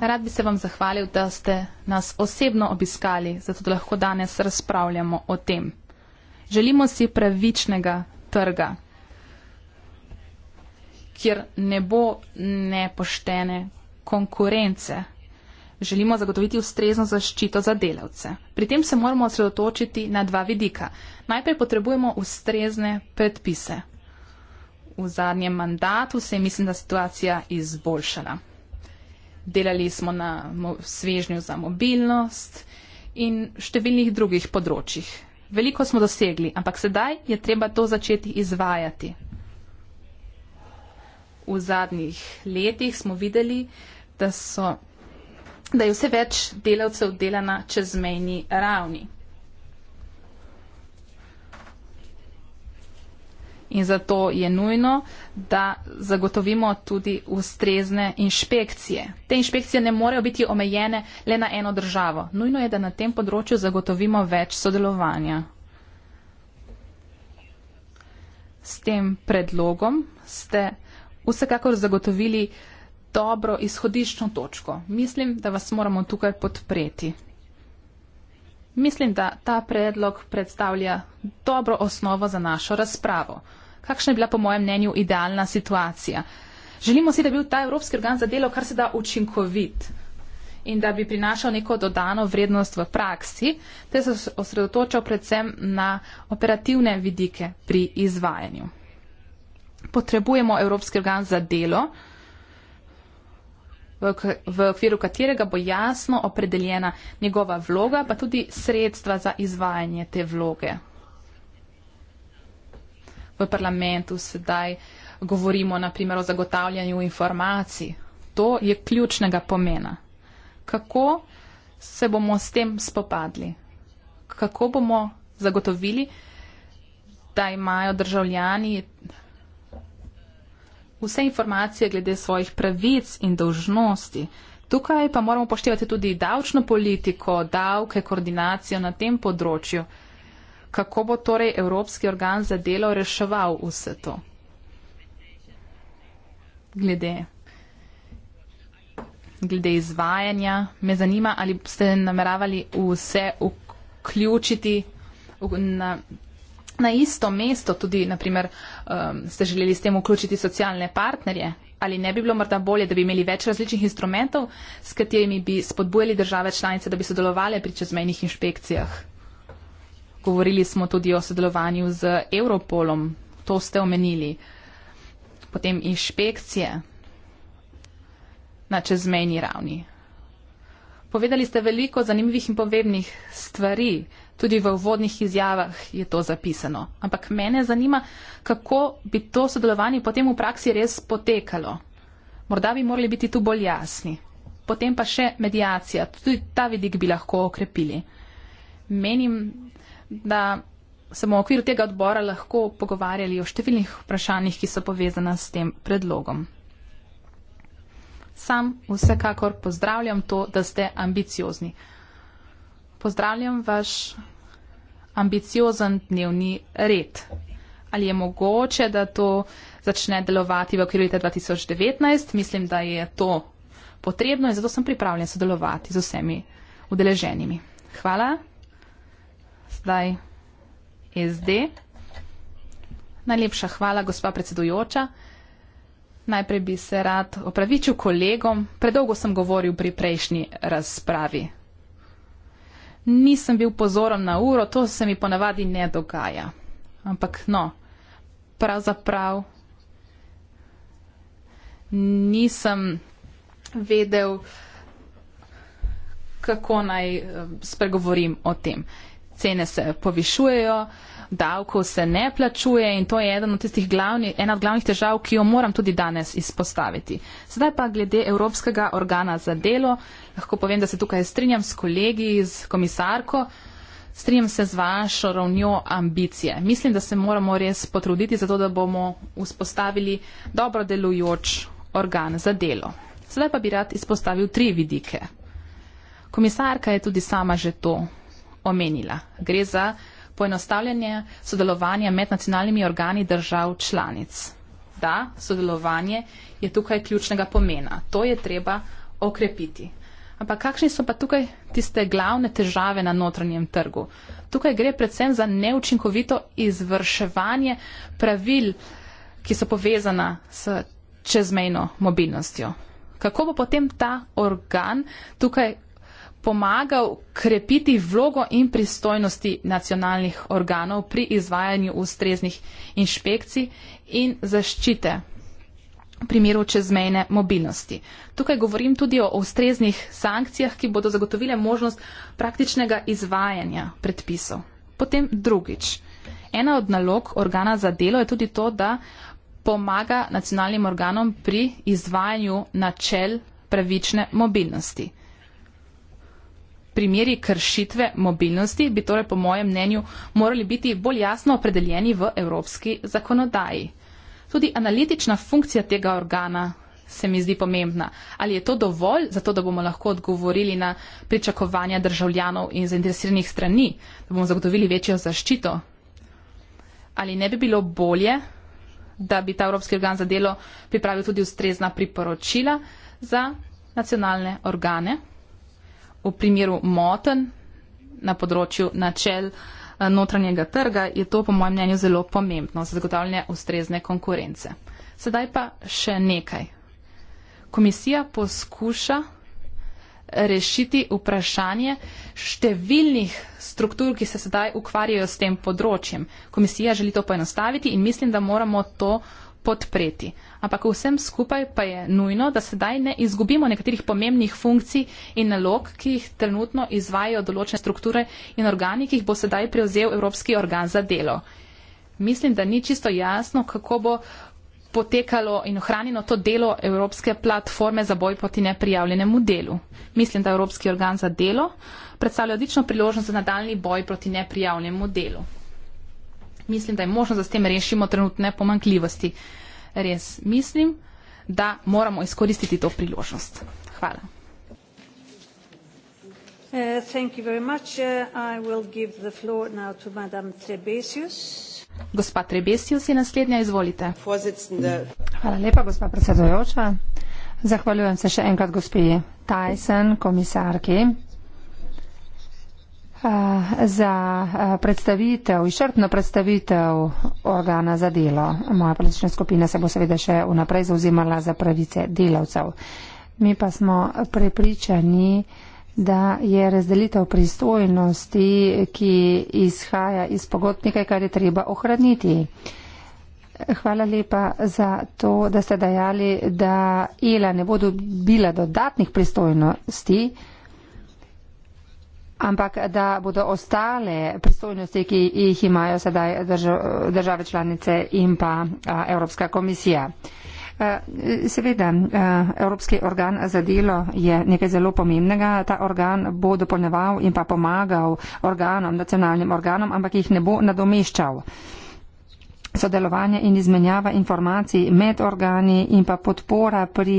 Rad bi se vam zahvalil, da ste nas osebno obiskali, zato da lahko danes razpravljamo o tem. Želimo si pravičnega trga kjer ne bo nepoštene konkurence. Želimo zagotoviti ustrezno zaščito za delavce. Pri tem se moramo osredotočiti na dva vidika. Najprej potrebujemo ustrezne predpise. V zadnjem mandatu se je, mislim, da situacija izboljšala. Delali smo na svežnju za mobilnost in številnih drugih področjih. Veliko smo dosegli, ampak sedaj je treba to začeti izvajati v zadnjih letih smo videli, da, so, da je vse več delavcev dela na čezmejni ravni. In zato je nujno, da zagotovimo tudi ustrezne inšpekcije. Te inšpekcije ne morejo biti omejene le na eno državo. Nujno je, da na tem področju zagotovimo več sodelovanja. S tem predlogom ste vsekakor zagotovili dobro izhodiščno točko. Mislim, da vas moramo tukaj podpreti. Mislim, da ta predlog predstavlja dobro osnovo za našo razpravo. Kakšna je bila po mojem mnenju idealna situacija? Želimo si, da bi bil ta Evropski organ za delo kar se da učinkovit in da bi prinašal neko dodano vrednost v praksi, te se osredotočal predvsem na operativne vidike pri izvajanju potrebujemo Evropski organ za delo, v okviru katerega bo jasno opredeljena njegova vloga, pa tudi sredstva za izvajanje te vloge. V parlamentu sedaj govorimo naprimer o zagotavljanju informacij. To je ključnega pomena. Kako se bomo s tem spopadli? Kako bomo zagotovili, da imajo državljani vse informacije glede svojih pravic in dolžnosti. Tukaj pa moramo poštevati tudi davčno politiko, davke, koordinacijo na tem področju. Kako bo torej Evropski organ za delo reševal vse to? Glede, glede izvajanja, me zanima, ali ste nameravali vse vključiti na na isto mesto, tudi, naprimer, um, ste želeli s tem vključiti socialne partnerje? Ali ne bi bilo morda bolje, da bi imeli več različnih instrumentov, s katerimi bi spodbujali države članice, da bi sodelovali pri čezmejnih inšpekcijah? Govorili smo tudi o sodelovanju z Europolom, to ste omenili. Potem inšpekcije na čezmejni ravni. Povedali ste veliko zanimivih in povebnih stvari. Tudi v uvodnih izjavah je to zapisano. Ampak mene zanima, kako bi to sodelovanje potem v praksi res potekalo. Morda bi morali biti tu bolj jasni. Potem pa še medijacija. Tudi ta vidik bi lahko okrepili. Menim, da smo v okviru tega odbora lahko pogovarjali o številnih vprašanjih, ki so povezana s tem predlogom. Sam vsekakor pozdravljam to, da ste ambiciozni. Pozdravljam vaš ambiciozen dnevni red. Ali je mogoče, da to začne delovati v okviru leta 2019? Mislim, da je to potrebno in zato sem pripravljen sodelovati z vsemi udeleženimi. Hvala. Zdaj SD. Najlepša hvala, gospa predsedujoča. Najprej bi se rad opravičil kolegom. Predolgo sem govoril pri prejšnji razpravi nisem bil pozoren na uro, to se mi ponavadi ne dogaja. Ampak no, pravzaprav nisem vedel, kako naj eh, spregovorim o tem. Cene se povišujejo, uh, davkov se ne plačuje in to je eden od tistih glavnih, ena od glavnih težav, ki jo moram tudi danes izpostaviti. Sedaj pa glede Evropskega organa za delo, lahko povem, da se tukaj strinjam s kolegi, z komisarko. Strinjam se z vašo ravnjo ambicije. Mislim, da se moramo res potruditi za to, da bomo vzpostavili dobro delujoč organ za delo. Sedaj pa bi rad izpostavil tri vidike. Komisarka je tudi sama že to omenila. Gre za poenostavljanje sodelovanja med nacionalnimi organi držav članic. Da, sodelovanje je tukaj ključnega pomena. To je treba okrepiti. Ampak kakšni so pa tukaj tiste glavne težave na notranjem trgu? Tukaj gre predvsem za neučinkovito izvrševanje pravil, ki so povezana s čezmejno mobilnostjo. Kako bo potem ta organ tukaj pomagal krepiti vlogo in pristojnosti nacionalnih organov pri izvajanju ustreznih inšpekcij in zaščite v primeru čezmejne mobilnosti. Tukaj govorim tudi o ustreznih sankcijah, ki bodo zagotovile možnost praktičnega izvajanja predpisov. Potem drugič. Ena od nalog organa za delo je tudi to, da pomaga nacionalnim organom pri izvajanju načel pravične mobilnosti primeri kršitve mobilnosti bi torej po mojem mnenju morali biti bolj jasno opredeljeni v evropski zakonodaji. Tudi analitična funkcija tega organa se mi zdi pomembna. Ali je to dovolj za to, da bomo lahko odgovorili na pričakovanja državljanov in zainteresiranih strani, da bomo zagotovili večjo zaščito? Ali ne bi bilo bolje, da bi ta Evropski organ za delo pripravil tudi ustrezna priporočila za nacionalne organe? v primeru moten na področju načel eh, notranjega trga je to po mojem mnenju zelo pomembno za zagotavljanje ustrezne konkurence. Sedaj pa še nekaj. Komisija poskuša rešiti vprašanje številnih struktur, ki se sedaj ukvarjajo s tem področjem. Komisija želi to poenostaviti in mislim, da moramo to podpreti ampak vsem skupaj pa je nujno, da sedaj ne izgubimo nekaterih pomembnih funkcij in nalog, ki jih trenutno izvajajo določene strukture in organi, ki jih bo sedaj prevzel Evropski organ za delo. Mislim, da ni čisto jasno, kako bo potekalo in ohranjeno to delo Evropske platforme za boj proti neprijavljenemu delu. Mislim, da Evropski organ za delo predstavlja odlično priložnost za nadaljni boj proti neprijavljenemu delu. Mislim, da je možno, da s tem rešimo trenutne pomankljivosti res mislim, da moramo izkoristiti to priložnost. Hvala. Uh, uh, gospa Trebesius je naslednja, izvolite. Hvala lepa, gospa predsedujoča. Zahvaljujem se še enkrat gospi Tyson, komisarki za predstavitev, izčrpno predstavitev organa za delo. Moja politična skupina se bo seveda še vnaprej zauzimala za pravice delavcev. Mi pa smo prepričani, da je razdelitev pristojnosti, ki izhaja iz pogodb nekaj, kar je treba ohraniti. Hvala lepa za to, da ste dajali, da ILA ne bodo bila dodatnih pristojnosti, ampak da bodo ostale pristojnosti, ki jih imajo sedaj države članice in pa Evropska komisija. Seveda, Evropski organ za delo je nekaj zelo pomembnega. Ta organ bo dopolneval in pa pomagal organom, nacionalnim organom, ampak jih ne bo nadomeščal. Sodelovanje in izmenjava informacij med organi in pa podpora pri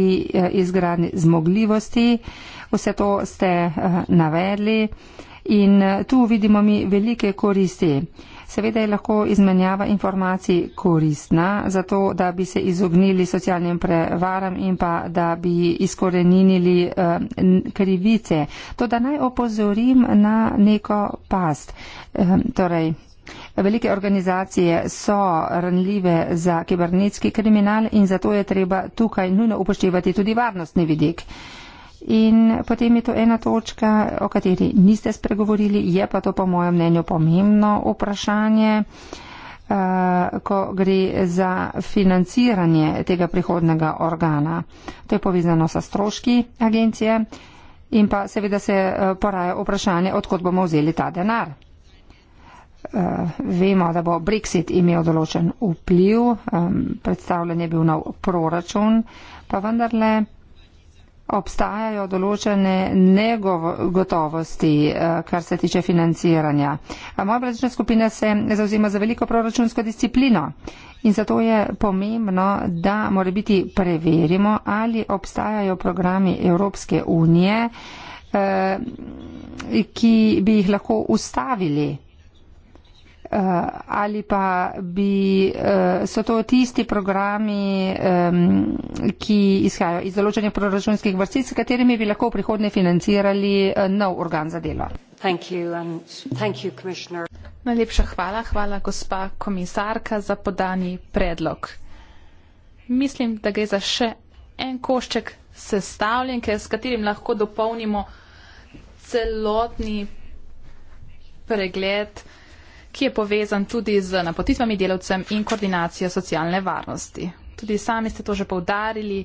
izgradnji zmogljivosti Vse to ste eh, navedli in eh, tu vidimo mi velike koristi. Seveda je lahko izmenjava informacij koristna, zato da bi se izognili socialnim prevaram in pa da bi izkorenili eh, krivice. To, da naj opozorim na neko past. Torej, Velike organizacije so ranljive za kibernetski kriminal in zato je treba tukaj nujno upoštevati tudi varnostni vidik. In potem je to ena točka, o kateri niste spregovorili, je pa to po mojem mnenju pomembno vprašanje, eh, ko gre za financiranje tega prihodnega organa. To je povezano sa stroški agencije in pa seveda se eh, poraja vprašanje, odkot bomo vzeli ta denar. Eh, vemo, da bo Brexit imel določen vpliv, predstavljen je bil nov proračun, pa vendarle obstajajo določene negotovosti, eh, kar se tiče financiranja. Eh, moja vladična skupina se zauzima za veliko proračunsko disciplino in zato je pomembno, da mora biti preverimo, ali obstajajo programi Evropske unije, eh, ki bi jih lahko ustavili. Uh, ali pa bi, uh, so to tisti programi, um, ki izhajajo iz določenja proračunskih vrstic, s katerimi bi lahko v prihodnje financirali uh, nov organ za delo. Thank you, um, thank you, Najlepša hvala, hvala gospa komisarka za podani predlog. Mislim, da gre za še en košček sestavljenke, s katerim lahko dopolnimo celotni pregled ki je povezan tudi z napotitvami delavcem in koordinacijo socialne varnosti. Tudi sami ste to že povdarili.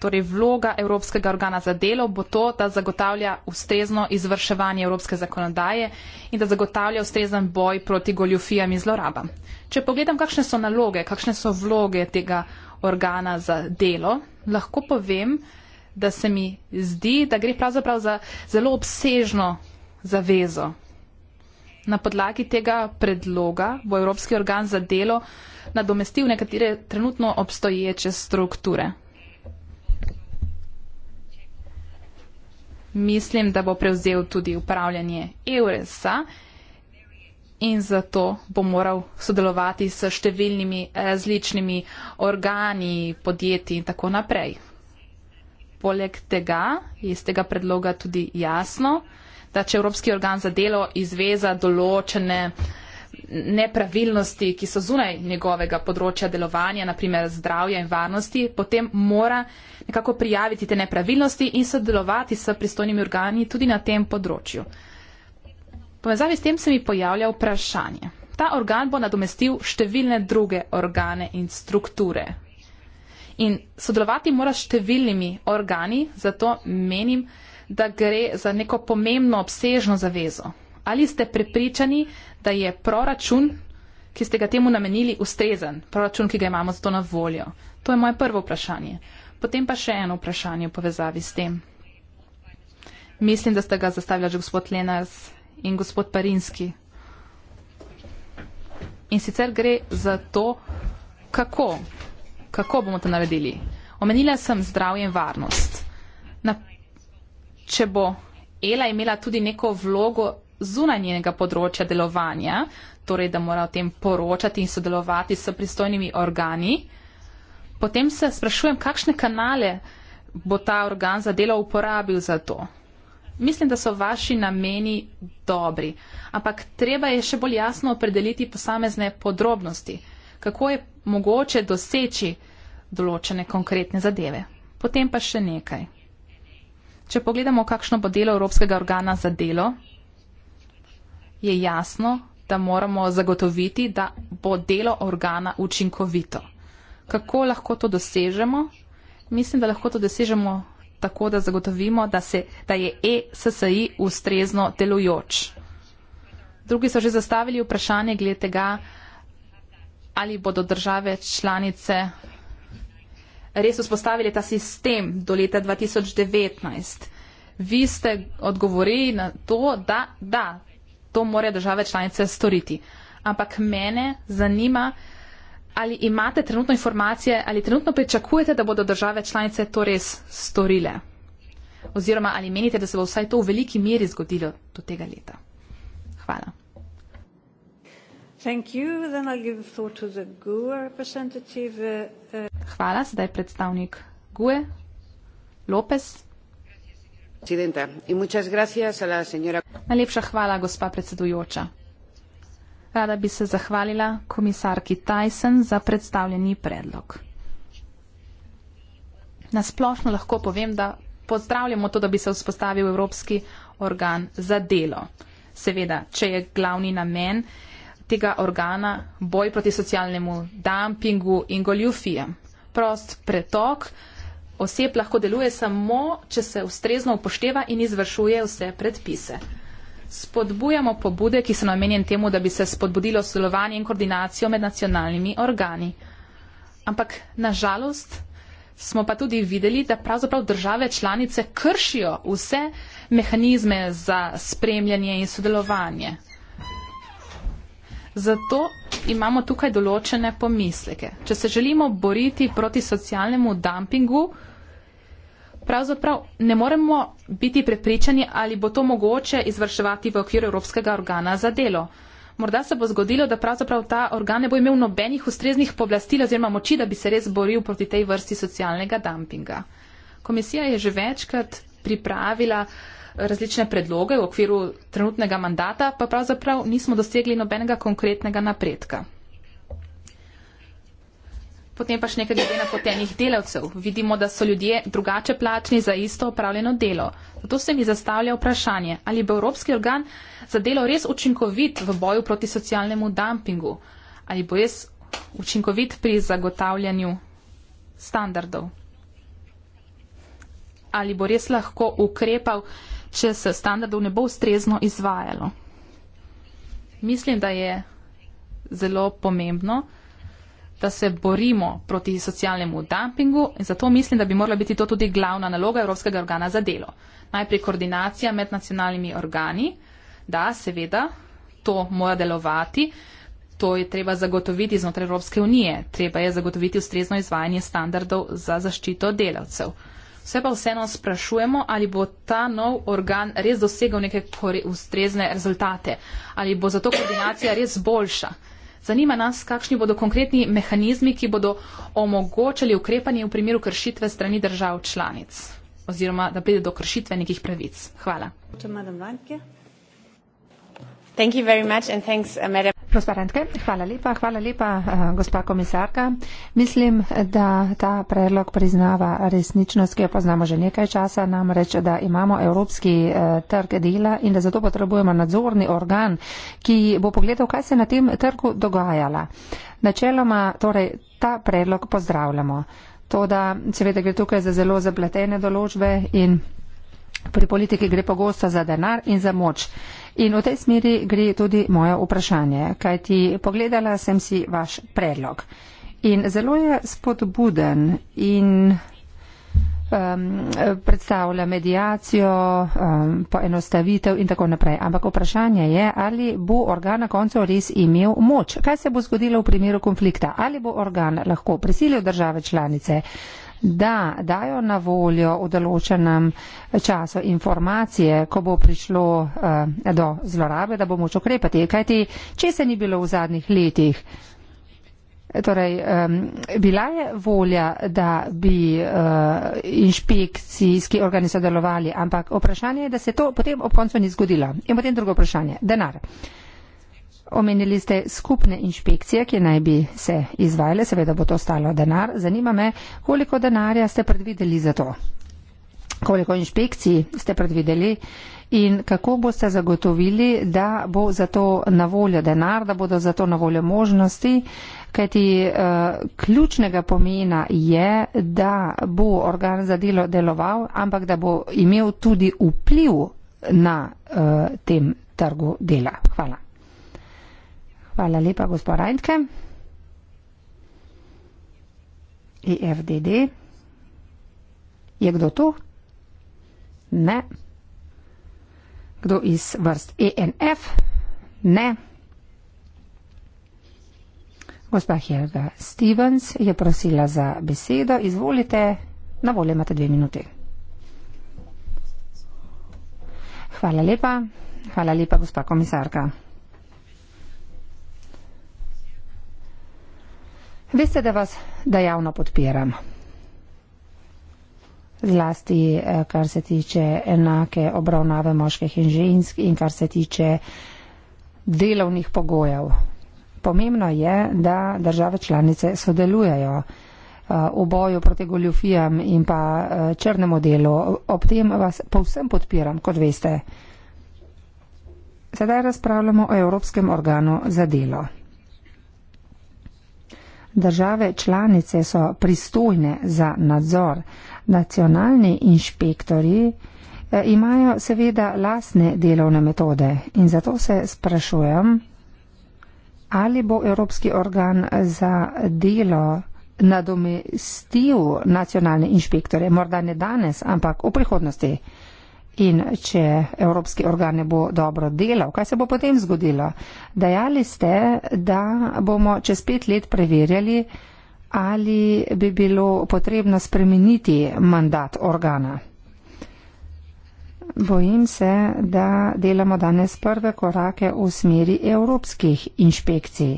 Torej, vloga Evropskega organa za delo bo to, da zagotavlja ustrezno izvrševanje evropske zakonodaje in da zagotavlja ustrezen boj proti goljufijam in zlorabam. Če pogledam, kakšne so naloge, kakšne so vloge tega organa za delo, lahko povem, da se mi zdi, da gre pravzaprav za zelo obsežno zavezo, Na podlagi tega predloga bo Evropski organ za delo nadomestil nekatere trenutno obstoječe strukture. Mislim, da bo prevzel tudi upravljanje EURES-a in zato bo moral sodelovati s številnimi različnimi organi, podjetji in tako naprej. Poleg tega je iz tega predloga tudi jasno, da če Evropski organ za delo izveza določene nepravilnosti, ki so zunaj njegovega področja delovanja, naprimer zdravja in varnosti, potem mora nekako prijaviti te nepravilnosti in sodelovati s pristojnimi organi tudi na tem področju. Povezavi s tem se mi pojavlja vprašanje. Ta organ bo nadomestil številne druge organe in strukture. In sodelovati mora s številnimi organi, zato menim, da da gre za neko pomembno obsežno zavezo? Ali ste prepričani, da je proračun, ki ste ga temu namenili, ustrezen, proračun, ki ga imamo za to na voljo? To je moje prvo vprašanje. Potem pa še eno vprašanje v povezavi s tem. Mislim, da ste ga zastavljali že gospod Lenars in gospod Parinski. In sicer gre za to, kako, kako bomo to naredili. Omenila sem zdravje in varnost. Na če bo Ela imela tudi neko vlogo zunaj njenega področja delovanja, torej da mora o tem poročati in sodelovati s pristojnimi organi, potem se sprašujem, kakšne kanale bo ta organ za delo uporabil za to. Mislim, da so vaši nameni dobri, ampak treba je še bolj jasno opredeliti posamezne podrobnosti, kako je mogoče doseči določene konkretne zadeve. Potem pa še nekaj. Če pogledamo, kakšno bo delo Evropskega organa za delo, je jasno, da moramo zagotoviti, da bo delo organa učinkovito. Kako lahko to dosežemo? Mislim, da lahko to dosežemo tako, da zagotovimo, da, se, da je ESSI ustrezno delujoč. Drugi so že zastavili vprašanje glede tega, ali bodo države članice res vzpostavili ta sistem do leta 2019. Vi ste odgovorili na to, da, da to morajo države članice storiti. Ampak mene zanima, ali imate trenutno informacije, ali trenutno pričakujete, da bodo države članice to res storile? Oziroma, ali menite, da se bo vsaj to v veliki meri zgodilo do tega leta? Hvala. Thank you. Then I'll give the floor to the GUE representative. Uh, uh, hvala. Zdaj predstavnik GUE, Lopez. Najlepša hvala, gospa predsedujoča. Rada bi se zahvalila komisarki Tyson za predstavljeni predlog. Nasplošno lahko povem, da pozdravljamo to, da bi se vzpostavil Evropski organ za delo. Seveda, če je glavni namen tega organa boj proti socialnemu dumpingu in goljufijem. Prost pretok oseb lahko deluje samo, če se ustrezno upošteva in izvršuje vse predpise. Spodbujamo pobude, ki so namenjene temu, da bi se spodbudilo sodelovanje in koordinacijo med nacionalnimi organi. Ampak nažalost smo pa tudi videli, da pravzaprav države članice kršijo vse mehanizme za spremljanje in sodelovanje. Zato imamo tukaj določene pomisleke. Če se želimo boriti proti socialnemu dumpingu, pravzaprav ne moremo biti prepričani, ali bo to mogoče izvrševati v okviru Evropskega organa za delo. Morda se bo zgodilo, da pravzaprav ta organ ne bo imel nobenih ustreznih povlastil oziroma moči, da bi se res boril proti tej vrsti socialnega dumpinga. Komisija je že večkrat pripravila uh, različne predloge v okviru trenutnega mandata, pa pravzaprav nismo dosegli nobenega konkretnega napredka. Potem pa še nekaj glede napotenih delavcev. Vidimo, da so ljudje drugače plačni za isto opravljeno delo. Zato se mi zastavlja vprašanje, ali bo Evropski organ za delo res učinkovit v boju proti socialnemu dumpingu, ali bo res učinkovit pri zagotavljanju standardov, ali bo res lahko ukrepal če se standardov ne bo ustrezno izvajalo. Mislim, da je zelo pomembno, da se borimo proti socialnemu dumpingu in zato mislim, da bi morala biti to tudi glavna naloga Evropskega organa za delo. Najprej koordinacija med nacionalnimi organi, da seveda to mora delovati, to je treba zagotoviti znotraj Evropske unije, treba je zagotoviti ustrezno izvajanje standardov za zaščito delavcev. Vse pa vseeno sprašujemo, ali bo ta nov organ res dosegal neke ustrezne rezultate, ali bo zato koordinacija res boljša. Zanima nas, kakšni bodo konkretni mehanizmi, ki bodo omogočali ukrepanje v primeru kršitve strani držav članic oziroma da pride do kršitve nekih pravic. Hvala. Thank you very much and thanks, uh, Madam. Prosperantke, hvala lepa. Hvala lepa, eh, gospa komisarka. Mislim, da ta predlog priznava resničnost, ki jo poznamo že nekaj časa, namreč, da imamo evropski eh, trg dela in da zato potrebujemo nadzorni organ, ki bo pogledal, kaj se na tem trgu dogajala. Načeloma torej ta predlog pozdravljamo. To, da seveda gre tukaj za zelo zapletene določbe in pri politiki gre pogosto za denar in za moč. In v tej smeri gre tudi moje vprašanje, kajti pogledala sem si vaš predlog. In zelo je spodbuden in um, predstavlja medijacijo, um, poenostavitev in tako naprej. Ampak vprašanje je, ali bo organ na koncu res imel moč. Kaj se bo zgodilo v primeru konflikta? Ali bo organ lahko prisilil države članice? da dajo na voljo v določenem času informacije, ko bo prišlo eh, do zlorabe, da bo moč ukrepati. Kajti, če se ni bilo v zadnjih letih, torej, eh, bila je volja, da bi eh, inšpekcijski organi sodelovali, ampak vprašanje je, da se to potem ob koncu ni zgodilo. In potem drugo vprašanje. Denar. Eh, Omenili ste skupne inšpekcije, ki naj bi se izvajale, seveda bo to stalo denar. Zanima me, koliko denarja ste predvideli za to? Koliko inšpekcij ste predvideli in kako boste zagotovili, da bo za to na voljo denar, da bodo za to na voljo možnosti? Kajti uh, ključnega pomena je, da bo organ za delo deloval, ampak da bo imel tudi vpliv na uh, tem trgu dela. Hvala. Hvala lepa, gospod Rajnke. IFDD. E je kdo tu? Ne. Kdo iz vrst ENF? Ne. Gospa Helga Stevens je prosila za besedo. Izvolite, na voljo imate dve minuti. Hvala lepa. Hvala lepa, gospa komisarka. Veste, da vas dejavno podpiram. Zlasti, eh, kar se tiče enake obravnave moških in žensk in kar se tiče delovnih pogojev. Pomembno je, da države članice sodelujejo eh, v boju proti goljufijam in pa eh, črnemu delu. Ob tem vas povsem podpiram, kot veste. Sedaj razpravljamo o Evropskem organu za delo. Države članice so pristojne za nadzor. Nacionalni inšpektori eh, imajo seveda lasne delovne metode in zato se sprašujem, ali bo Evropski organ za delo nadomestil nacionalne inšpektore, morda ne danes, ampak v prihodnosti. In če evropski organ ne bo dobro delal, kaj se bo potem zgodilo? Dajali ste, da bomo čez pet let preverjali, ali bi bilo potrebno spremeniti mandat organa. Bojim se, da delamo danes prve korake v smeri evropskih inšpekcij.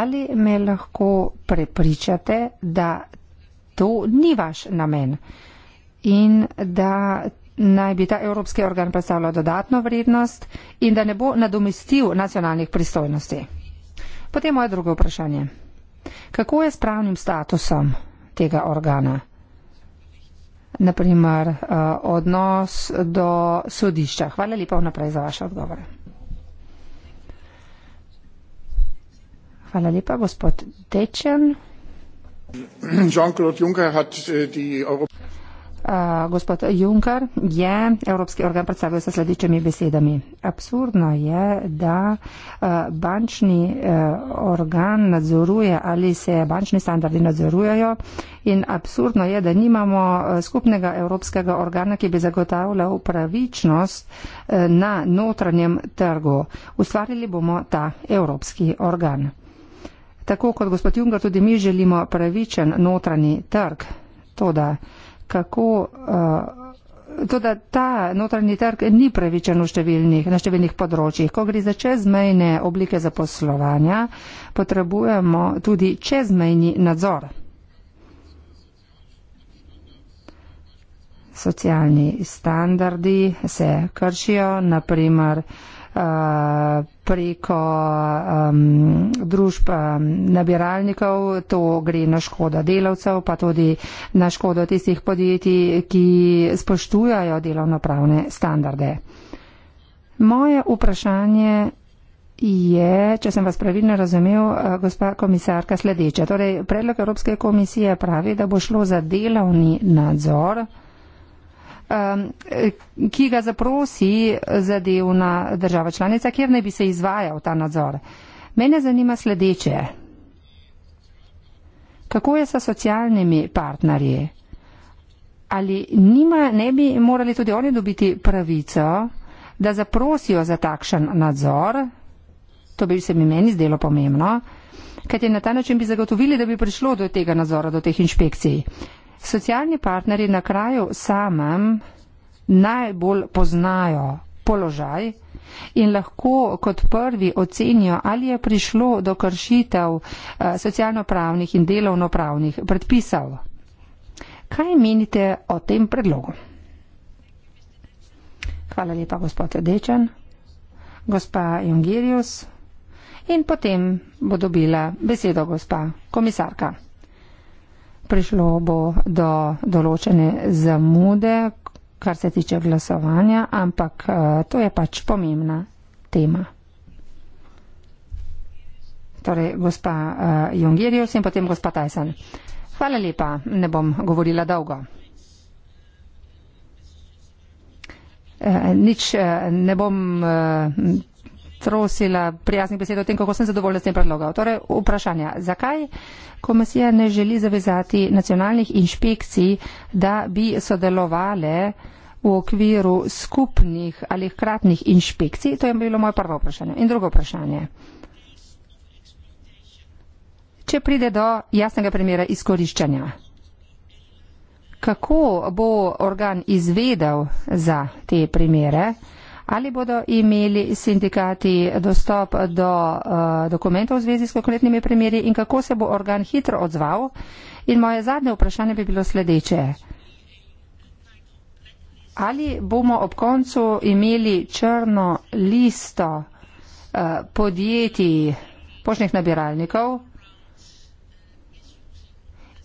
Ali me lahko prepričate, da to ni vaš namen in da naj bi ta evropski organ predstavljal dodatno vrednost in da ne bo nadomestil nacionalnih pristojnosti. Potem moje drugo vprašanje. Kako je s pravnim statusom tega organa? Naprimer, eh, odnos do sodišča. Hvala lepa vnaprej za vaše odgovore. Hvala lepa, gospod Dečen. Jean-Claude Juncker je eh, Evropa. Eh, gospod Juncker je Evropski organ predstavil sa sledičimi besedami. Absurdno je, da eh, bančni eh, organ nadzoruje ali se bančni standardi nadzorujejo in absurdno je, da nimamo skupnega evropskega organa, ki bi zagotavljal pravičnost na notranjem trgu. Ustvarili bomo ta evropski organ. Tako kot gospod Juncker tudi mi želimo pravičen notranji trg. To, da kako. Uh, Toda ta notranji trg ni pravičen številnih, na številnih področjih. Ko gre za čezmejne oblike zaposlovanja, potrebujemo tudi čezmejni nadzor. Socialni standardi se kršijo, naprimer. Eh, preko um, družb um, nabiralnikov, to gre na škodo delavcev, pa tudi na škodo tistih podjetij, ki spoštujajo delovnopravne standarde. Moje vprašanje je, če sem vas pravilno razumel, eh, gospa komisarka, sledeče. Torej, predlog Evropske komisije pravi, da bo šlo za delovni nadzor Ehm, eh, ki ga zaprosi zadevna država članica, kjer naj bi se izvajal ta nadzor. Mene zanima sledeče. Kako je sa socialnimi partnerji? Ali nima, ne bi morali tudi oni dobiti pravico, da zaprosijo za takšen nadzor? To bi se mi meni zdelo pomembno, kajti na ta način bi zagotovili, da bi prišlo do tega nadzora, do teh inšpekcij. Socialni partneri na kraju samem najbolj poznajo položaj in lahko kot prvi ocenijo, ali je prišlo do kršitev eh, socialno-pravnih in delovno-pravnih predpisov. Kaj menite o tem predlogu? Hvala lepa, gospod Dečan, gospa Jungirius in potem bo dobila besedo gospa komisarka prišlo bo do določene zamude, kar se tiče glasovanja, ampak eh, to je pač pomembna tema. Torej, gospa uh, eh, Jungirius in potem gospa Tyson. Hvala lepa, ne bom govorila dolgo. Uh, nič uh, ne bom. Uh, trosila prijaznih besed o tem, kako sem zadovoljna s tem predlogom. Torej, vprašanja. Zakaj komisija ne želi zavezati nacionalnih inšpekcij, da bi sodelovale v okviru skupnih ali hkratnih inšpekcij? To je bilo moje prvo vprašanje. In drugo vprašanje. Če pride do jasnega primera izkoriščanja, kako bo organ izvedel za te primere? Ali bodo imeli sindikati dostop do uh, dokumentov v zvezi s konkretnimi primeri in kako se bo organ hitro odzval? In moje zadnje vprašanje bi bilo sledeče. Ali bomo ob koncu imeli črno listo uh, podjetij pošnih nabiralnikov,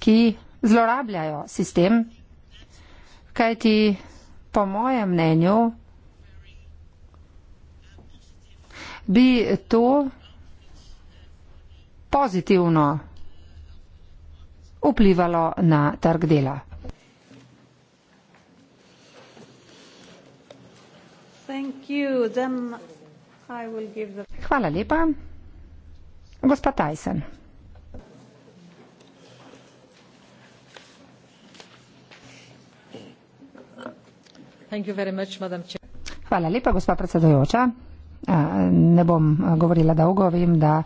ki zlorabljajo sistem, kajti po mojem mnenju bi to pozitivno vplivalo na trg dela. Hvala lepa. Gospa Tyson. Hvala lepa, gospa predsedujoča. Ne bom govorila dolgo, vem, da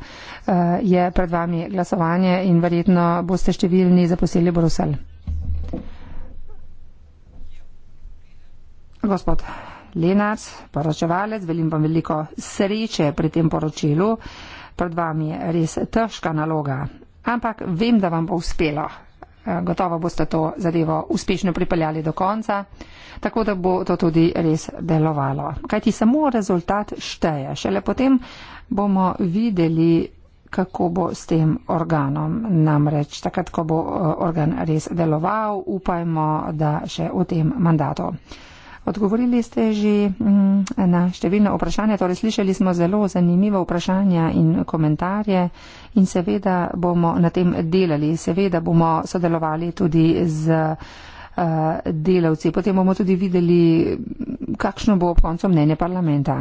je pred vami glasovanje in verjetno boste številni zaposlili Brusel. Gospod Lenac, poročevalec, velim vam veliko sreče pri tem poročilu. Pred vami je res težka naloga, ampak vem, da vam bo uspelo. Eh, gotovo boste to zadevo uspešno pripeljali do konca, tako da bo to tudi res delovalo. Kaj ti samo rezultat šteje, šele potem bomo videli, kako bo s tem organom. Namreč takrat, ko bo eh, organ res deloval, upajmo, da še v tem mandatu. Odgovorili ste že mm, na številne vprašanja, torej slišali smo zelo zanimive vprašanja in komentarje in seveda bomo na tem delali, seveda bomo sodelovali tudi z eh, delavci. Potem bomo tudi videli, kakšno bo ob koncu mnenje parlamenta.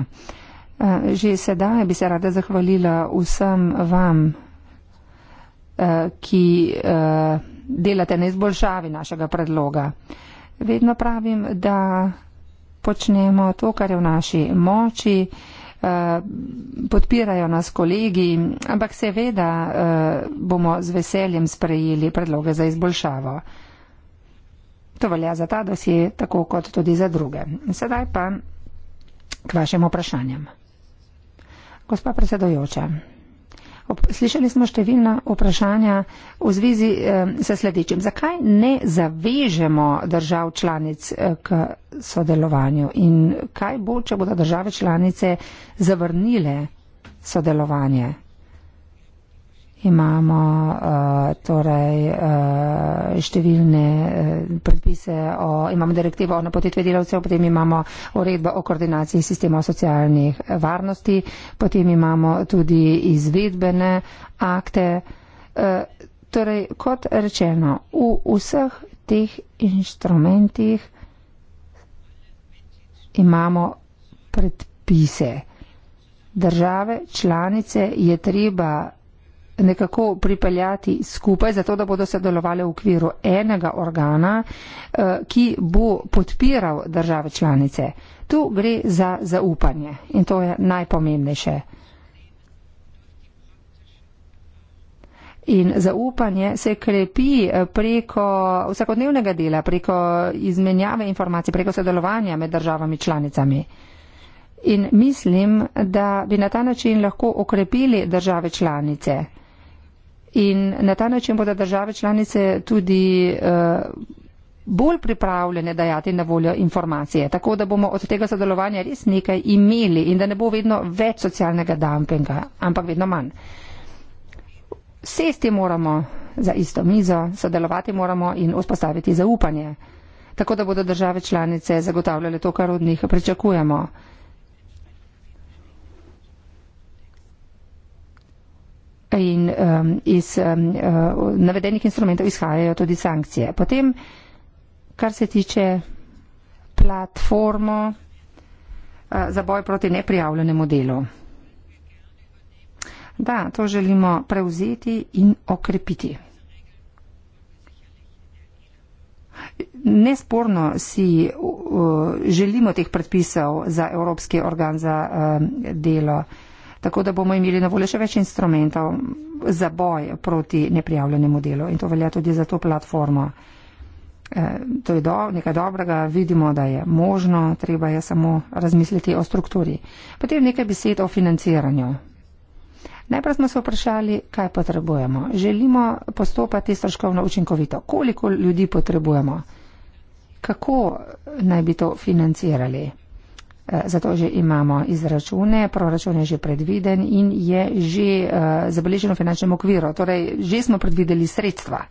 Eh, že sedaj bi se rada zahvalila vsem vam, eh, ki delate na izboljšavi našega predloga. Vedno pravim, da počnemo, to, kar je v naši moči, eh, podpirajo nas kolegi, ampak seveda eh, bomo z veseljem sprejeli predloge za izboljšavo. To velja za ta dosje, tako kot tudi za druge. Sedaj pa k vašim vprašanjem. Gospa predsedojoča. Slišali smo številna vprašanja v zvezi s sledečim. Zakaj ne zavežemo držav članic eh, k sodelovanju in kaj bo, če bodo države članice zavrnile sodelovanje? Imamo uh, torej uh, številne uh, predpise, o, imamo direktivo o napotitvi delavcev, potem imamo uredbo o koordinaciji sistema socialnih varnosti, potem imamo tudi izvedbene akte. Uh, torej, kot rečeno, v vseh teh inštrumentih imamo predpise. Države, članice je treba nekako pripeljati skupaj, zato da bodo sodelovali v okviru enega organa, eh, ki bo podpiral države članice. Tu gre za zaupanje in to je najpomembnejše. In zaupanje se krepi eh, preko vsakodnevnega dela, preko izmenjave informacij, preko sodelovanja med državami članicami. In mislim, da bi na ta način lahko okrepili države članice. In na ta način bodo države članice tudi uh, bolj pripravljene dajati na voljo informacije, tako da bomo od tega sodelovanja res nekaj imeli in da ne bo vedno več socialnega dumpinga, ampak vedno manj. Sesti moramo za isto mizo, sodelovati moramo in vzpostaviti zaupanje, tako da bodo države članice zagotavljale to, kar od njih pričakujemo. in um, iz um, uh, navedenih instrumentov izhajajo tudi sankcije. Potem, kar se tiče platformo uh, za boj proti neprijavljenemu delu. Da, to želimo prevzeti in okrepiti. Nesporno si uh, želimo teh predpisov za Evropski organ za uh, delo tako da bomo imeli na voljo še več instrumentov za boj proti neprijavljenemu delu in to velja tudi za to platformo. E, to je do, nekaj dobrega, vidimo, da je možno, treba je samo razmisliti o strukturi. Potem nekaj besed o financiranju. Najprej smo se vprašali, kaj potrebujemo. Želimo postopati stroškovno učinkovito. Koliko ljudi potrebujemo? Kako naj bi to financirali? Eh, zato že imamo izračune, proračun je že predviden in je že eh, zabeleženo v finančnem okviru. Torej, že smo predvideli sredstva.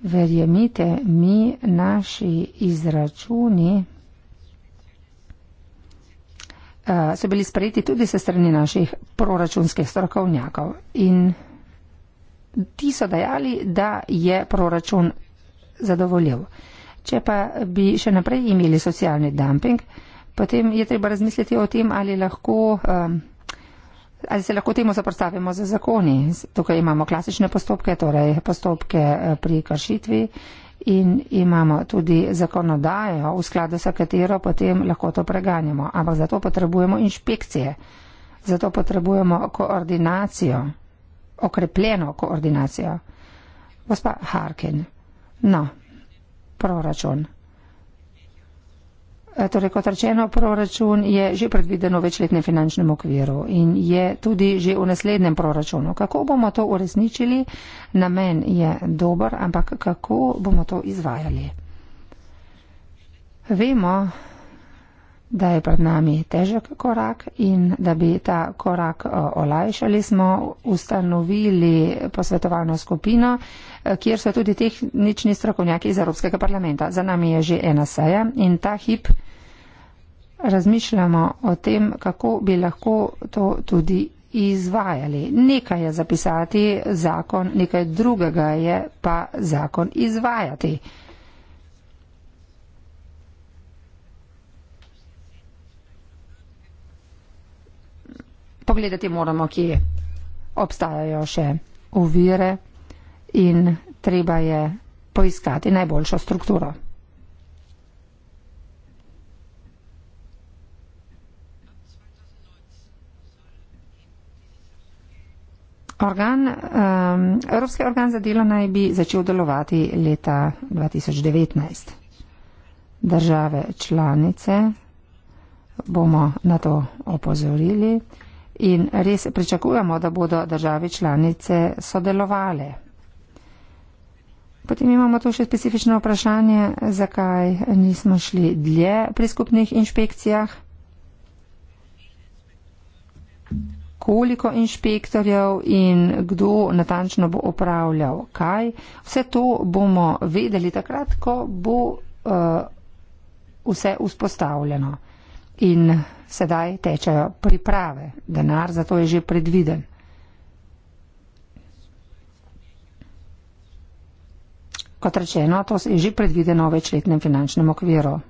Verjemite mi, naši izračuni eh, so bili sprejeti tudi se strani naših proračunskih strokovnjakov in ti so dajali, da je proračun zadovoljiv. Če pa bi še naprej imeli socialni dumping, potem je treba razmisliti o tem, ali lahko. Um, Ali se lahko temu zaprstavimo za zakoni? Tukaj imamo klasične postopke, torej postopke eh, pri kršitvi in imamo tudi zakonodajo, v skladu sa katero potem lahko to preganjamo. Ampak zato potrebujemo inšpekcije, zato potrebujemo koordinacijo, okrepljeno koordinacijo. Gospa Harkin, no, proračun. E, torej, kot rečeno, proračun je že predviden v večletnem finančnem okviru in je tudi že v naslednjem proračunu. Kako bomo to uresničili? Namen je dober, ampak kako bomo to izvajali? Vemo, da je pred nami težek korak in da bi ta korak olajšali, smo ustanovili posvetovalno skupino, e, kjer so tudi tehnični strokovnjaki iz Evropskega parlamenta. Za nami je že ena seja in ta hip razmišljamo o tem, kako bi lahko to tudi izvajali. Nekaj je zapisati zakon, nekaj drugega je pa zakon izvajati. pogledati moramo, ki obstajajo še uvire in treba je poiskati najboljšo strukturo. Organ, um, Evropski organ za delo naj bi začel delovati leta 2019. Države članice bomo na to opozorili in res pričakujemo, da bodo države članice sodelovale. Potem imamo tu še specifično vprašanje, zakaj nismo šli dlje pri skupnih inšpekcijah. koliko inšpektorjev in kdo natančno bo opravljal kaj. Vse to bomo vedeli takrat, ko bo uh, vse vzpostavljeno in sedaj tečejo priprave. Denar za to je že predviden. Kot rečeno, to je že predvideno v večletnem finančnem okviru.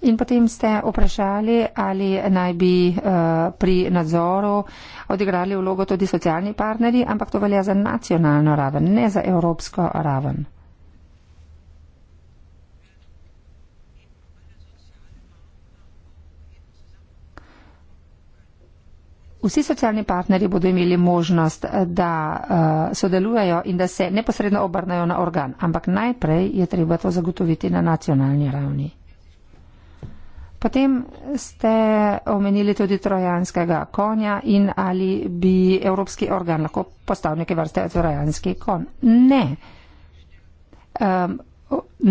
In potem ste vprašali, ali naj bi uh, pri nadzoru odigrali vlogo tudi socialni partnerji, ampak to velja za nacionalno raven, ne za evropsko raven. Vsi socialni partnerji bodo imeli možnost, da eh, sodelujejo in da se neposredno obrnajo na organ, ampak najprej je treba to zagotoviti na nacionalni ravni. Potem ste omenili tudi trojanskega konja in ali bi evropski organ lahko postal neke vrste trojanski kon. Ne. Um,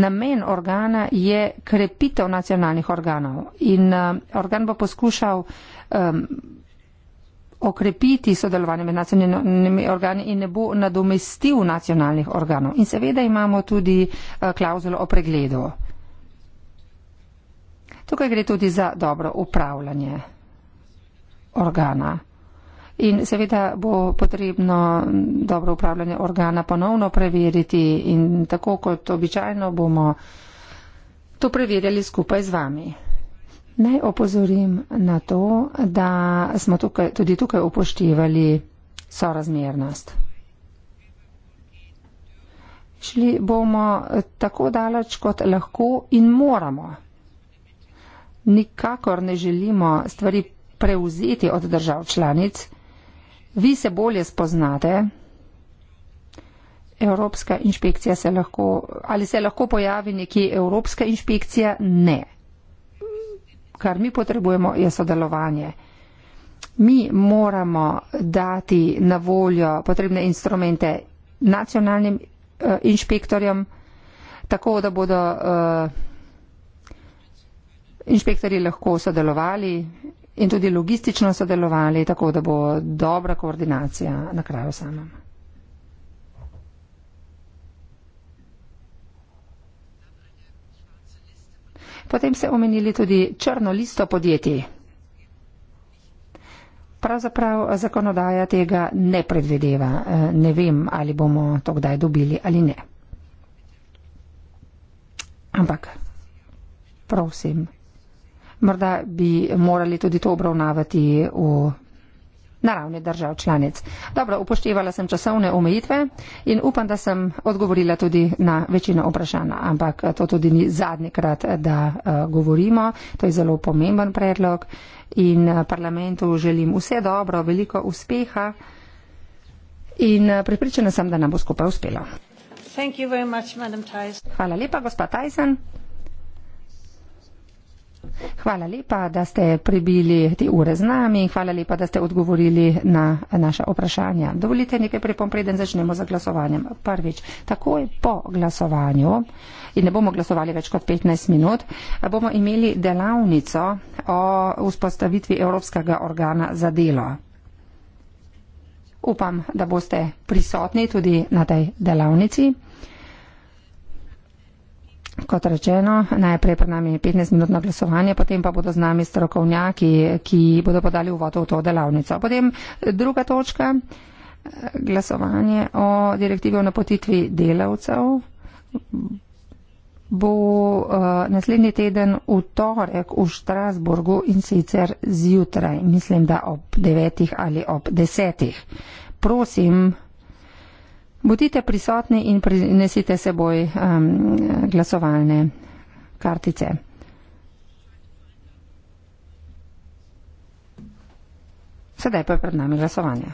namen organa je krepitev nacionalnih organov in um, organ bo poskušal. Um, okrepiti sodelovanje med nacionalnimi organi in ne bo nadomestil nacionalnih organov. In seveda imamo tudi eh, klauzulo o pregledu. Tukaj gre tudi za dobro upravljanje organa. In seveda bo potrebno dobro upravljanje organa ponovno preveriti in tako kot običajno bomo to preverjali skupaj z vami. Naj opozorim na to, da smo tukaj, tudi tukaj upoštevali sorazmernost. Šli bomo tako daleč, kot lahko in moramo. Nikakor ne želimo stvari prevzeti od držav članic. Vi se bolje spoznate. Evropska inšpekcija se lahko, ali se lahko pojavi nekje Evropska inšpekcija? Ne kar mi potrebujemo, je sodelovanje. Mi moramo dati na voljo potrebne instrumente nacionalnim uh, inšpektorjem, tako da bodo uh, eh, inšpektori lahko sodelovali in tudi logistično sodelovali, tako da bo dobra koordinacija na kraju samem. Potem ste omenili tudi črno listo podjetij. Pravzaprav zakonodaja tega ne predvedeva. E, ne vem, ali bomo to kdaj dobili ali ne. Ampak, prosim, morda bi morali tudi to obravnavati v na ravni držav članic. Dobro, upoštevala sem časovne omejitve in upam, da sem odgovorila tudi na večino vprašanj, ampak eh, to tudi ni zadnji krat, da eh, govorimo. To je zelo pomemben predlog in eh, parlamentu želim vse dobro, veliko uspeha in pripričana sem, da nam bo skupaj uspelo. Much, Hvala lepa, gospod Tyson. Hvala lepa, da ste prebili te ure z nami in hvala lepa, da ste odgovorili na naše vprašanja. Dovolite nekaj pripom, preden začnemo za glasovanjem. Prvič, takoj po glasovanju in ne bomo glasovali več kot 15 minut, bomo imeli delavnico o vzpostavitvi Evropskega organa za delo. Upam, da boste prisotni tudi na tej delavnici kot rečeno, najprej pred nami 15-minutno glasovanje, potem pa bodo z nami strokovnjaki, ki bodo podali uvod v to delavnico. Potem druga točka, glasovanje o direktivi o napotitvi delavcev bo uh, naslednji teden v torek v Štrasburgu in sicer zjutraj, mislim, da ob devetih ali ob desetih. Prosim, Budite prisotni in prinesite seboj um, glasovalne kartice. Sedaj pa je pred nami glasovanje.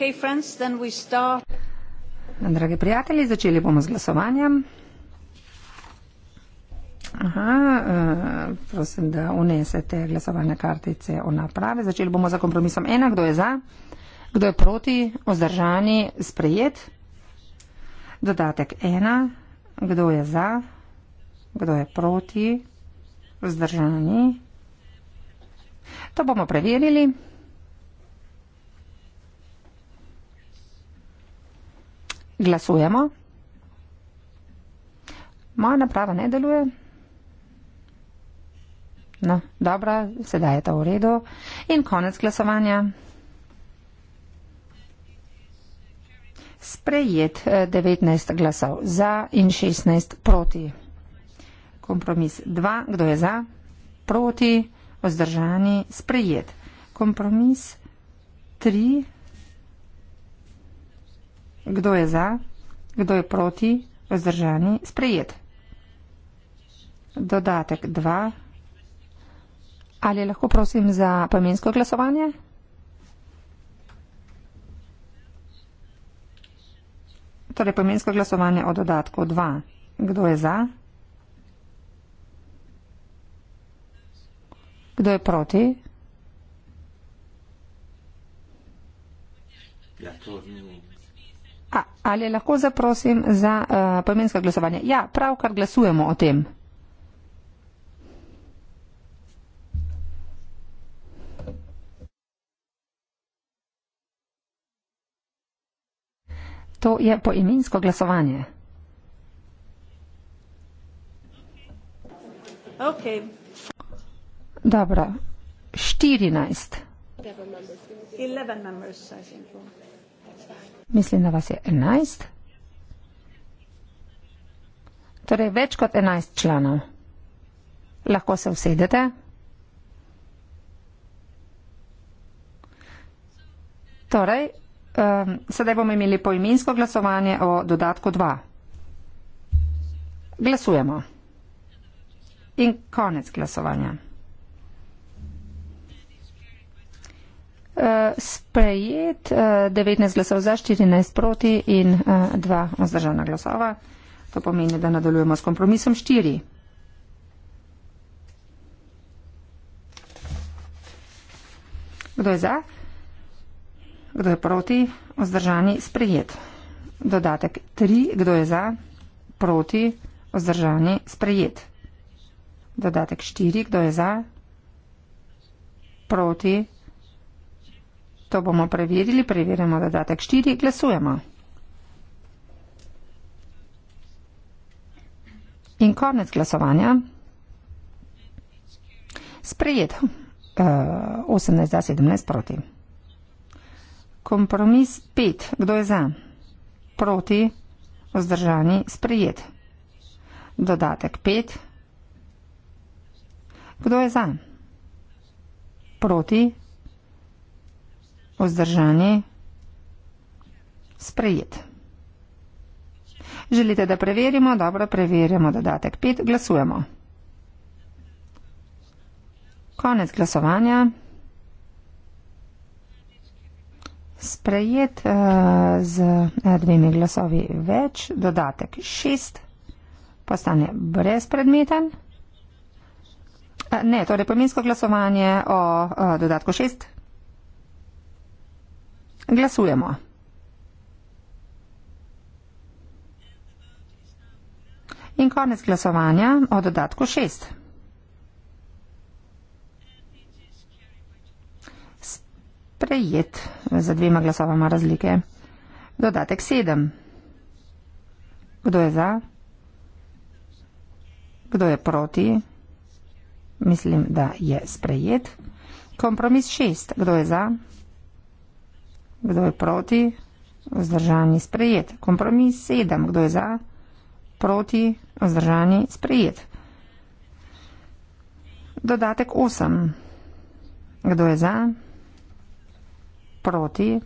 Okay, friends, Dragi prijatelji, začeli bomo z glasovanjem. Aha, eh, prosim, da unesete glasovalne kartice v naprave. Začeli bomo za kompromisom ena, kdo je za, kdo je proti, ozdržani, sprejet. Dodatek ena, kdo je za, kdo je proti, ozdržani. To bomo preverili. Glasujemo. Moja naprava ne deluje. No, dobro, sedaj je to v redu. In konec glasovanja. Sprejet 19 eh, glasov za in 16 proti. Kompromis 2. Kdo je za? Proti. Ozdržani. Sprejet. Kompromis 3. Kdo je za? Kdo je proti? Vzdržani? Sprejet. Dodatek 2. Ali lahko prosim za pomensko glasovanje? Torej, pomensko glasovanje o dodatku 2. Kdo je za? Kdo je proti? Ja, to ni. Ali lahko zaprosim za uh, eh, pomenska glasovanja? Ja, pravkar glasujemo o tem. To je poimensko glasovanje. Okay. Dobro, 14. 11 members, mislim, da vas je 11. Torej, več kot 11 članov. Lahko se usedete. Torej, um, sedaj bomo imeli poimensko glasovanje o dodatku 2. Glasujemo. In konec glasovanja. sprejet 19 eh, glasov za, 14 proti in 2 eh, vzdržana glasova. To pomeni, da nadaljujemo s kompromisom 4. Kdo je za? Kdo je proti? Vzdržani sprejet. Dodatek 3. Kdo je za? Proti? Vzdržani sprejet. Dodatek 4. Kdo je za? Proti? To bomo preverili. Preverjamo dodatek 4. Glasujemo. In konec glasovanja. Sprejet. Uh, eh, 18 za 17 proti. Kompromis 5. Kdo je za? Proti. Vzdržani. Sprejet. Dodatek 5. Kdo je za? Proti. Vzdržanje. Sprejet. Želite, da preverimo? Dobro, preverjamo dodatek 5. Glasujemo. Konec glasovanja. Sprejet uh, z eh, dvemi glasovi več, dodatek 6 postane brezpredmeten. Uh, ne, torej pomensko glasovanje o uh, dodatku 6 Glasujemo. In konec glasovanja o dodatku 6. Sprejet za dvema glasovama razlike. Dodatek 7. Kdo je za? Kdo je proti? Mislim, da je sprejet. Kompromis 6. Kdo je za? kdo je proti, vzdržani sprejet. Kompromis sedem, kdo je za, proti, vzdržani sprejet. Dodatek osem, kdo je za, proti,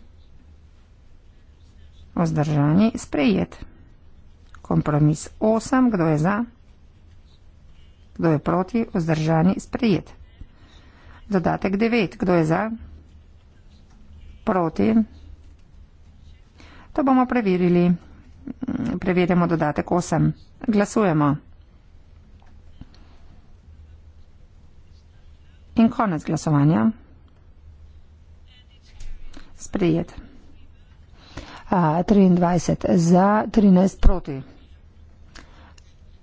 vzdržani sprejet. Kompromis osem, kdo je za, kdo je proti, vzdržani sprejet. Dodatek devet, kdo je za, proti proti. To bomo preverili. Preverjamo dodatek 8. Glasujemo. In konec glasovanja. Sprejet. A, 23 za, 13 proti.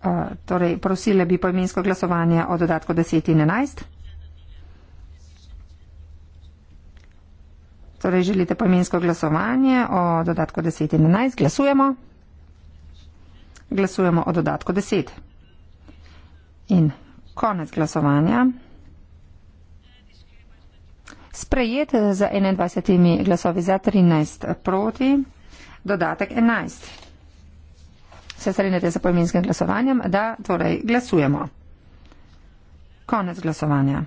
A, torej, prosile bi poimensko glasovanje o dodatku 10 in 11. Torej želite pomensko glasovanje o dodatku 10 in 11. Glasujemo. Glasujemo o dodatku 10. In konec glasovanja. Sprejet za 21 glasovi za 13 proti. Dodatek 11. Se strinjate za pojmenskim glasovanjem? Da, torej glasujemo. Konec glasovanja.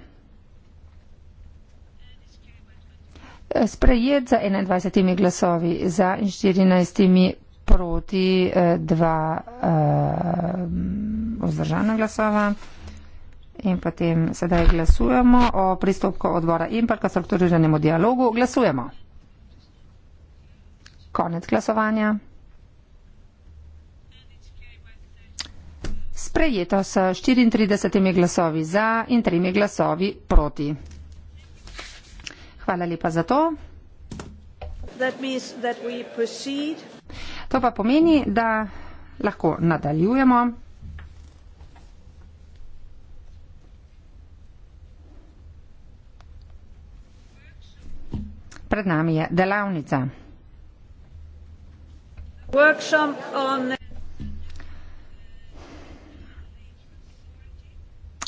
sprejet za 21 glasovi, za 14 proti, eh, dva eh, vzdržana uh, glasova. In potem sedaj glasujemo o pristopku odbora in parka strukturiranemu dialogu. Glasujemo. Konec glasovanja. Sprejeto s 34 glasovi za in 3 glasovi proti. Hvala lepa za to. To pa pomeni, da lahko nadaljujemo. Pred nami je delavnica. On, uh,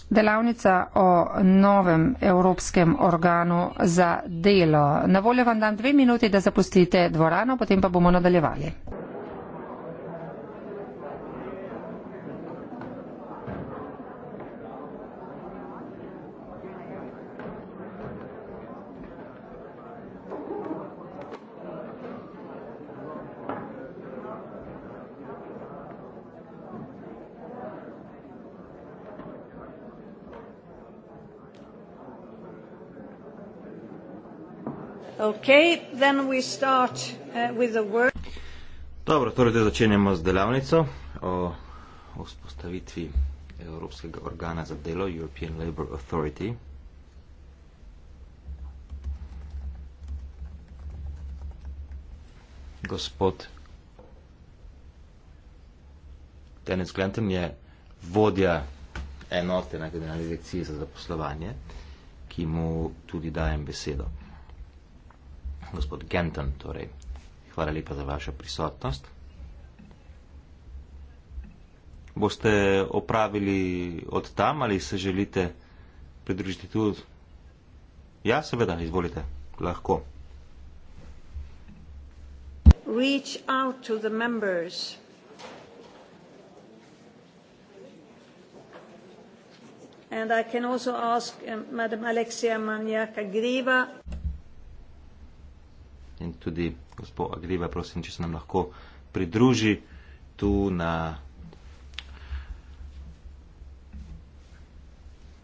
delavnica o novem evropskem organu za delo. Na voljo vam dam dve minuti, da zapustite dvorano, potem pa bomo nadaljevali. Okay, then we start uh, with the work. Dobro, torej zdaj začenjamo z delavnico o vzpostavitvi Evropskega organa za delo, European Labour Authority. Gospod Dennis Glanton je vodja enote na generalni direkciji za zaposlovanje, ki mu tudi dajem besedo gospod Genton. Torej. Hvala lepa za vašo prisotnost. Boste opravili od tam ali se želite pridružiti tudi? Ja, seveda, izvolite, lahko. Reach out to the members. And I can also ask um, Madam Alexia Maniaka Griva in tudi gospod Agriva, prosim, če se nam lahko pridruži tu na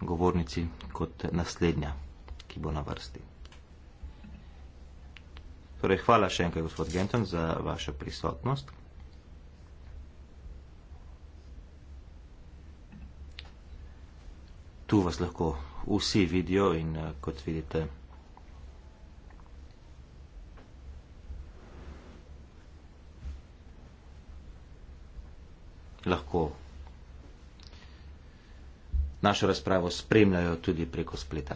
govornici kot naslednja, ki bo na vrsti. Torej, hvala še enkrat, gospod Genton, za vašo prisotnost. Tu vas lahko vsi vidijo in eh, kot vidite, lahko našo razpravo spremljajo tudi preko spleta.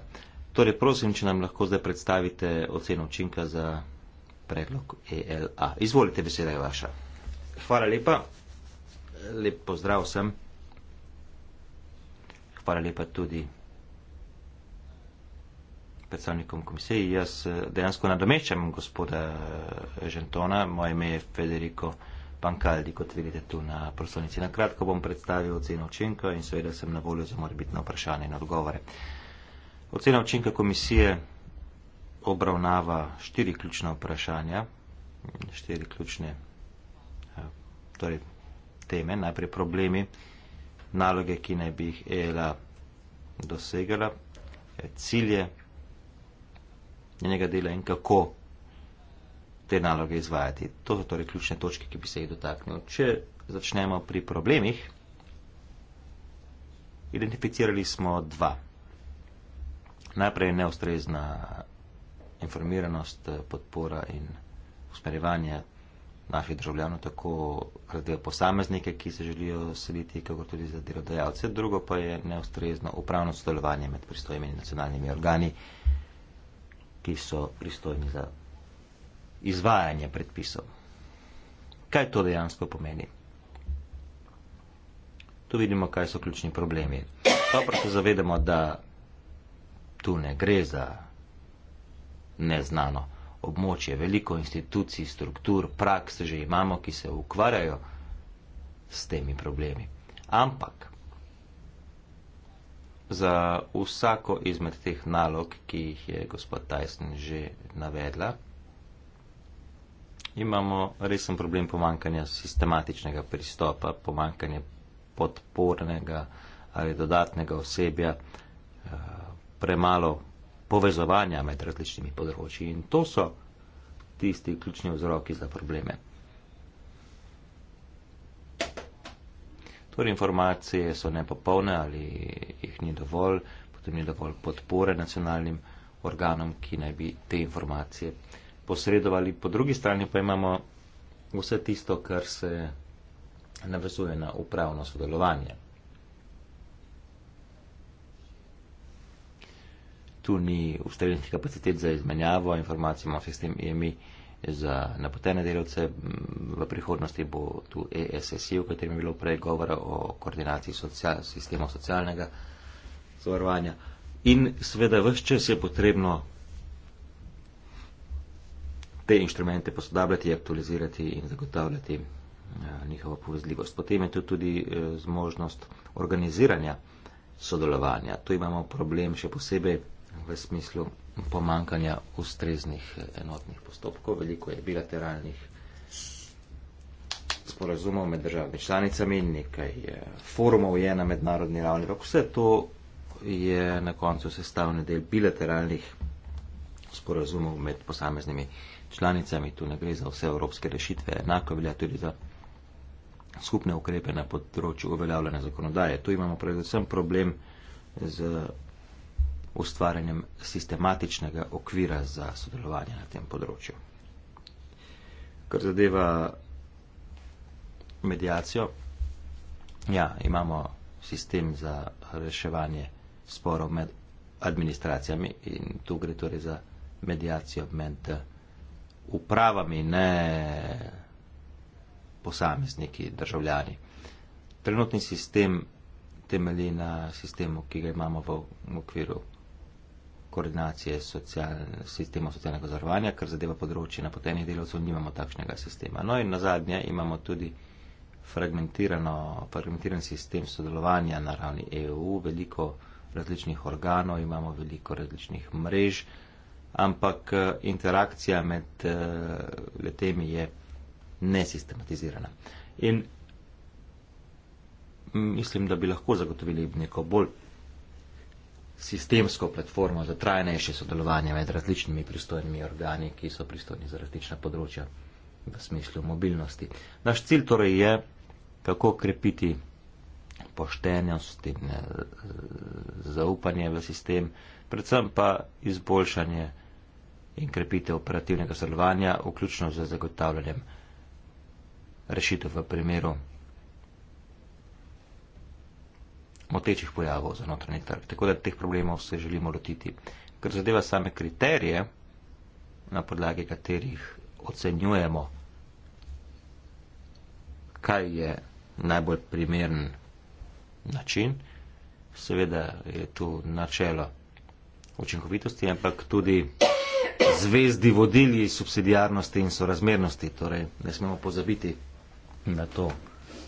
Torej, prosim, če nam lahko zdaj predstavite oceno učinka za predlog ELA. Izvolite, beseda je vaša. Hvala lepa. Lep pozdrav vsem. Hvala lepa tudi predstavnikom komisije. Jaz eh, dejansko nadomečam gospoda Žentona, moje ime je Federico Žentona. Pankaldi, kot vidite tu na prosolnici. Na kratko bom predstavil oceno učinka in seveda sem na voljo za morbitne vprašanje in odgovore. Ocena učinka komisije obravnava štiri ključna vprašanja, štiri ključne eh, torej, teme, najprej problemi, naloge, ki naj bi jih ELA dosegala, eh, cilje njenega dela in kako te naloge izvajati. To so torej ključne točke, ki bi se jih dotaknil. Če začnemo pri problemih, identificirali smo dva. Najprej neustrezna informiranost, podpora in usmerjevanje naših državljanov, tako kar del posameznike, ki se želijo seliti, kako tudi za delodajalce. Drugo pa je neustrezno upravno sodelovanje med pristojnimi nacionalnimi organi, ki so pristojni za izvajanja predpisov. Kaj to dejansko pomeni? Tu vidimo, kaj so ključni problemi. Dobro se zavedamo, da tu ne gre za neznano območje. Veliko institucij, struktur, praks že imamo, ki se ukvarjajo s temi problemi. Ampak za vsako izmed teh nalog, ki jih je gospod Tyson že navedla, imamo resen problem pomankanja sistematičnega pristopa, pomankanja podpornega ali dodatnega osebja, eh, premalo povezovanja med različnimi področji in to so tisti ključni vzroki za probleme. Torej informacije so nepopolne ali jih ni dovolj, potem ni dovolj podpore nacionalnim organom, ki naj bi te informacije posredovali, po drugi strani pa imamo vse tisto, kar se navezuje na upravno sodelovanje. Tu ni ustreznih kapacitet za izmenjavo informacij, imamo sistem EMI za napotene delovce, v prihodnosti bo tu ESSI, v katerem je bilo prej govora o koordinaciji social, sistema socialnega zavarovanja. In seveda, vse čas je potrebno te inštrumente posodabljati, aktualizirati in zagotavljati eh, njihovo povezljivost. Potem je tu tudi eh, zmožnost organiziranja sodelovanja. Tu imamo problem še posebej v smislu pomankanja ustreznih eh, enotnih postopkov. Veliko je bilateralnih sporazumov med državami članicami, nekaj forumov je na mednarodni ravni, ampak vse to je na koncu sestavni del bilateralnih sporazumov med posameznimi državami članicami, tu ne gre za vse evropske rešitve, enako velja tudi za skupne ukrepe na področju uveljavljene zakonodaje. Tu imamo predvsem problem z ustvarjanjem sistematičnega okvira za sodelovanje na tem področju. Kar zadeva medijacijo, ja, imamo sistem za reševanje sporov med administracijami in tu gre torej za medijacijo med uh, upravami, ne posamezniki, državljani. Trenutni sistem temelji na sistemu, ki ga imamo v okviru koordinacije social, sistema socialnega zarvanja, kar zadeva področje napotenih delovcev, nimamo takšnega sistema. No in na zadnje imamo tudi fragmentiran sistem sodelovanja na ravni EU, veliko različnih organov, imamo veliko različnih mrež, uh, ampak eh, interakcija med eh, letemi je nesistematizirana. In mislim, da bi lahko zagotovili neko bolj sistemsko platformo za trajnejše sodelovanje med različnimi pristojnimi organi, ki so pristojni za različna področja v smislu mobilnosti. Naš cilj torej je, kako krepiti poštenost in eh, zaupanje v sistem, predvsem pa izboljšanje in krepitev operativnega sodelovanja, vključno z zagotavljanjem rešitev v primeru motečih pojavov za notranji trg. Tako da teh problemov se želimo lotiti. Ker zadeva same kriterije, na podlagi katerih ocenjujemo, kaj je najbolj primern način, seveda je tu načelo učinkovitosti, ampak tudi zvezdi vodili subsidijarnosti in sorazmernosti. Torej, ne smemo pozabiti na to,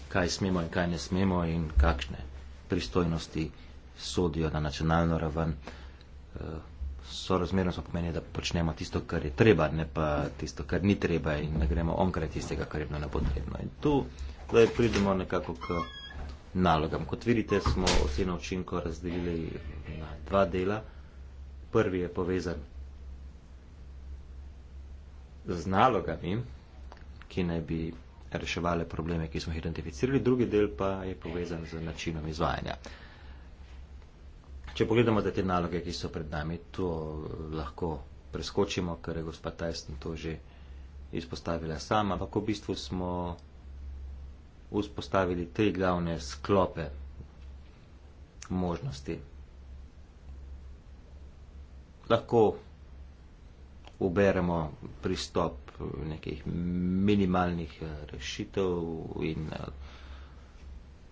kaj smemo in kaj ne smemo in kakšne pristojnosti sodijo na nacionalno raven. Eh, sorazmernost pomeni, da počnemo tisto, kar je treba, ne pa tisto, kar ni treba in ne gremo onkraj tistega, kar je bilo nepotrebno. In tu zdaj pridemo nekako k nalogam. Kot vidite, smo oceno učinko razdelili na dva dela. Prvi je povezan z nalogami, ki naj bi reševali probleme, ki smo jih identificirali, drugi del pa je povezan z načinom izvajanja. Če pogledamo, da te naloge, ki so pred nami, to eh, lahko preskočimo, ker je gospod Tyson to že izpostavila sama, ampak v bistvu smo vzpostavili tri glavne sklope možnosti. Lahko uberemo pristop eh, nekih minimalnih eh, rešitev in eh,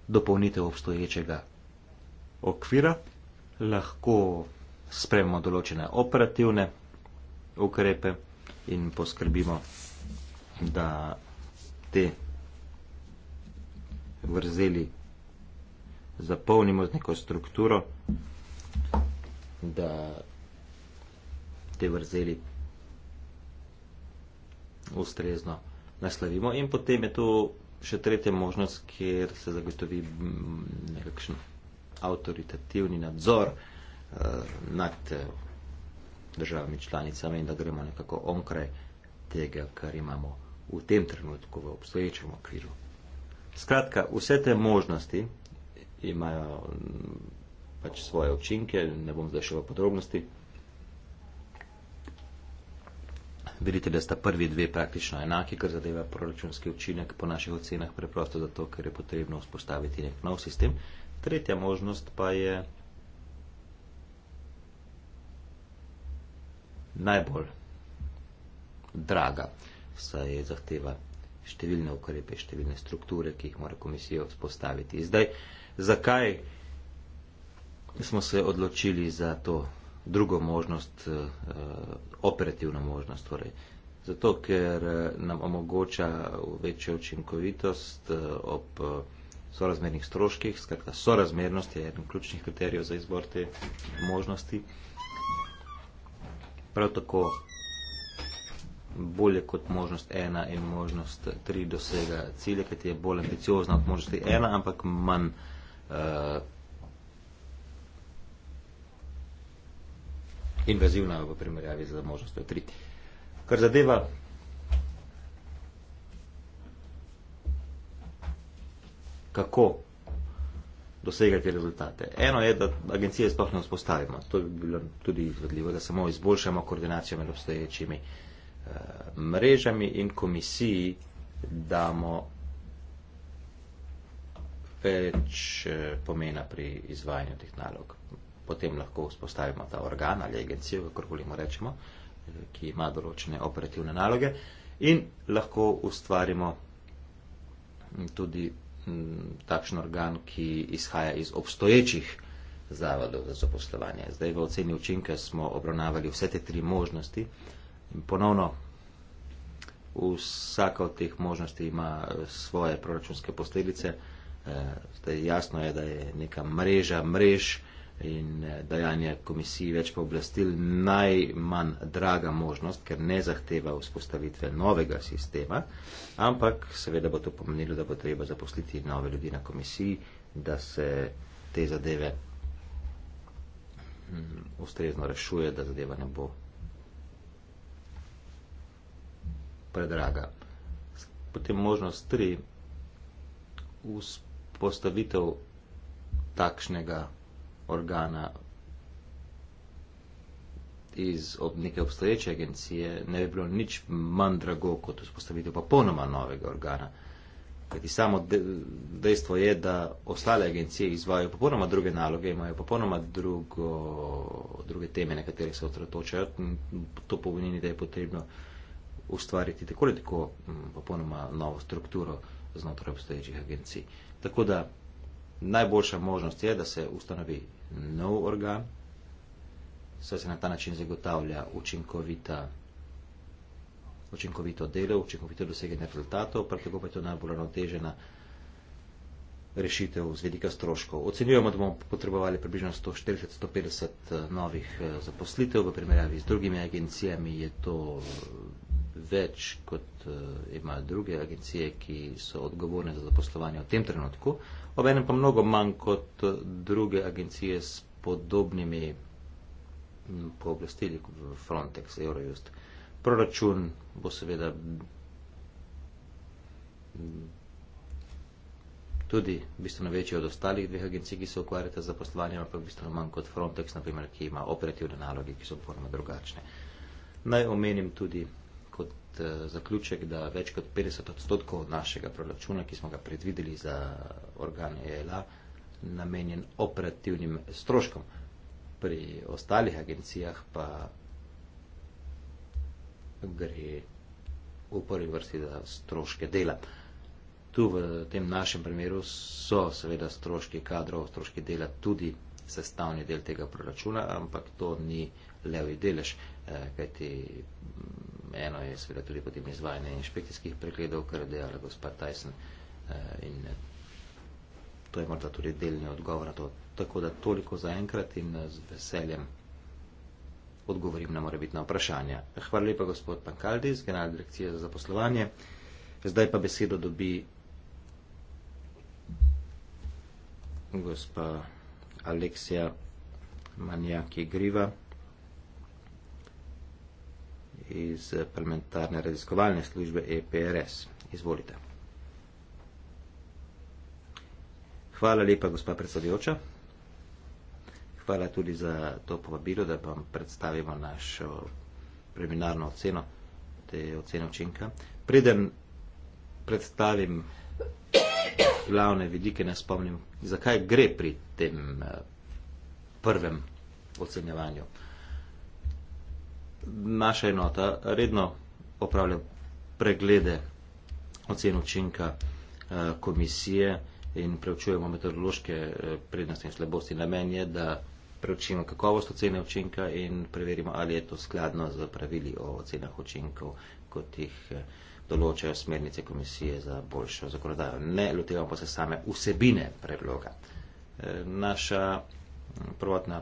dopolnitev obstoječega okvira. Lahko spremimo določene operativne ukrepe in poskrbimo, da te vrzeli zapolnimo z neko strukturo, da te vrzeli ustrezno naslovimo. In potem je tu še tretja možnost, kjer se zagotovi mm, nekakšen avtoritativni nadzor uh, nad eh, državami članicami in da gremo nekako onkraj tega, kar imamo v tem trenutku v obstoječem okviru. Skratka, vse te možnosti imajo mm, pač svoje učinke, ne bom zdaj še v podrobnosti. vidite, da sta prvi dve praktično enaki, kar zadeva proračunski učinek po naših ocenah preprosto zato, ker je potrebno vzpostaviti nek nov sistem. Tretja možnost pa je najbolj draga, saj je zahteva številne ukrepe, številne strukture, ki jih mora komisija vzpostaviti. Zdaj, zakaj smo se odločili za to drugo možnost, eh, operativno možnost. Torej. Zato, ker eh, nam omogoča večjo učinkovitost eh, ob sorazmernih stroških, skratka sorazmernost je eden ključnih kriterijev za izbor te možnosti. Prav tako bolje kot možnost ena in možnost tri dosega cilje, ki je bolj ambiciozna od možnosti ena, ampak manj uh, invazivna v primerjavi za možnost. To je tri. Kar zadeva kako dosegati rezultate. Eno je, da agencije sploh ne vzpostavimo. To bi bilo tudi izvedljivo, da samo izboljšamo koordinacijo med obstoječimi eh, mrežami in komisiji damo več eh, pomena pri izvajanju teh nalog potem lahko vzpostavimo ta organ ali agencijo, kako kolimo rečemo, ki ima določene operativne naloge in lahko ustvarimo tudi takšen organ, ki izhaja iz obstoječih zavodov za zaposlovanje. Zdaj v oceni učinka smo obravnavali vse te tri možnosti in ponovno vsaka od teh možnosti ima eh, svoje proračunske posledice. Eh, zdaj jasno je, da je neka mreža mrež, in eh, dajanje komisiji več pooblastil najmanj draga možnost, ker ne zahteva vzpostavitve novega sistema, ampak seveda bo to pomenilo, da bo treba zaposliti nove ljudi na komisiji, da se te zadeve hm, ustrezno rešuje, da zadeva ne bo predraga. Potem možnost tri, vzpostavitev takšnega organa iz ob neke obstoječe agencije ne bi bilo nič manj drago kot vzpostavitev popolnoma novega organa. Kajti samo de, dejstvo je, da ostale agencije izvajo popolnoma druge naloge, imajo popolnoma drugo, druge teme, na katere se otratočajo. To pomeni, da je potrebno ustvariti tako ali tako mm, popolnoma novo strukturo znotraj obstoječih agencij. Tako da najboljša možnost je, da se ustanovi nov organ, saj se na ta način zagotavlja učinkovito delo, učinkovito doseganje rezultatov, prav tako pa je to najbolj ravnotežena rešitev z velika stroškov. Ocenjujemo, da bomo potrebovali približno 140-150 eh, novih eh, zaposlitev, v primerjavi z drugimi agencijami je to več, kot uh, imajo druge agencije, ki so odgovorne za zaposlovanje v tem trenutku, obenem pa mnogo manj kot eh, druge agencije s podobnimi mm, pooblastili kot Frontex, Eurojust. Proračun bo seveda mm, tudi bistveno večji od ostalih dveh agencij, ki se ukvarjata z zaposlovanjem, ampak bistveno manj kot Frontex, naprimer, ki ima operativne naloge, ki so popolnoma drugačne. Naj omenim tudi Eh, zaključek, da več kot 50 odstotkov našega proračuna, ki smo ga predvideli za organ ELA, namenjen operativnim stroškom. Pri ostalih agencijah pa gre v prvi vrsti za stroške dela. Tu v tem našem primeru so seveda stroški kadrov, stroški dela tudi sestavni del tega proračuna, ampak to ni levi delež, eh, kajti eno je seveda tudi potem izvajanje inšpekcijskih pregledov, kar je dejala gospod Tyson. Eh, in eh, to je morda tudi delni odgovor na to. Tako da toliko za enkrat in eh, z veseljem odgovorim na morebitna vprašanja. Hvala lepa, gospod Pankaldi iz Generalne direkcije za zaposlovanje. Zdaj pa besedo dobi gospa Aleksija Manjaki Griva iz parlamentarne raziskovalne službe EPRS. Izvolite. Hvala lepa, gospa predsedujoča. Hvala tudi za to povabilo, da vam predstavimo našo preliminarno oceno, te ocene učinka. Preden predstavim glavne vidike, ne spomnim, zakaj gre pri tem eh, prvem ocenjevanju naša enota redno opravlja preglede ocen učinka eh, komisije in preučujemo metodološke eh, prednosti in slabosti. Namen je, da preučimo kakovost ocene učinka in preverimo, ali je to skladno z pravili o ocenah učinkov, kot jih eh, določajo smernice komisije za boljšo zakonodajo. Ne lotevamo pa se same vsebine predloga. Naša prvotna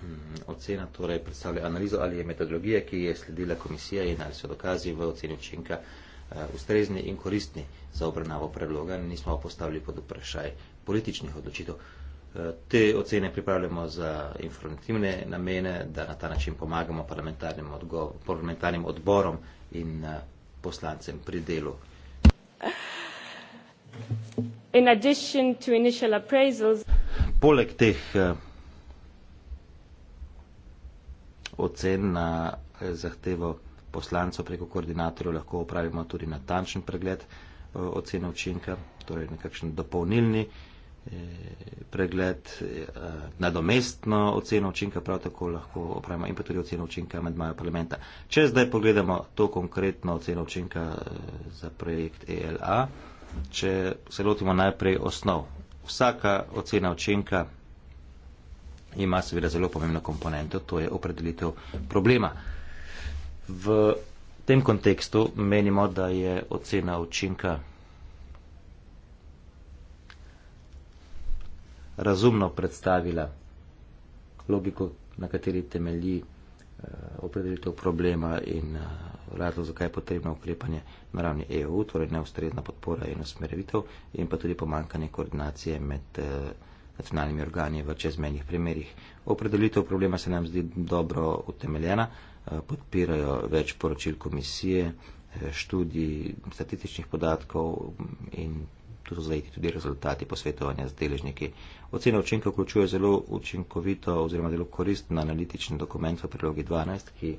Mm, ocena torej predstavlja analizo ali je metodologija, ki je sledila komisija in ali so dokazi v oceni učinka eh, ustrezni in koristni za obravnavo predloga, nismo postavili pod vprašaj političnih odločitev. Eh, te ocene pripravljamo za informativne namene, da na ta način pomagamo parlamentarnim, odgovor, parlamentarnim odborom in eh, poslancem pri delu. In addition to initial appraisals... Poleg teh ocen na eh, zahtevo poslancev preko koordinatorjev lahko opravimo tudi natančen pregled eh, ocene učinka, torej nekakšen dopolnilni eh, pregled, nadomestno oceno učinka prav tako lahko opravimo in pa tudi oceno učinka med majo parlamenta. Če zdaj pogledamo to konkretno oceno učinka za projekt ELA, če se lotimo najprej osnov. Vsaka ocena učinka ima seveda zelo pomembno komponento, to je opredelitev problema. V tem kontekstu menimo, da je ocena učinka razumno predstavila logiko, na kateri temelji eh, opredelitev problema in eh, razlog, zakaj je potrebno ukrepanje na ravni EU, torej neustrezna podpora in usmerevitev in pa tudi pomankanje koordinacije med. Eh, nacionalnimi organi v čezmenjih primerjih. Opredelitev problema se nam zdi dobro utemeljena, eh, podpirajo več poročil komisije, eh, študij, statističnih podatkov in tu so zajeti tudi rezultati posvetovanja z deležniki. Ocena učinka vključuje zelo učinkovito oziroma zelo koristen analitični dokument v prilogi 12, ki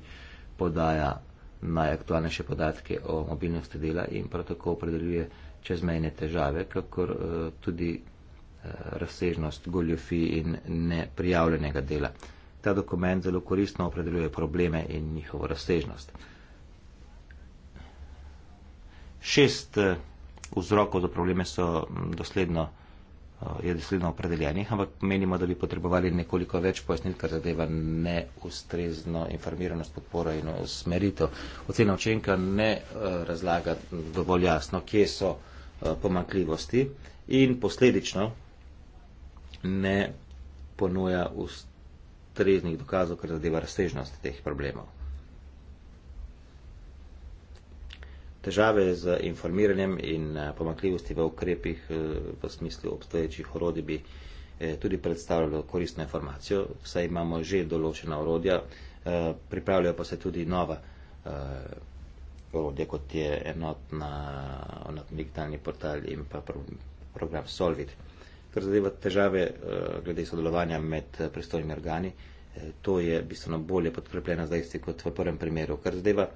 podaja najaktualnejše podatke o mobilnosti dela in prav tako opredeljuje čezmejne težave, kakor eh, tudi razsežnost goljofi in neprijavljenega dela. Ta dokument zelo koristno opredeljuje probleme in njihovo razsežnost. Šest eh, vzrokov za probleme so mm, dosledno, eh, je dosledno opredeljenih, ampak menimo, da bi potrebovali nekoliko več pojasnil, kar zadeva neustrezno informiranost, podporo in usmeritev. Ocena učenka ne eh, razlaga dovolj jasno, kje so pomankljivosti in posledično ne ponuja ustreznih dokazov, kar zadeva razsežnost teh problemov. Težave z informiranjem in eh, pomakljivosti v ukrepih eh, v smislu obstoječih orodij bi eh, tudi predstavljalo koristno informacijo, saj imamo že določena orodja, pripravljajo pa se tudi nova orodja, kot je enotna, enotni digitalni portal in pa program Solvit kar zadeva težave eh, glede sodelovanja med eh, pristojnimi organi. Eh, to je bistveno bolje podkrepljeno zdaj kot v prvem primeru, kar zadeva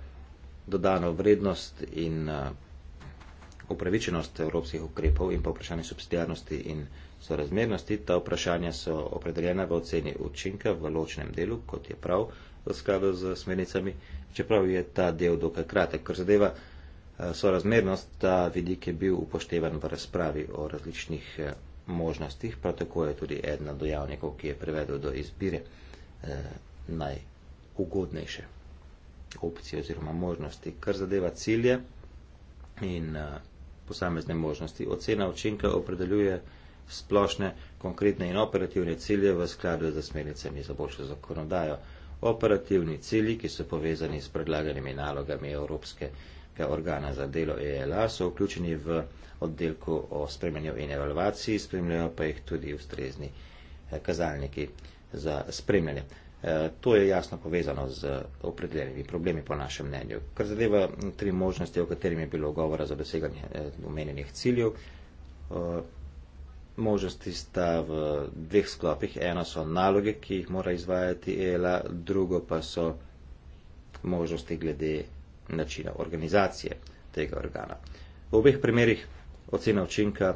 dodano vrednost in upravičenost evropskih ukrepov in pa vprašanje subsidijarnosti in sorazmernosti. Ta vprašanja so opredeljena v oceni učinka v ločnem delu, kot je prav v skladu z smernicami, čeprav je ta del dokaj kratek. Kar zadeva sorazmernost, ta vidik je bil upoštevan v razpravi o različnih možnostih, prav tako je tudi ena od dejavnikov, ki je privedel do izbire eh, najugodnejše opcije oziroma možnosti. Kar zadeva cilje in eh, posamezne možnosti, ocena učinka opredeljuje splošne, konkretne in operativne cilje v skladu z smernicami za boljšo zakonodajo. Operativni cilji, ki so povezani s predlaganimi nalogami Evropske unije, Evropskega organa za delo ELA so vključeni v oddelku o spremljanju in evalvaciji, spremljajo pa jih tudi ustrezni eh, kazalniki za spremljanje. Eh, to je jasno povezano z opredeljenimi problemi, po našem mnenju. Kar zadeva tri možnosti, o katerimi je bilo govora za doseganje eh, omenjenih ciljev, možnosti sta v dveh sklopih. Eno so naloge, ki jih mora izvajati ELA, drugo pa so možnosti glede načina organizacije tega organa. V obeh primerih ocena učinka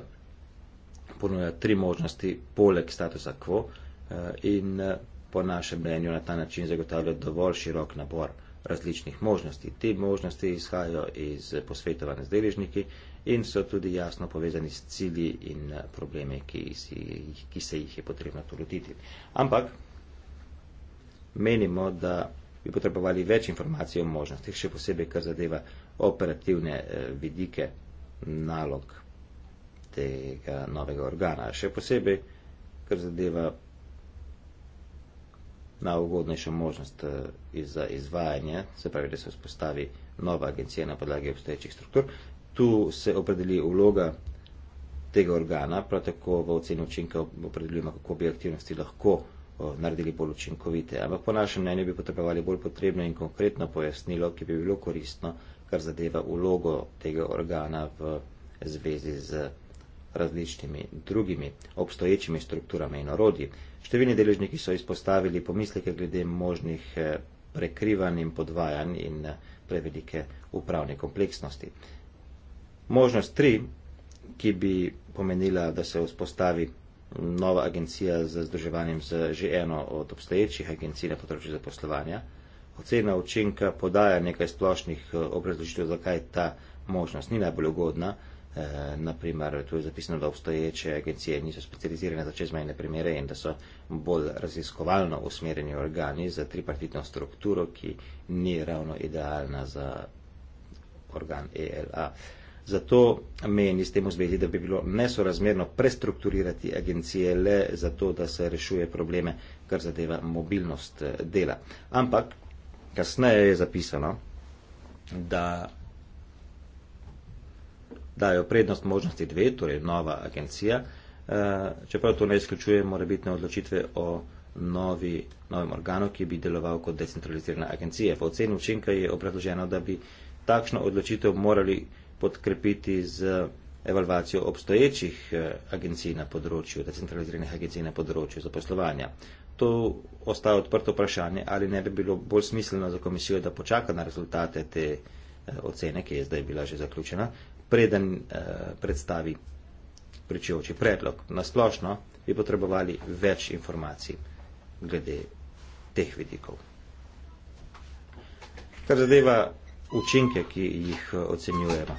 ponuja tri možnosti poleg statusa quo eh, in eh, po našem mnenju na ta način zagotavlja dovolj širok nabor različnih možnosti. Te možnosti izhajajo iz posvetovanja z deležniki in so tudi jasno povezani s cilji in eh, problemi, ki, si, ki se jih je potrebno tolutiti. Ampak menimo, da bi potrebovali več informacij o možnostih, še posebej, kar zadeva operativne eh, vidike nalog tega novega organa. Še posebej, kar zadeva najugodnejšo možnost eh, za izvajanje, se pravi, da se vzpostavi nova agencija na podlagi obstoječih struktur. Tu se opredeli vloga tega organa, prav tako v oceni učinka opredeljujemo, kako bi aktivnosti lahko naredili bolj učinkovite. Ampak po našem mnenju bi potrebovali bolj potrebno in konkretno pojasnilo, ki bi bilo koristno, kar zadeva ulogo tega organa v zvezi z različnimi drugimi obstoječimi strukturami in orodji. Številni deležniki so izpostavili pomisleke glede možnih eh, prekrivanj in podvajanj in eh, prevelike upravne kompleksnosti. Možnost tri, ki bi pomenila, da se vzpostavi nova agencija za združevanje z že eno od obstoječih agencij na področju zaposlovanja. Ocena učinka podaja nekaj splošnih eh, obrazložitev, zakaj ta možnost ni najbolj ugodna. E, eh, naprimer, tu je zapisano, da obstoječe agencije niso specializirane za čezmejne primere in da so bolj raziskovalno usmerjeni organi za tripartitno strukturo, ki ni ravno idealna za organ ELA. E, Zato meni s tem v zvezi, da bi bilo nesorazmerno prestrukturirati agencije le zato, da se rešuje probleme, kar zadeva mobilnost eh, dela. Ampak kasneje je zapisano, da dajo prednost možnosti dve, torej nova agencija, eh, čeprav to ne izključuje morebitne odločitve o novi, novem organu, ki bi deloval kot decentralizirana agencija. V oceni učinka je obrazloženo, da bi takšno odločitev morali podkrepiti z evalvacijo obstoječih eh, agencij na področju, decentraliziranih agencij na področju zaposlovanja. To ostaje odprto vprašanje, ali ne bi bilo bolj smiselno za komisijo, da počaka na rezultate te eh, ocene, ki je zdaj bila že zaključena, preden eh, predstavi pričujoči predlog. Nasplošno bi potrebovali več informacij glede teh vidikov. Kar zadeva učinke, ki jih eh, ocenjujemo.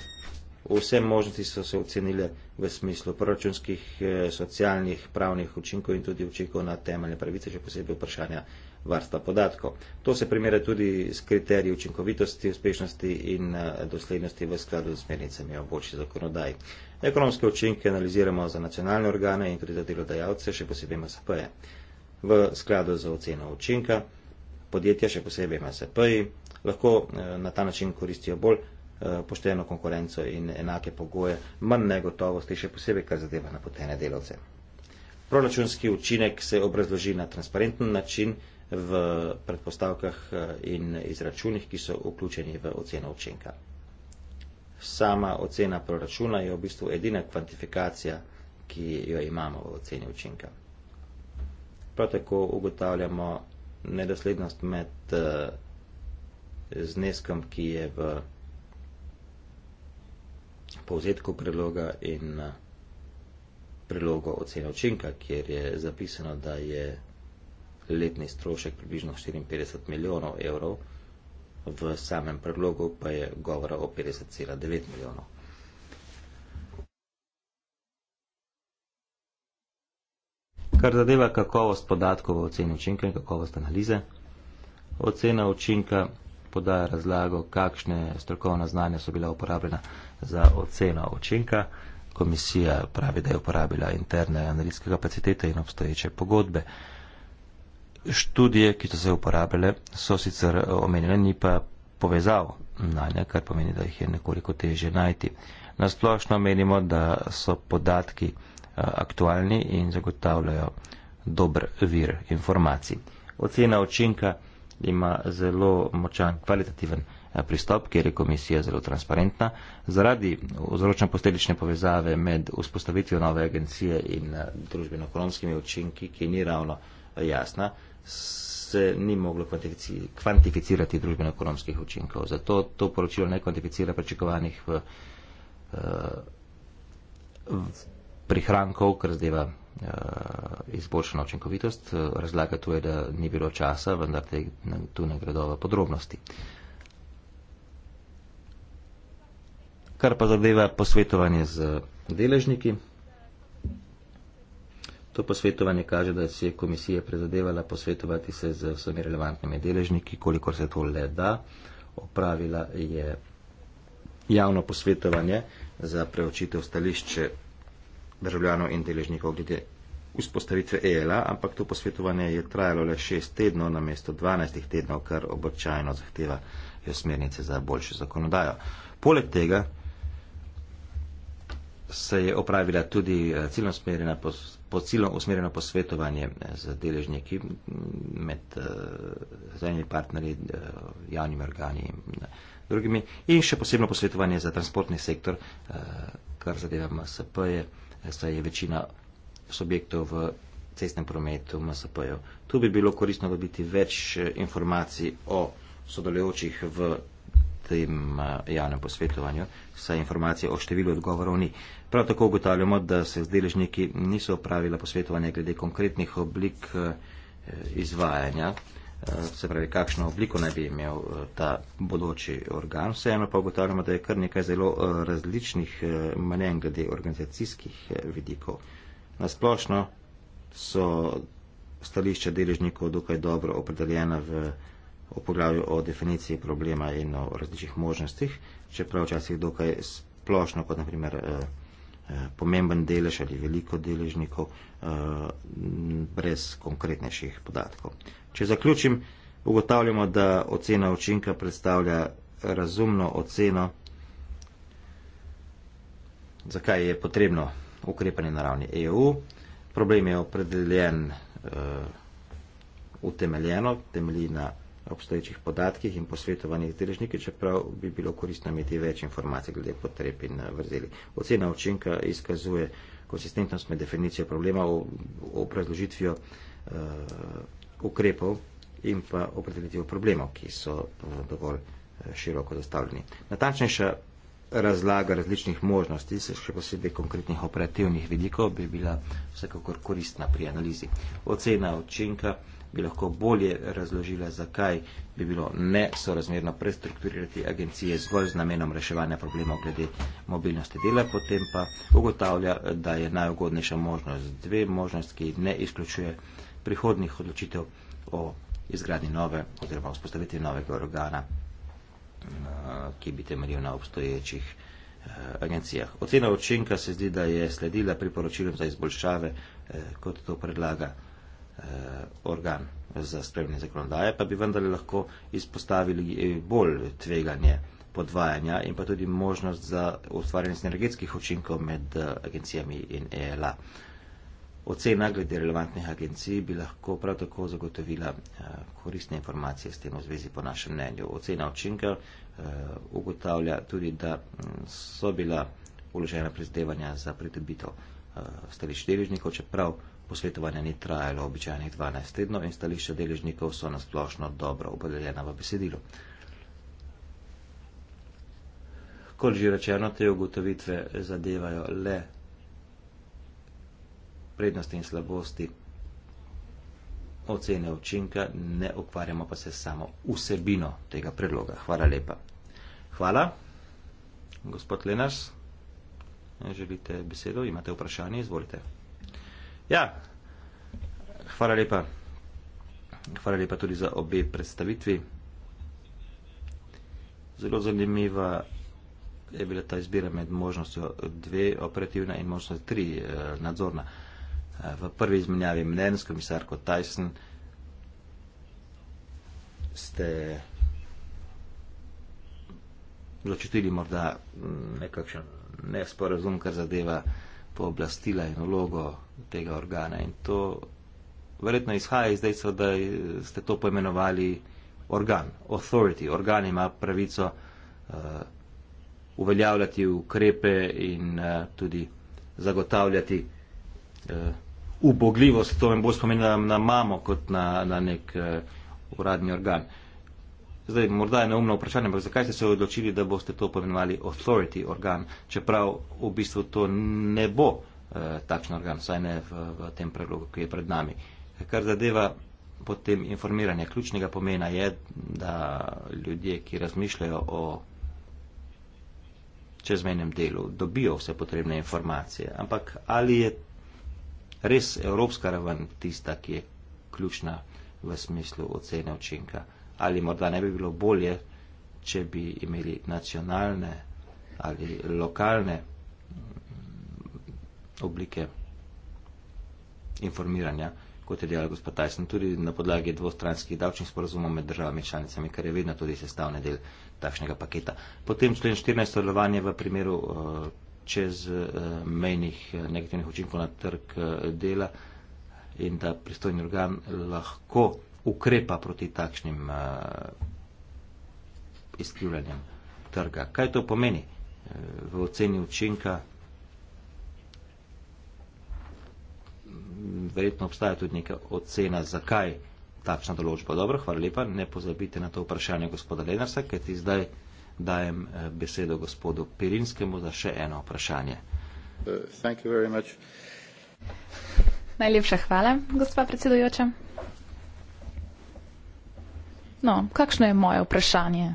Vse možnosti so se ocenile v smislu proračunskih, eh, socialnih, pravnih učinkov in tudi učinkov na temeljne pravice, še posebej vprašanja varstva podatkov. To se primere tudi s kriteriji učinkovitosti, uspešnosti in eh, doslednosti v skladu z smernicami obočji zakonodaj. Ekonomske učinke analiziramo za nacionalne organe in tudi za delodajalce, še posebej MSP-je. V skladu za oceno učinka podjetja, še posebej MSP-ji, lahko eh, na ta način koristijo bolj eh, pošteno konkurenco in enake pogoje, manj negotovosti, še posebej, kar zadeva napotene delovce. Proračunski učinek se obrazloži na transparenten način v predpostavkah eh, in izračunih, ki so vključeni v oceno učinka. Sama ocena proračuna je v bistvu edina kvantifikacija, ki jo imamo v oceni učinka. Prav tako ugotavljamo nedoslednost med zneskom, ki je v povzetku predloga in eh, predlogu ocene učinka, kjer je zapisano, da je letni strošek približno 54 milijonov evrov, v samem predlogu pa je govora o 50,9 milijonov. Kar zadeva kakovost podatkov o oceni učinka in kakovost analize, ocena učinka podaja razlago, kakšne strokovna znanja so bila uporabljena za oceno učinka. Komisija pravi, da je uporabila interne analitske kapacitete in obstoječe pogodbe. Študije, ki so se uporabljale, so sicer omenjene, ni pa povezav na nje, kar pomeni, da jih je nekoliko teže najti. Nasplošno menimo, da so podatki eh, aktualni in zagotavljajo dober vir informacij. Ocena učinka ima zelo močan kvalitativen eh, pristop, kjer je komisija zelo transparentna. Zaradi vzročno posledične povezave med vzpostavitvijo nove agencije in eh, družbeno-ekonomskimi učinki, ki ni ravno eh, jasna, se ni moglo kvantificirati družbeno-ekonomskih učinkov. Zato to poročilo ne kvantificira pričakovanih prihrankov, kar zdaj Eh, izboljšana učinkovitost. Eh, razlaga tu je, da ni bilo časa, vendar te, tu ne gredo v podrobnosti. Kar pa zadeva posvetovanje z deležniki. To posvetovanje kaže, da se je komisija prizadevala posvetovati se z vsemi relevantnimi deležniki, kolikor se to le da. Opravila je javno posvetovanje za preočitev stališče državljanov in deležnikov glede vzpostavitve ELA, ampak to posvetovanje je trajalo le šest tednov na mesto dvanajstih tednov, kar običajno zahteva jo smernice za boljšo zakonodajo. Poleg tega se je opravila tudi eh, ciljno usmerjena, po, po ciljno usmerjena posvetovanje eh, z deležniki med eh, zajednimi partnerji, javnimi organi in drugimi in še posebno posvetovanje za transportni sektor, kar zadeva MSP je saj je večina subjektov v cestnem prometu MSP-ju. Tu bi bilo korisno dobiti več eh, informacij o sodelujočih v tem eh, javnem posvetovanju, saj informacije o številu odgovorov ni. Prav tako ugotavljamo, da se z deležniki niso opravila posvetovanja glede konkretnih oblik eh, izvajanja. Eh, se pravi, kakšno obliko naj bi imel eh, ta bodoči organ. Vseeno pa ugotavljamo, da je kar nekaj zelo eh, različnih mnen glede organizacijskih vidikov. Nasplošno so stališča deležnikov dokaj dobro opredeljena v poglavju o definiciji problema in o različnih možnostih, čeprav včasih dokaj splošno, kot naprimer pomemben delež ali veliko deležnikov brez konkretnejših podatkov. Če zaključim, ugotavljamo, da ocena učinka predstavlja razumno oceno, zakaj je potrebno ukrepanje na ravni EU. Problem je opredeljen uh, utemeljeno, temelji na obstoječih podatkih in posvetovanih deležniki, čeprav bi bilo koristno imeti več informacij glede potreb in eh, vrzeli. Ocena učinka izkazuje konsistentnost med definicijo problema v obrazložitvijo uh, ukrepov in pa opredelitev problemov, ki so eh, dovolj eh, široko zastavljeni. Natančnejša razlaga različnih možnosti, še posebej konkretnih operativnih vidikov, bi bila vsekakor koristna pri analizi. Ocena učinka bi lahko bolje razložila, zakaj bi bilo nesorazmerno prestrukturirati agencije zgolj z namenom reševanja problemov glede mobilnosti dela, potem pa ugotavlja, da je najugodnejša možnost dve možnosti, ki ne izključuje uh, prihodnih odločitev o izgradnji nove oziroma vzpostaviti novega organa, eh, ki bi temeljil na obstoječih eh, agencijah. Ocena učinka se zdi, da je sledila priporočilom za izboljšave, eh, kot to predlaga organ za spremljanje zakonodaje, pa bi vendarle lahko izpostavili bolj tveganje podvajanja in pa tudi možnost za ustvarjanje sinergetskih učinkov med agencijami in ELA. Ocena glede relevantnih agencij bi lahko prav tako zagotovila eh, koristne informacije s tem v zvezi po našem mnenju. Ocena učinka eh, ugotavlja tudi, da mm, so bila uložena prizadevanja za pridobitev eh, stališč deležnikov, čeprav posvetovanja ni trajalo običajnih 12 tednov in stališča deležnikov so nasplošno dobro opredeljena v besedilu. Kot že rečeno, te ugotovitve zadevajo le prednosti in slabosti ocene učinka, ne ukvarjamo pa se samo vsebino tega predloga. Hvala lepa. Hvala. Gospod Lenars, želite besedo, imate vprašanje, izvolite. Ja, hvala lepa. Hvala lepa tudi za obe predstavitvi. Zelo zanimiva je bila ta izbira med možnostjo dve operativna in možnostjo tri eh, nadzorna v prvi izmenjavi mnen s komisarko Tyson ste začutili morda nekakšen nesporazum, kar zadeva pooblastila in vlogo tega organa in to verjetno izhaja iz dejstva, da ste to poimenovali organ, authority. Organ ima pravico uh, uveljavljati ukrepe in uh, tudi zagotavljati uh, ubogljivost, to me bolj spomeni na mamo kot na, na nek uh, uradni organ. Zdaj, morda je neumno vprašanje, ampak zakaj ste se odločili, da boste to pomenovali authority organ, čeprav v bistvu to ne bo uh, takšen organ, saj ne v, v tem predlogu, ki je pred nami. Kar zadeva potem informiranje. Ključnega pomena je, da ljudje, ki razmišljajo o čezmenem delu, dobijo vse potrebne informacije. Ampak ali je res evropska raven tista, ki je ključna v smislu ocene učinka. Ali morda ne bi bilo bolje, če bi imeli nacionalne ali lokalne mm, oblike informiranja, kot je dejal gospod Tyson, tudi na podlagi dvostranskih davčnih sporozumov med državami članicami, kar je vedno tudi sestavni del takšnega paketa. Potem člen 14 sodelovanje v primeru uh, čez eh, mejnih eh, negativnih učinkov na trg eh, dela in da pristojni organ lahko ukrepa proti takšnim izkrivljanjem trga. Kaj to pomeni v oceni učinka? Verjetno obstaja tudi neka ocena, zakaj takšna določba. Dobro, hvala lepa. Ne pozabite na to vprašanje gospoda Lenarsa, ker ti zdaj dajem eh, besedo gospodu Pirinskemu za še eno vprašanje. Uh, Najlepša hvala, gospa predsedujoča. No, kakšno je moje vprašanje?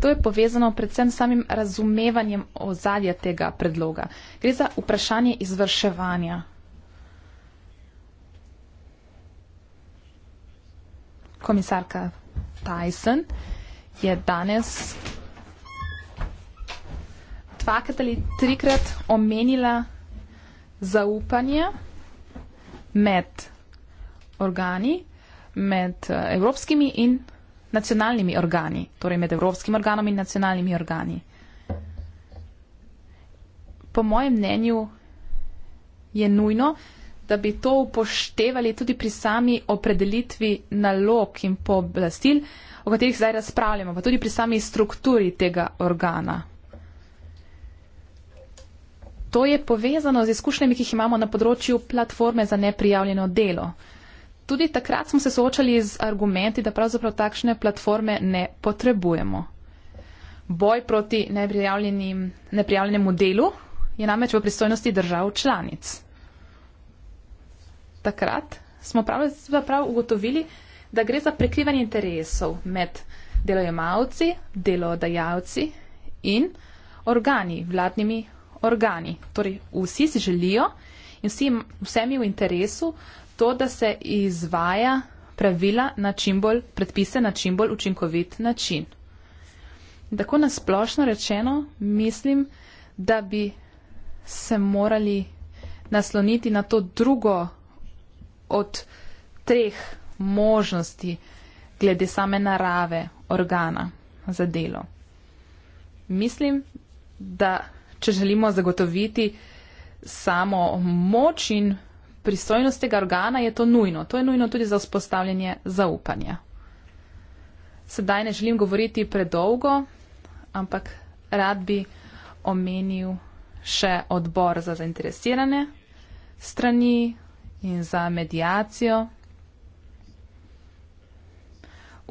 To je povezano predvsem s samim razumevanjem ozadja tega predloga. Gre za vprašanje izvrševanja. Komisarka Tyson. Uh, je danes dvakrat ali trikrat omenila zaupanje med organi, med eh, evropskimi in nacionalnimi organi, torej med evropskim organom in nacionalnimi organi. Po mojem mnenju je nujno, da bi to upoštevali tudi pri sami opredelitvi nalog in pooblastil, uh, o katerih zdaj razpravljamo, pa tudi pri sami strukturi tega organa. To je povezano z izkušnjami, ki jih imamo na področju platforme za neprijavljeno delo. Tudi takrat smo se soočali z argumenti, da pravzaprav takšne platforme ne potrebujemo. Boj proti neprijavljenemu delu je namreč v pristojnosti držav članic. Takrat smo pravzaprav ugotovili, da gre za prekrivanje interesov med delojemalci, delodajalci in organi, vladnimi organi. Torej, vsi si želijo in vsi, vsem je v interesu to, da se izvaja pravila na čim bolj predpise na čim bolj učinkovit način. Tako nasplošno rečeno mislim, da bi se morali nasloniti na to drugo od treh možnosti glede same narave organa za delo. Mislim, da če želimo zagotoviti samo moč in pristojnost tega organa, je to nujno. To je nujno tudi za vzpostavljanje zaupanja. Sedaj ne želim govoriti predolgo, ampak rad bi omenil še odbor za zainteresirane strani in za medijacijo,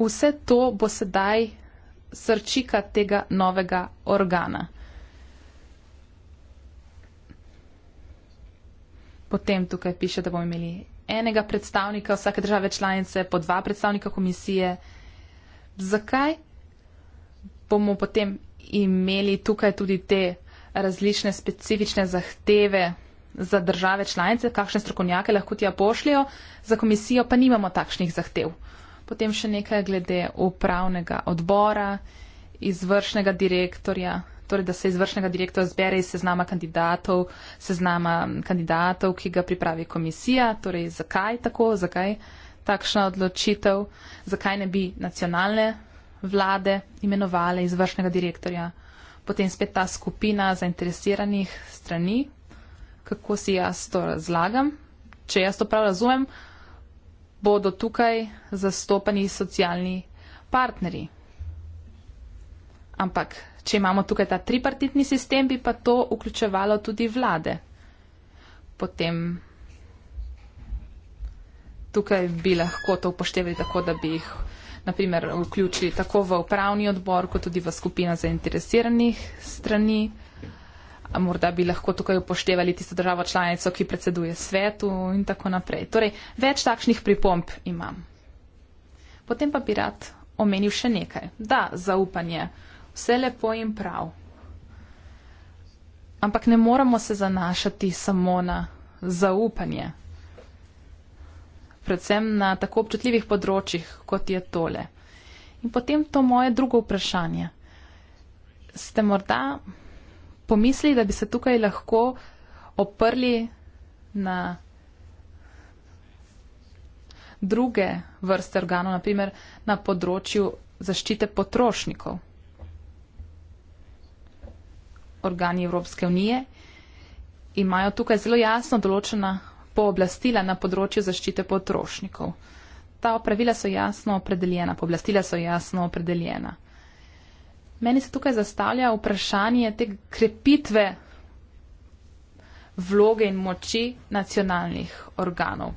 vse to bo sedaj srčika tega novega organa. Potem tukaj piše, da bomo imeli enega predstavnika vsake države članice, po dva predstavnika komisije. Zakaj bomo potem imeli tukaj tudi te različne specifične zahteve za države članice, kakšne strokovnjake lahko tja pošljajo, za komisijo pa nimamo takšnih zahtev potem še nekaj glede upravnega odbora, izvršnega direktorja, torej da se izvršnega direktorja zbere iz seznama kandidatov, seznama kandidatov, ki ga pripravi komisija, torej zakaj tako, zakaj takšna odločitev, zakaj ne bi nacionalne vlade imenovale izvršnega direktorja. Potem spet ta skupina zainteresiranih strani, kako si jaz to razlagam, če jaz to prav razumem, bodo tukaj zastopani socialni partnerji. Ampak, če imamo tukaj ta tripartitni sistem, bi pa to vključevalo tudi vlade. Potem tukaj bi lahko to upoštevali tako, da bi jih naprimer vključili tako v upravni odbor, kot tudi v skupino zainteresiranih strani morda bi lahko tukaj upoštevali tisto državo članico, ki predseduje svetu in tako naprej. Torej, več takšnih pripomb imam. Potem pa bi rad omenil še nekaj. Da, zaupanje. Vse lepo in prav. Ampak ne moramo se zanašati samo na zaupanje. Predvsem na tako občutljivih področjih, kot je tole. In potem to moje drugo vprašanje. Ste morda pomisli, da bi se tukaj lahko oprli na druge vrste organov, naprimer na področju zaščite potrošnikov. Organi Evropske unije imajo tukaj zelo jasno določena pooblastila na področju zaščite potrošnikov. Ta pravila so jasno opredeljena, pooblastila so jasno opredeljena. Meni se tukaj zastavlja vprašanje te krepitve vloge in moči nacionalnih organov.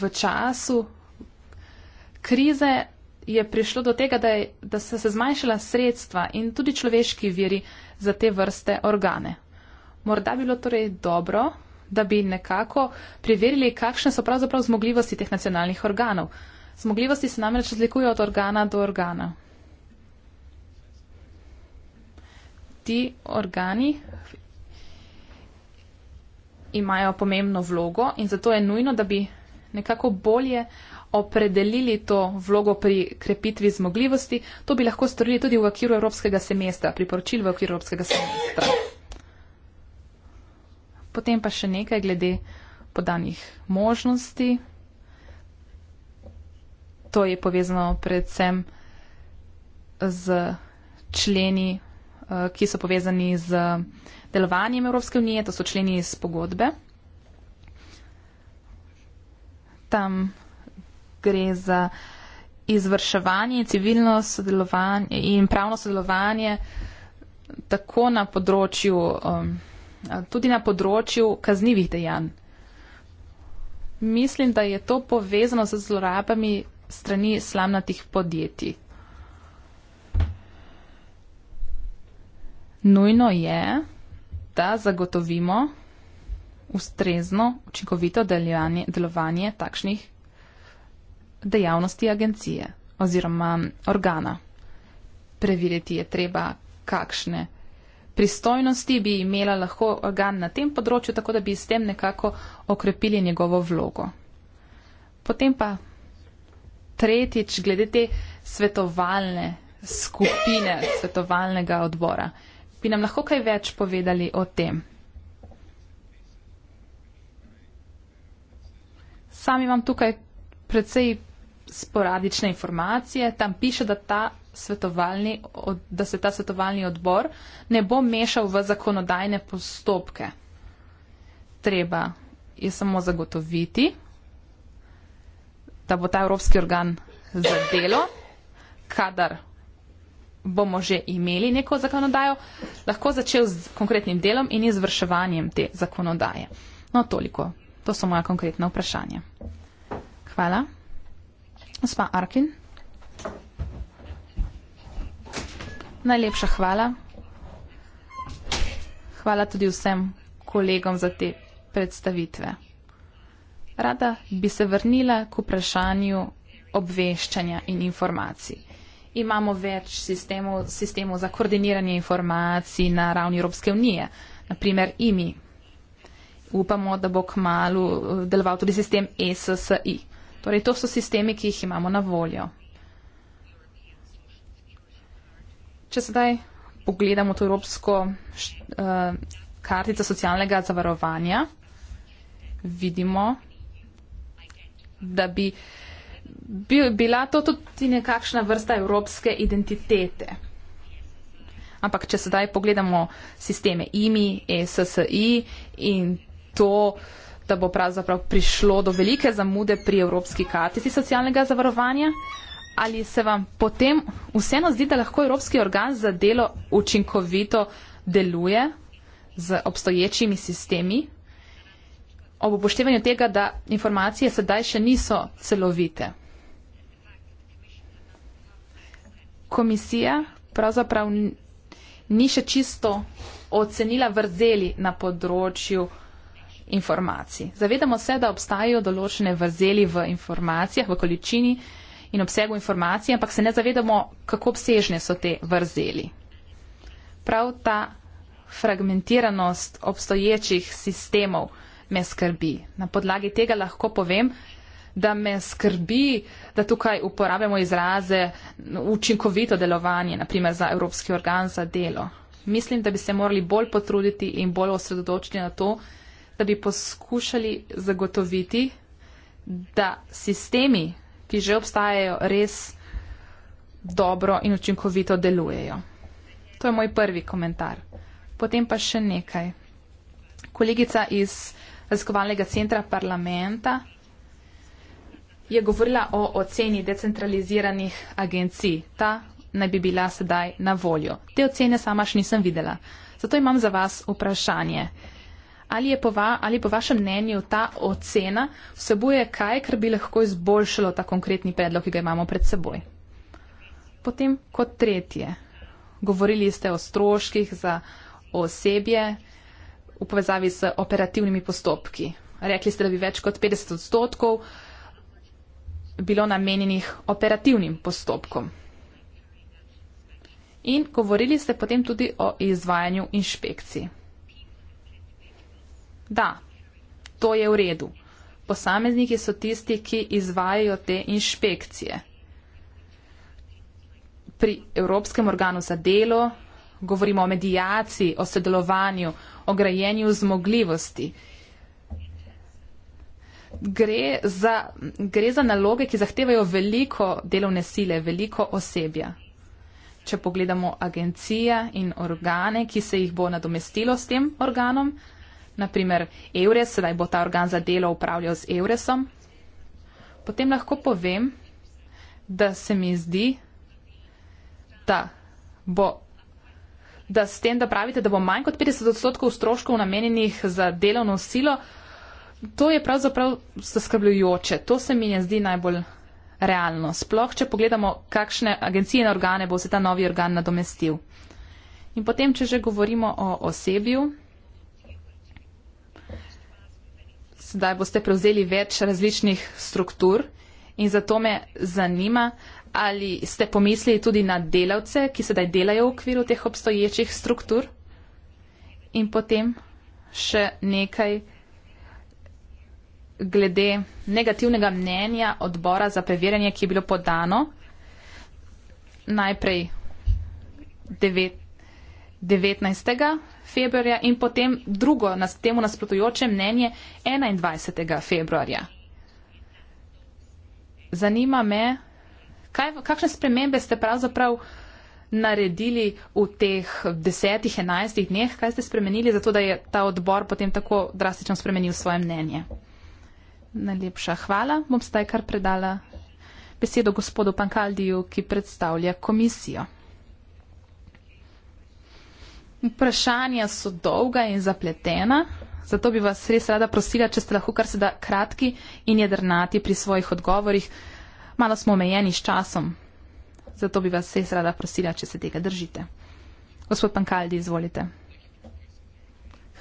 V času krize je prišlo do tega, da, je, da so se zmanjšala sredstva in tudi človeški viri za te vrste organe. Morda bi bilo torej dobro, da bi nekako preverili, kakšne so pravzaprav zmogljivosti teh nacionalnih organov. Zmogljivosti se namreč razlikujejo od organa do organa. ti organi imajo pomembno vlogo in zato je nujno, da bi nekako bolje opredelili to vlogo pri krepitvi zmogljivosti. To bi lahko storili tudi v okviru Evropskega semestra, priporočil v okviru Evropskega semestra. Potem pa še nekaj glede podanih možnosti. To je povezano predvsem z členi Eh, ki so povezani z delovanjem Evropske unije, to so členi iz pogodbe. Tam gre za izvrševanje, civilno sodelovanje in pravno sodelovanje tako na področju, tudi na področju kaznivih dejanj. Mislim, da je to povezano z zlorabami strani slamnatih podjetij. Nujno je, da zagotovimo ustrezno, učinkovito deljanje, delovanje takšnih dejavnosti agencije oziroma organa. Preveriti je treba, kakšne pristojnosti bi imela lahko organ na tem področju, tako da bi s tem nekako okrepili njegovo vlogo. Potem pa tretjič, glede te svetovalne skupine, svetovalnega odbora. Bi nam lahko kaj več povedali o tem? Sam imam tukaj precej sporadične informacije. Tam piše, da, ta da se ta svetovalni odbor ne bo mešal v zakonodajne postopke. Treba je samo zagotoviti, da bo ta evropski organ za delo, kadar bomo že imeli neko zakonodajo, lahko začel z konkretnim delom in izvrševanjem te zakonodaje. No, toliko. To so moja konkretna vprašanja. Hvala. Gospa Arklin. Najlepša hvala. Hvala tudi vsem kolegom za te predstavitve. Rada bi se vrnila k vprašanju obveščanja in informacij imamo več sistemov, sistemov za koordiniranje informacij na ravni Evropske unije, naprimer IMI. Upamo, da bo k malu eh, deloval tudi sistem e SSI. Torej, to so sistemi, ki jih imamo na voljo. Če sedaj pogledamo to evropsko uh, kartico socialnega zavarovanja, vidimo, da bi uh, bila to tudi nekakšna vrsta evropske identitete. Ampak, če sedaj pogledamo sisteme IMI, SSI e in to, da bo pravzaprav prišlo do velike zamude pri Evropski kartici socialnega zavarovanja, ali se vam potem vseeno zdi, da lahko Evropski organ za delo učinkovito deluje z obstoječimi sistemi, ob upoštevanju tega, da informacije sedaj še niso celovite? komisija pravzaprav ni še čisto ocenila vrzeli na področju informacij. Zavedamo se, da obstajajo določene vrzeli v informacijah, v količini in obsegu informacij, ampak se ne zavedamo, kako obsežne so te vrzeli. Prav ta fragmentiranost obstoječih sistemov me skrbi. Na podlagi tega lahko povem, da me skrbi, da tukaj uporabljamo izraze učinkovito delovanje, naprimer za Evropski organ za delo. Mislim, da bi se morali bolj potruditi in bolj osredotočiti na to, da bi poskušali zagotoviti, da sistemi, ki že obstajajo, res dobro in učinkovito delujejo. To je moj prvi komentar. Potem pa še nekaj. Kolegica iz raziskovalnega centra parlamenta je govorila o oceni decentraliziranih agencij. Ta naj bi bila sedaj na voljo. Te ocene sama še nisem videla. Zato imam za vas vprašanje. Ali, po, va, ali po vašem mnenju ta ocena vsebuje kaj, kar bi lahko izboljšalo ta konkretni predlog, ki ga imamo pred seboj? Potem kot tretje. Govorili ste o stroških za osebje v povezavi s operativnimi postopki. Rekli ste, da bi več kot 50 odstotkov uh, bilo namenjenih operativnim postopkom. In govorili ste potem tudi o izvajanju inšpekcij. Da, to je v redu. Posamezniki so tisti, ki izvajajo te inšpekcije. Pri Evropskem organu za delo govorimo o medijaciji, o sodelovanju, o grajenju zmogljivosti gre za, gre za naloge, ki zahtevajo veliko delovne sile, veliko osebja. Če pogledamo agencije in organe, ki se jih bo nadomestilo s tem organom, naprimer EURES, sedaj bo ta organ za delo upravljal z EURESom, potem lahko povem, da se mi zdi, da bo. Da s tem, da pravite, da bo manj kot 50 odstotkov stroškov namenjenih za delovno silo, to je pravzaprav zaskrbljujoče. To se mi ne zdi najbolj realno. Sploh, če pogledamo, kakšne agencije in organe bo se ta novi organ nadomestil. In potem, če že govorimo o osebju, sedaj boste prevzeli več različnih struktur in zato me zanima, ali ste pomislili tudi na delavce, ki sedaj delajo v okviru teh obstoječih struktur. In potem še nekaj glede negativnega mnenja odbora za preverjanje, ki je bilo podano najprej 9, 19. februarja in potem drugo nas, temu nasprotujoče mnenje 21. februarja. Zanima me, kaj, kakšne spremembe ste pravzaprav naredili v teh desetih, enajstih dneh, kaj ste spremenili, zato da je ta odbor potem tako drastično spremenil svoje mnenje. Najlepša hvala. Bom zdaj kar predala besedo gospodu Pankaldiju, ki predstavlja komisijo. Vprašanja so dolga in zapletena, zato bi vas res rada prosila, če ste lahko kar se da kratki in jedrnati pri svojih odgovorih. Malo smo omejeni s časom, zato bi vas res rada prosila, če se tega držite. Gospod Pankaldi, izvolite.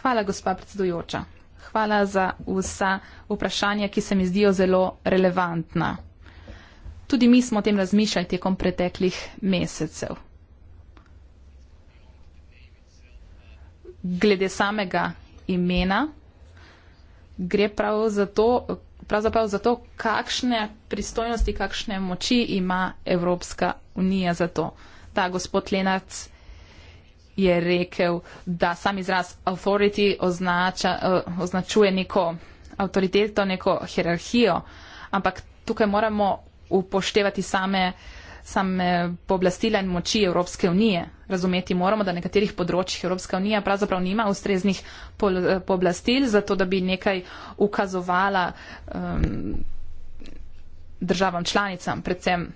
Hvala, gospa predsedujoča. Hvala za vsa vprašanja, ki se mi zdijo zelo relevantna. Tudi mi smo o tem razmišljali tekom preteklih mesecev. Glede samega imena gre prav za to, pravzaprav za to, kakšne pristojnosti, kakšne moči ima Evropska unija za to. Da, gospod Lenac je rekel, da sam izraz authority označa, eh, označuje neko avtoriteto, neko hierarhijo, ampak tukaj moramo upoštevati same, same poblastila in moči Evropske unije. Razumeti moramo, da na nekaterih področjih Evropska unija pravzaprav nima ustreznih pol, eh, poblastil za to, da bi nekaj ukazovala um, državam članicam, predvsem,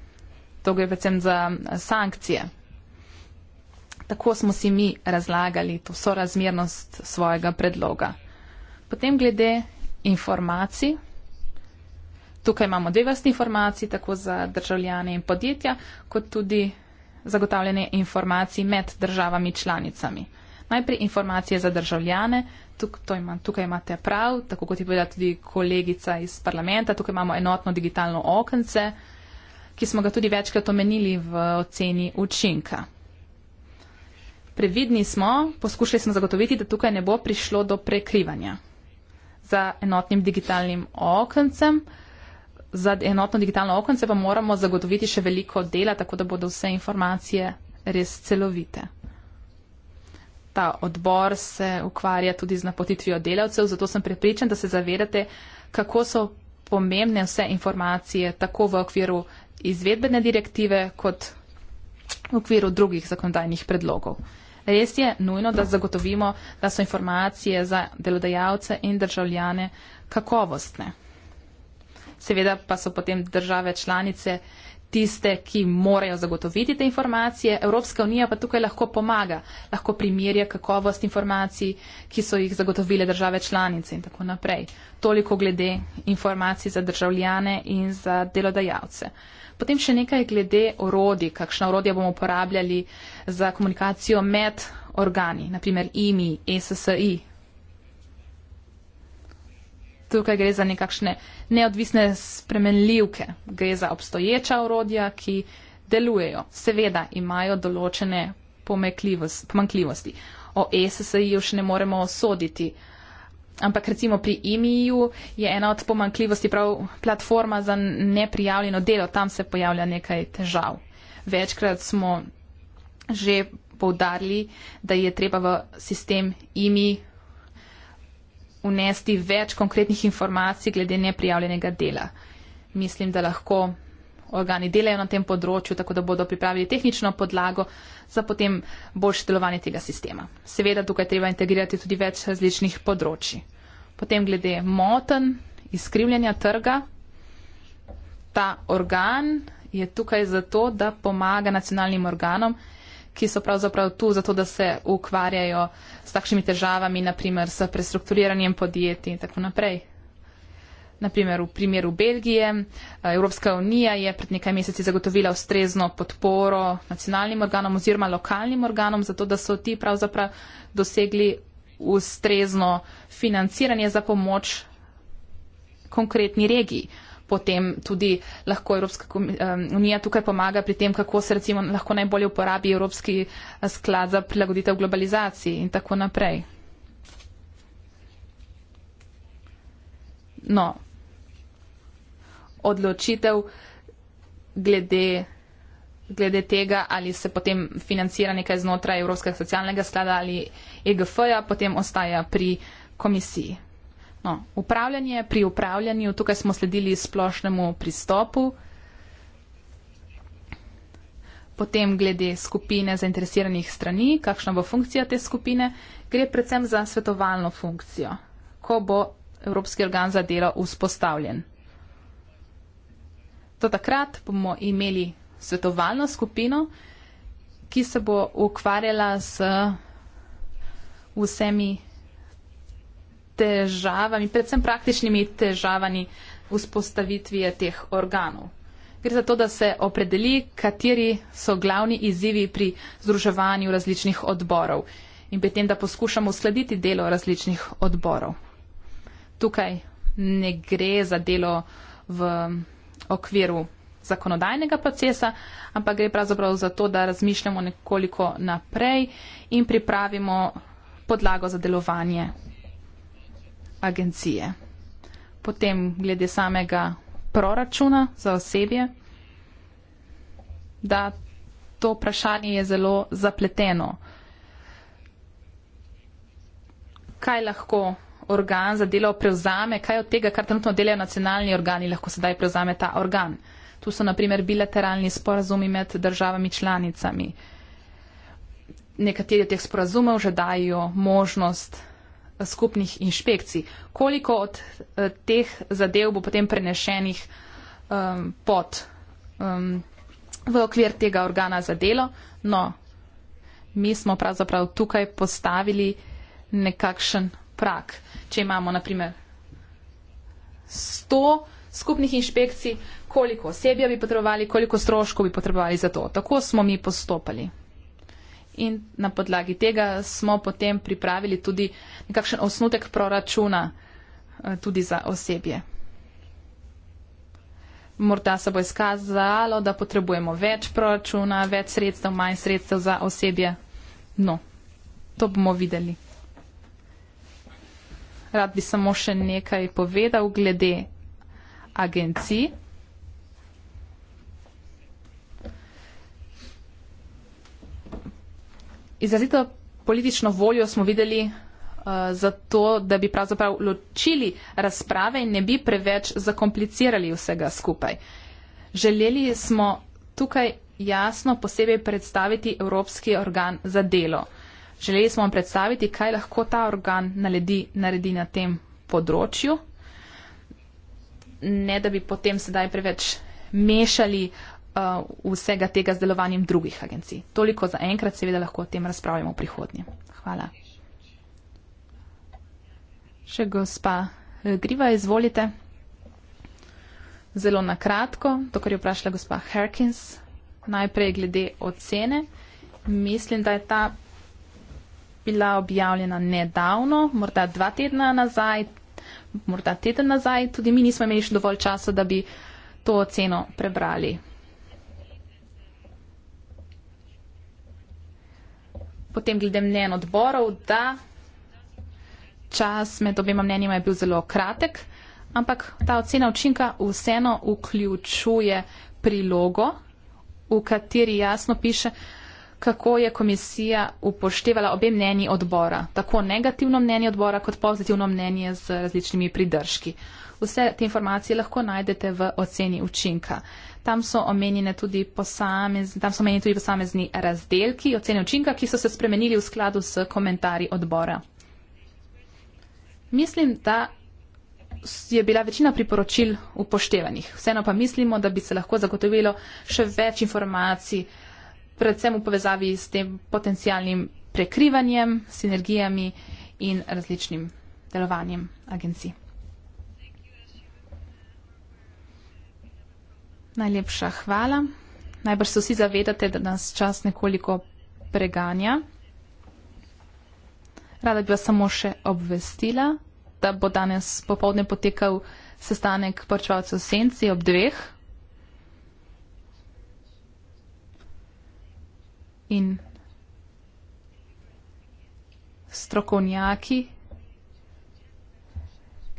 to gre predvsem za sankcije tako smo si mi razlagali to sorazmernost svojega predloga. Potem glede informacij. Tukaj imamo dve vrsti informacij, tako za državljane in podjetja, kot tudi zagotavljanje informacij med državami članicami. Najprej informacije za državljane, Tuk, ima, tukaj imate prav, tako kot je povedala tudi kolegica iz parlamenta, tukaj imamo enotno digitalno okence, ki smo ga tudi večkrat omenili v oceni učinka. Previdni smo, poskušali smo zagotoviti, da tukaj ne bo prišlo do prekrivanja. Za enotnim digitalnim okencem, za enotno digitalno okence pa moramo zagotoviti še veliko dela, tako da bodo vse informacije res celovite. Ta odbor se ukvarja tudi z napotitvijo delavcev, zato sem prepričan, da se zavedate, kako so pomembne vse informacije, tako v okviru izvedbene direktive, kot v okviru drugih zakonodajnih predlogov. Res je nujno, da zagotovimo, da so informacije za delodajalce in državljane kakovostne. Seveda pa so potem države članice tiste, ki morajo zagotoviti te informacije. Evropska unija pa tukaj lahko pomaga, lahko primerja kakovost informacij, ki so jih zagotovile države članice in tako naprej. Toliko glede informacij za državljane in za delodajalce. Potem še nekaj glede orodi, kakšna orodja bomo uporabljali za komunikacijo med organi, naprimer IMI, e SSI. Tukaj gre za nekakšne neodvisne spremenljivke, gre za obstoječa orodja, ki delujejo. Seveda imajo določene pomanjkljivosti. O e SSI-ju še ne moremo soditi. Ampak recimo pri EMI-ju je ena od pomankljivosti prav platforma za neprijavljeno delo, tam se pojavlja nekaj težav. Večkrat smo že povdarili, da je treba v sistem EMI unesti več konkretnih informacij glede neprijavljenega dela. Mislim, da lahko organi delajo na tem področju, tako da bodo pripravili tehnično podlago za potem boljše delovanje tega sistema. Seveda tukaj treba integrirati tudi več različnih področji. Potem glede moten, izkrivljanja trga, ta organ je tukaj zato, da pomaga nacionalnim organom, ki so pravzaprav tu zato, da se ukvarjajo s takšnimi težavami, naprimer s prestrukturiranjem podjetij in tako naprej. Naprimer, v primeru Belgije, eh, Evropska unija je pred nekaj meseci zagotovila ustrezno podporo nacionalnim organom oziroma lokalnim organom, zato da so ti pravzaprav dosegli ustrezno financiranje za pomoč konkretni regiji. Potem tudi lahko Evropska unija tukaj pomaga pri tem, kako se recimo lahko najbolje uporabi Evropski eh, sklad za prilagoditev globalizaciji in tako naprej. No, odločitev glede, glede tega, ali se potem financira nekaj znotraj Evropskega socialnega sklada ali EGF-ja, potem ostaja pri komisiji. No, upravljanje, pri upravljanju, tukaj smo sledili splošnemu pristopu, potem glede skupine zainteresiranih strani, kakšna bo funkcija te skupine, gre predvsem za svetovalno funkcijo, ko bo Evropski organ za delo vzpostavljen. Do takrat bomo imeli svetovalno skupino, ki se bo ukvarjala z vsemi težavami, predvsem praktičnimi težavami vzpostavitvije teh organov. Gre za to, da se opredeli, kateri so glavni izzivi pri združevanju različnih odborov in pri tem, da poskušamo uskladiti delo različnih odborov. Tukaj ne gre za delo v okviru zakonodajnega procesa, ampak gre pravzaprav za to, da razmišljamo nekoliko naprej in pripravimo podlago za delovanje agencije. Potem glede samega proračuna za osebje, da to vprašanje je zelo zapleteno. Kaj lahko organ za delo prevzame, kaj od tega, kar trenutno delajo nacionalni organi, lahko sedaj prevzame ta organ. Tu so naprimer bilateralni sporazumi med državami članicami. Nekateri od teh sporazumev že dajo možnost skupnih inšpekcij. Koliko od eh, teh zadev bo potem prenešenih um, pod um, v okvir tega organa za delo? No, mi smo pravzaprav tukaj postavili nekakšen prak. Če imamo naprimer 100 skupnih inšpekcij, koliko osebja bi potrebovali, koliko stroškov bi potrebovali za to. Tako smo mi postopali. In na podlagi tega smo potem pripravili tudi nekakšen osnutek proračuna eh, tudi za osebje. Morda se bo izkazalo, da potrebujemo več proračuna, več sredstev, manj sredstev za osebje. No, to bomo videli rad bi samo še nekaj povedal glede agencij. Izrazito politično voljo smo videli uh, zato, da bi pravzaprav ločili razprave in ne bi preveč zakomplicirali vsega skupaj. Želeli smo tukaj jasno posebej predstaviti Evropski organ za delo. Želeli smo vam predstaviti, kaj lahko ta organ naledi, naredi na tem področju, ne da bi potem sedaj preveč mešali uh, vsega tega z delovanjem drugih agencij. Toliko za enkrat, seveda lahko o tem razpravljamo v prihodnje. Hvala. Še gospa eh, Griva, izvolite. Zelo na kratko, to, kar je vprašala gospa Herkins, najprej glede ocene. Mislim, da je ta bila objavljena nedavno, morda dva tedna nazaj, morda teden nazaj, tudi mi nismo imeli še dovolj časa, da bi to oceno prebrali. Potem glede mnen odborov, da čas med obema mnenjima je bil zelo kratek, ampak ta ocena učinka vseeno vključuje prilogo, v kateri jasno piše, kako je komisija upoštevala obe mnenji odbora, tako negativno mnenje odbora kot pozitivno mnenje z različnimi pridržki. Vse te informacije lahko najdete v oceni učinka. Tam so omenjene tudi, posamez, tudi posamezni razdelki ocene učinka, ki so se spremenili v skladu s komentarji odbora. Mislim, da je bila večina priporočil upoštevanih. Vseeno pa mislimo, da bi se lahko zagotovilo še več informacij, predvsem v povezavi s tem potencijalnim prekrivanjem, sinergijami in različnim delovanjem agencij. Najlepša hvala. Najbrž se vsi zavedate, da nas čas nekoliko preganja. Rada bi vas samo še obvestila, da bo danes popovdne potekal sestanek porčevalcev senci ob dveh in strokovnjaki,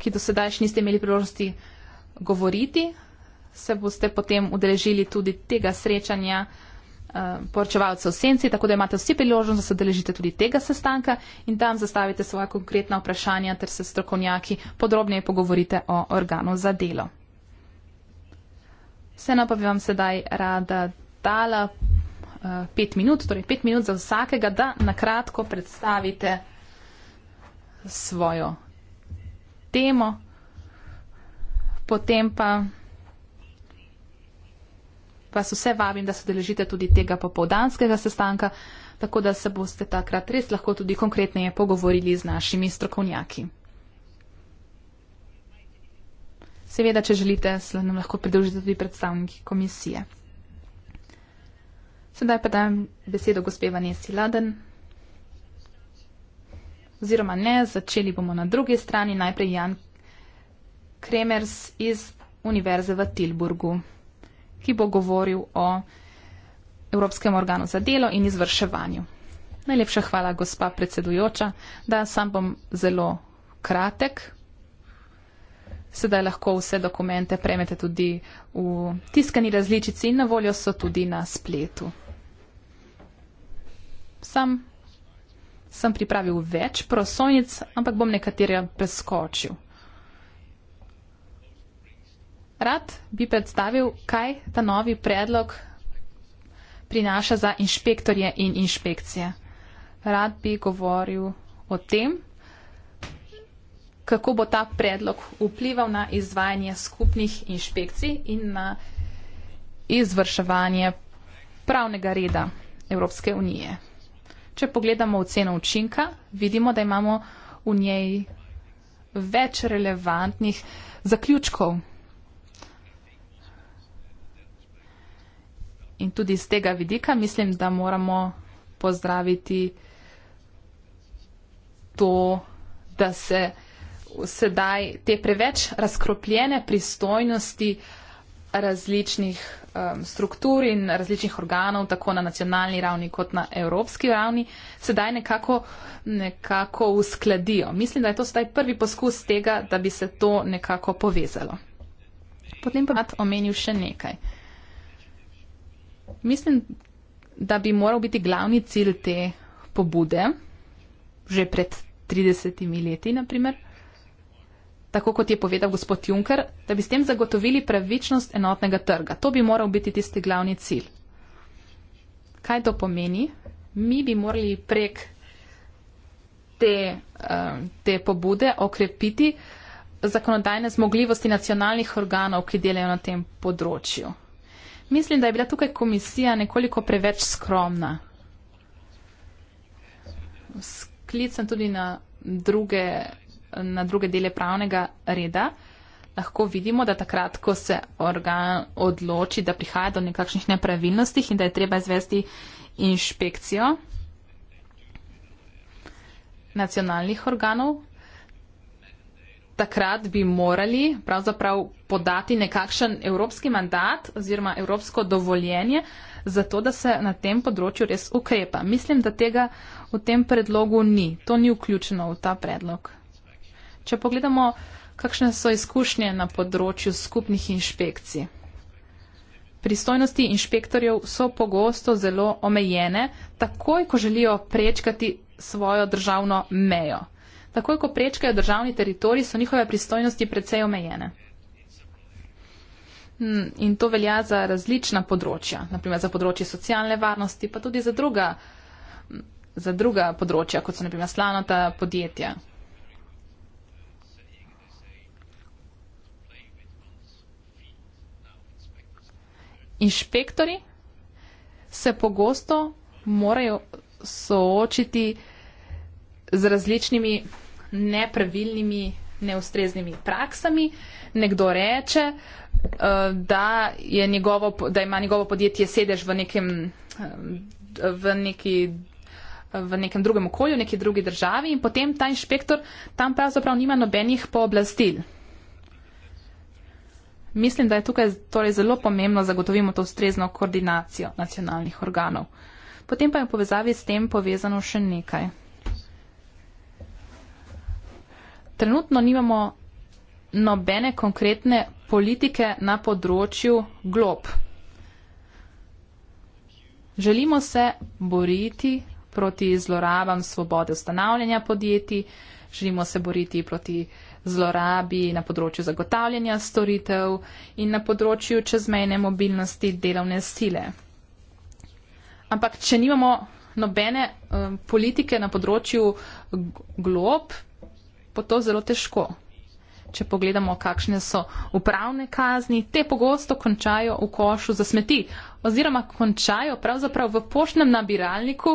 ki do sedaj še niste imeli priložnosti govoriti, se boste potem udeležili tudi tega srečanja eh, poročevalcev v senci, tako da imate vsi priložnost, da se udeležite tudi tega sestanka in tam zastavite svoje konkretna vprašanja, ter se strokovnjaki podrobneje pogovorite o organu za delo. Vseeno pa bi vam sedaj rada dala Eh, pet minut, torej pet minut za vsakega, da nakratko predstavite svojo temo, potem pa vas vse vabim, da se deležite tudi tega popovdanskega sestanka, tako da se boste takrat res lahko tudi konkretneje pogovorili z našimi strokovnjaki. Seveda, če želite, se nam lahko pridružite tudi predstavniki komisije. Sedaj pa dajem besedo gospe Vanesi Laden. Oziroma ne, začeli bomo na drugi strani, najprej Jan Kremers iz Univerze v Tilburgu, ki bo govoril o Evropskem organu za delo in izvrševanju. Najlepša hvala, gospa predsedujoča, da sam bom zelo kratek. Sedaj lahko vse dokumente premete tudi v tiskani različici in na voljo so tudi na spletu sam sem pripravil več prosojnic, ampak bom nekatere preskočil. Rad bi predstavil, kaj ta novi predlog prinaša za inšpektorje in inšpekcije. Rad bi govoril o tem, kako bo ta predlog vplival na izvajanje skupnih inšpekcij in na izvrševanje pravnega reda Evropske unije. Če pogledamo oceno učinka, vidimo, da imamo v njej več relevantnih zaključkov. In tudi z tega vidika mislim, da moramo pozdraviti to, da se sedaj te preveč razkropljene pristojnosti različnih um, struktur in različnih organov, tako na nacionalni ravni kot na evropski ravni, sedaj nekako, nekako uskladijo. Mislim, da je to sedaj prvi poskus tega, da bi se to nekako povezalo. Potem pa bi omenil še nekaj. Mislim, da bi moral biti glavni cilj te pobude, že pred 30 leti, naprimer, tako kot je povedal gospod Juncker, da bi s tem zagotovili pravičnost enotnega trga. To bi moral biti tisti glavni cilj. Kaj to pomeni? Mi bi morali prek te, eh, te pobude okrepiti zakonodajne zmogljivosti nacionalnih organov, ki delajo na tem področju. Mislim, da je bila tukaj komisija nekoliko preveč skromna. Sklicam tudi na druge na druge dele pravnega reda, lahko vidimo, da takrat, ko se organ odloči, da prihaja do nekakšnih nepravilnosti in da je treba izvesti inšpekcijo nacionalnih organov, takrat bi morali pravzaprav podati nekakšen evropski mandat oziroma evropsko dovoljenje za to, da se na tem področju res ukrepa. Mislim, da tega v tem predlogu ni. To ni vključeno v ta predlog. Če pogledamo, kakšne so izkušnje na področju skupnih inšpekcij. Pristojnosti inšpektorjev so pogosto zelo omejene, takoj, ko želijo prečkati svojo državno mejo. Takoj, ko prečkajo državni teritorij, so njihove pristojnosti precej omejene. Hmm, in to velja za različna področja, naprimer za področje socialne varnosti, pa tudi za druga, za druga področja, kot so naprimer slanota podjetja, inšpektori se pogosto morajo soočiti z različnimi nepravilnimi, neustreznimi praksami. Nekdo reče, eh, da, njegovo, da ima njegovo podjetje sedež v nekem, eh, v, neki, v nekem drugem okolju, v neki drugi državi in potem ta inšpektor tam pravzaprav nima nobenih pooblastil. Mislim, da je tukaj torej zelo pomembno zagotovimo to ustrezno koordinacijo nacionalnih organov. Potem pa je v povezavi s tem povezano še nekaj. Trenutno nimamo nobene konkretne politike na področju glob. Želimo se boriti proti zlorabam svobode ustanavljanja podjetij, želimo se boriti proti uh, zlorabi na področju zagotavljanja storitev in na področju čezmejne mobilnosti delovne sile. Ampak, če nimamo nobene um, politike na področju glob, bo to zelo težko. Če pogledamo, kakšne so upravne kazni, te pogosto končajo v košu za smeti oziroma končajo pravzaprav v poštnem nabiralniku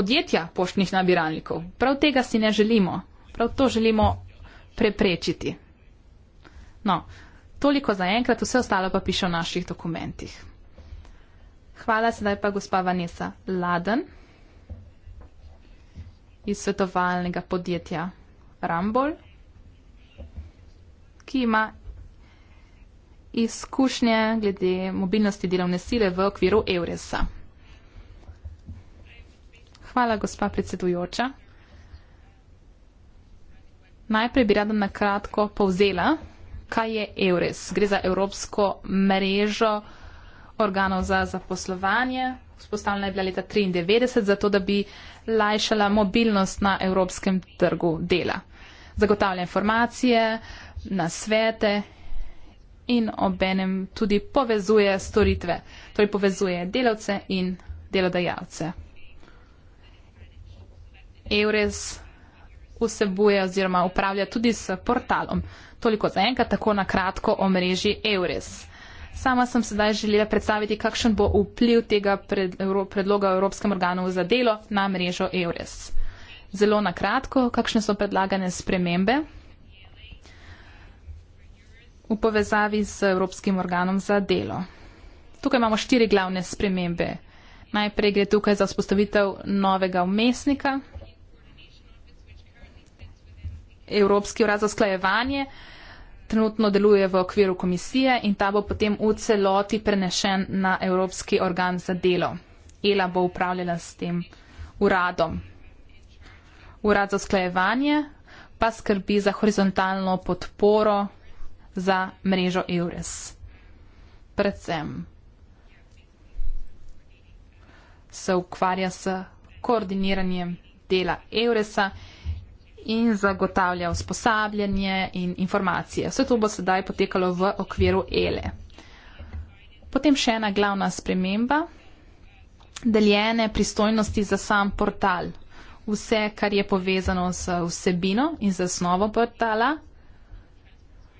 podjetja poštnih nabiralnikov. Prav tega si ne želimo. Prav to želimo preprečiti. No, toliko za enkrat, vse ostalo pa piše v naših dokumentih. Hvala sedaj pa gospa Vanessa Laden iz svetovalnega podjetja Rambol, ki ima izkušnje glede mobilnosti delovne sile v okviru Euresa. Hvala, gospa predsedujoča. Najprej bi rada na kratko povzela, kaj je EURES. Gre za Evropsko mrežo organov za zaposlovanje. Vzpostavljena je bila leta 1993, zato da bi lajšala mobilnost na evropskem trgu dela. Zagotavlja informacije, nasvete in obenem tudi povezuje storitve, torej povezuje delavce in delodajalce. EURES vsebuje oziroma upravlja tudi s portalom. Toliko za enkrat, tako na kratko o mreži EURES. Sama sem sedaj želela predstaviti, kakšen bo vpliv tega predloga Evropskem organu za delo na mrežo EURES. Zelo na kratko, kakšne so predlagane spremembe v povezavi z Evropskim organom za delo. Tukaj imamo štiri glavne spremembe. Najprej gre tukaj za spostavitev novega umestnika, Evropski urad za sklajevanje trenutno deluje v okviru komisije in ta bo potem v celoti prenešen na Evropski organ za delo. ELA bo upravljala s tem uradom. Urad za sklajevanje pa skrbi za horizontalno podporo za mrežo EURES. Predvsem se ukvarja s koordiniranjem dela EURES-a in zagotavlja usposabljanje in informacije. Vse to bo sedaj potekalo v okviru ELE. Potem še ena glavna sprememba. Deljene pristojnosti za sam portal. Vse, kar je povezano z vsebino in z osnovo portala,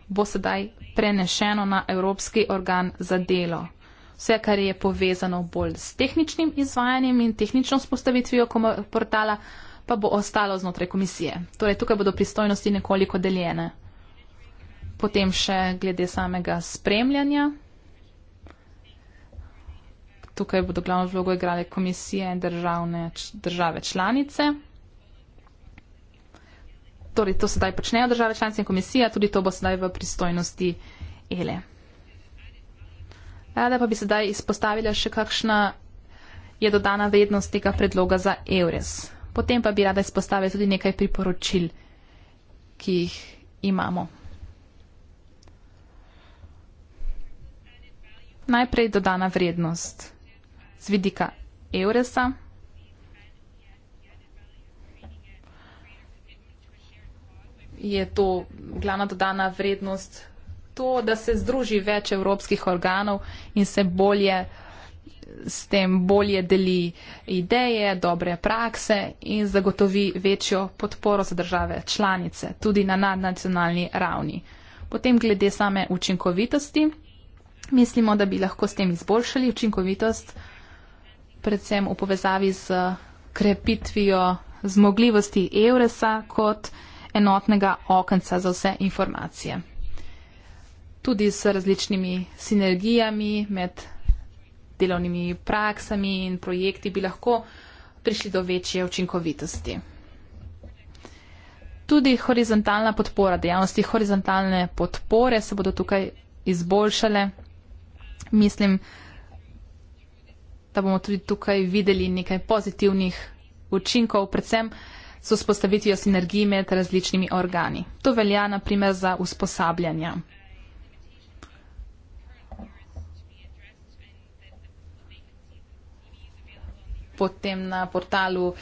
bo sedaj prenešeno na Evropski organ za delo. Vse, kar je povezano bolj s tehničnim izvajanjem in tehnično spostavitvijo portala, pa bo ostalo znotraj komisije. Torej, tukaj bodo pristojnosti nekoliko deljene. Potem še glede samega spremljanja. Tukaj bodo glavno vlogo igrale komisije in državne, države članice. Torej, to sedaj počnejo države članice in komisija, tudi to bo sedaj v pristojnosti ELE. Rada pa bi sedaj izpostavila še kakšna je dodana vrednost tega predloga za EURES. Potem pa bi rada izpostavila tudi nekaj priporočil, ki jih imamo. Najprej dodana vrednost z vidika Euresa. Je to glavna dodana vrednost to, da se združi več evropskih organov in se bolje uh, s tem bolje deli ideje, dobre prakse in zagotovi večjo podporo za države članice, tudi na nadnacionalni ravni. Potem glede same učinkovitosti, mislimo, da bi lahko s tem izboljšali učinkovitost, predvsem v povezavi z krepitvijo zmogljivosti Euresa kot enotnega okenca za vse informacije. Tudi s različnimi sinergijami med delovnimi praksami in projekti bi lahko prišli do večje učinkovitosti. Tudi horizontalna podpora, dejavnosti horizontalne podpore se bodo tukaj izboljšale. Mislim, da bomo tudi tukaj videli nekaj pozitivnih učinkov, predvsem z vzpostavitvijo sinergij med različnimi organi. To velja naprimer za usposabljanja. potem na portalu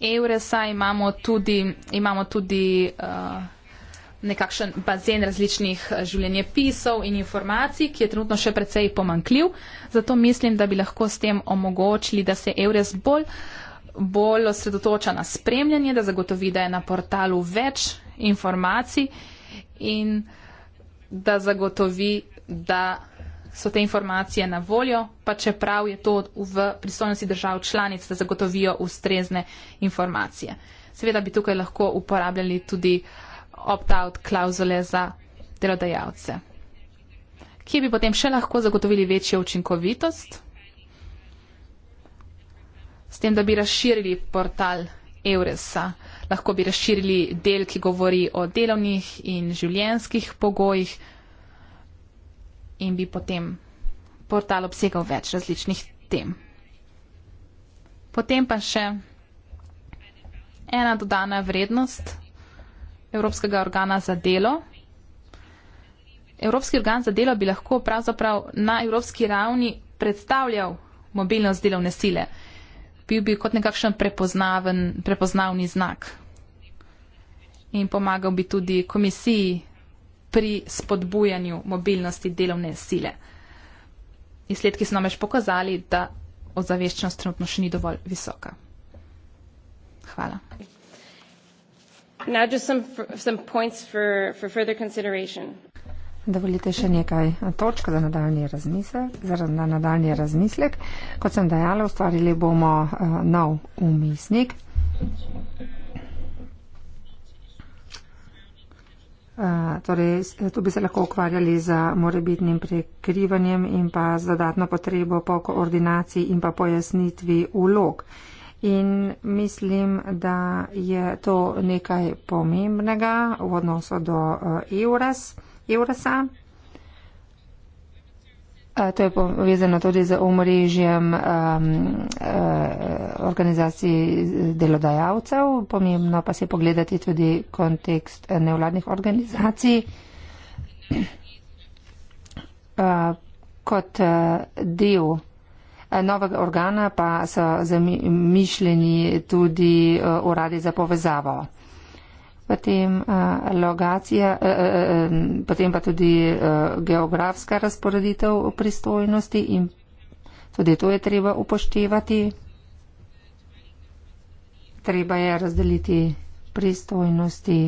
Euresa imamo tudi, imamo tudi uh, nekakšen bazen različnih uh, življenjepisov in informacij, ki je trenutno še precej pomankljiv. Zato mislim, da bi lahko s tem omogočili, da se Eures bolj bolj osredotoča na spremljanje, da zagotovi, da je na portalu več informacij in da zagotovi, da so te informacije na voljo, pa čeprav je to v pristojnosti držav članic, da zagotovijo ustrezne informacije. Seveda bi tukaj lahko uporabljali tudi opt-out klauzule za delodajalce. Kje bi potem še lahko zagotovili večjo učinkovitost? S tem, da bi razširili portal Euresa, lahko bi razširili del, ki govori o delovnih in življenjskih pogojih, in bi potem portal obsegal več različnih tem. Potem pa še ena dodana vrednost Evropskega organa za delo. Evropski organ za delo bi lahko pravzaprav na evropski ravni predstavljal mobilnost delovne sile. Bil bi kot nekakšen prepoznavni znak. In pomagal bi tudi komisiji pri spodbujanju mobilnosti delovne sile. Izsledki so namreč pokazali, da ozaveščenost trenutno še ni dovolj visoka. Hvala. Dovolite še nekaj točk za nadaljni razmislek. Za nadaljni razmislek. Kot sem dejala, ustvarili bomo uh, nov umisnik. Eh, torej, tu bi se lahko ukvarjali z morebitnim prekrivanjem in pa z dodatno potrebo po koordinaciji in pa pojasnitvi vlog. In mislim, da je to nekaj pomembnega v odnosu do eh, EURES, EURES-a. To je povezano tudi z omrežjem um, uh, organizacij delodajalcev, pomembno pa se pogledati tudi kontekst nevladnih organizacij. Uh, kot uh, del novega organa pa so zamišljeni tudi uh, uradi za povezavo potem uh, logacija, uh, uh, potem pa tudi uh, geografska razporeditev pristojnosti in tudi to je treba upoštevati. Treba je razdeliti pristojnosti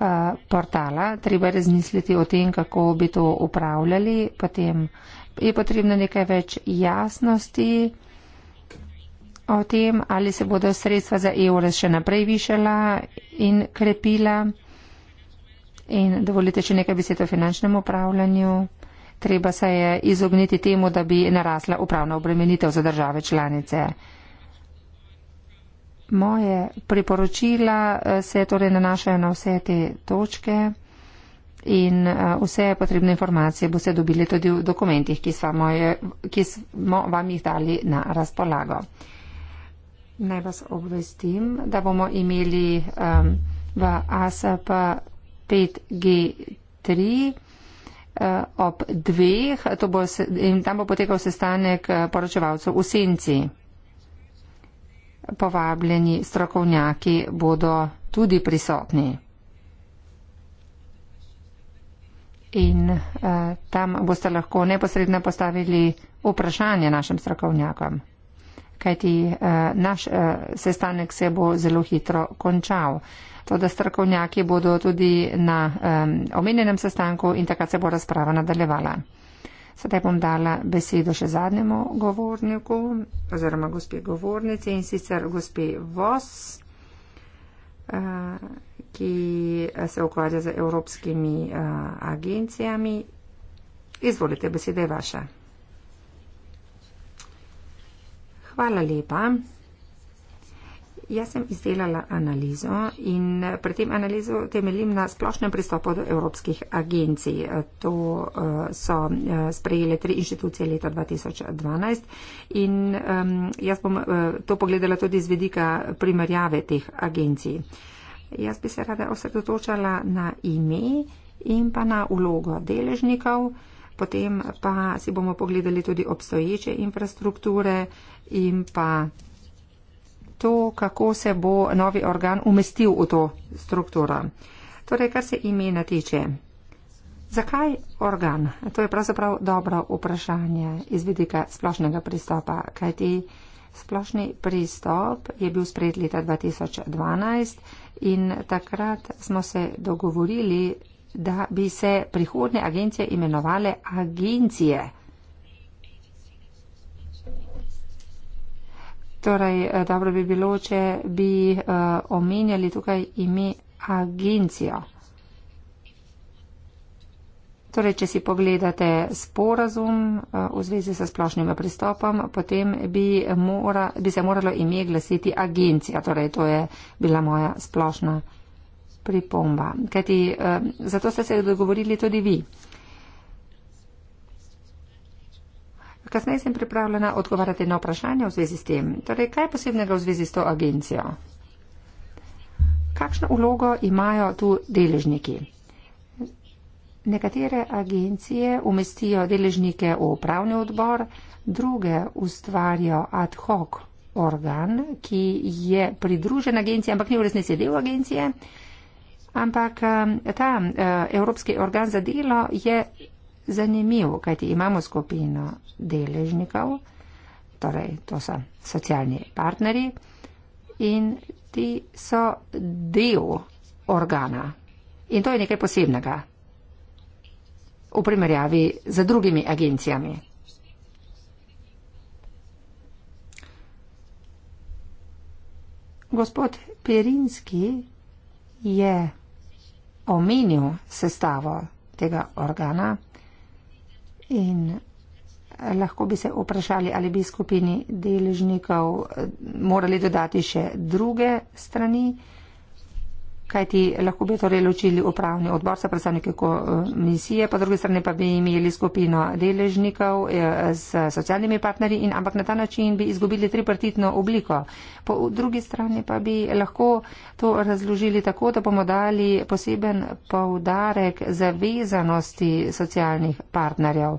uh, portala, treba je razmisliti o tem, kako bi to upravljali, potem je potrebno nekaj več jasnosti o tem, ali se bodo sredstva za EURES še naprej višala in krepila. In dovolite še nekaj besed o finančnem upravljanju. Treba se je izogniti temu, da bi narasla upravna obremenitev za države članice. Moje priporočila eh, se torej nanašajo na vse te točke in eh, vse potrebne informacije boste dobili tudi v dokumentih, ki smo, je, ki smo vam jih dali na razpolago. Naj vas obvestim, da bomo imeli um, v ASAP 5G3 uh, ob dveh bo se, in tam bo potekal sestanek uh, poročevalcev v Senci. Povabljeni strokovnjaki bodo tudi prisotni. In uh, tam boste lahko neposredno postavili vprašanje našim strokovnjakom kajti eh, naš eh, sestanek se bo zelo hitro končal. To, da strokovnjaki bodo tudi na omenjenem sestanku in takrat se bo razprava nadaljevala. Sedaj bom dala besedo še zadnjemu govorniku oziroma gospe govornici in sicer gospe Vos, eh, ki se ukvarja z evropskimi agencijami. Izvolite, beseda je vaša. Hvala lepa. Jaz sem izdelala analizo in pri tem analizo temeljim na splošnem pristopu do evropskih agencij. To eh, so eh, sprejele tri inštitucije leta 2012 in jaz bom eh, to pogledala tudi z vedika primerjave teh agencij. Jaz bi se rada osredotočala na ime in pa na ulogo deležnikov, potem pa si bomo pogledali tudi obstoječe infrastrukture in pa to, kako se bo novi organ umestil v to strukturo. Torej, kar se imena tiče. Zakaj organ? To je pravzaprav dobro vprašanje izvedika splošnega pristopa, kajti splošni pristop je bil sprejet leta 2012 in takrat smo se dogovorili, da bi se prihodne agencije imenovale agencije. Torej, eh, dobro bi bilo, če bi uh, omenjali tukaj ime agencijo. Torej, če si pogledate sporazum eh, v zvezi s splošnim pristopom, potem bi, mora, bi se moralo ime glasiti agencija. Torej, to je bila moja splošna pripomba. Kajti, zato ste se dogovorili tudi vi. Kasneje sem pripravljena odgovarjati na vprašanje v zvezi s tem. Torej, kaj je posebnega v zvezi s to agencijo? Kakšno ulogo imajo tu deležniki? Nekatere agencije umestijo deležnike v upravni odbor, druge ustvarjajo ad hoc organ, ki je pridružen agenciji, ampak ni v resnici del agencije. Ampak eh, ta eh, Evropski organ za delo je zanimiv, kajti imamo skupino deležnikov, torej to so socialni partnerji in ti so del organa. In to je nekaj posebnega v primerjavi z drugimi agencijami. Gospod Pirinski je omenil sestavo tega organa. In eh, lahko bi se vprašali, ali bi skupini deležnikov eh, morali dodati še druge strani kajti lahko bi torej ločili upravni odbor za predstavnike komisije, po drugi strani pa bi imeli skupino deležnikov eh, s socialnimi partnerji in ampak na ta način bi izgubili tripartitno obliko. Po drugi strani pa bi lahko to razložili tako, da bomo dali poseben povdarek zavezanosti socialnih partnerjev.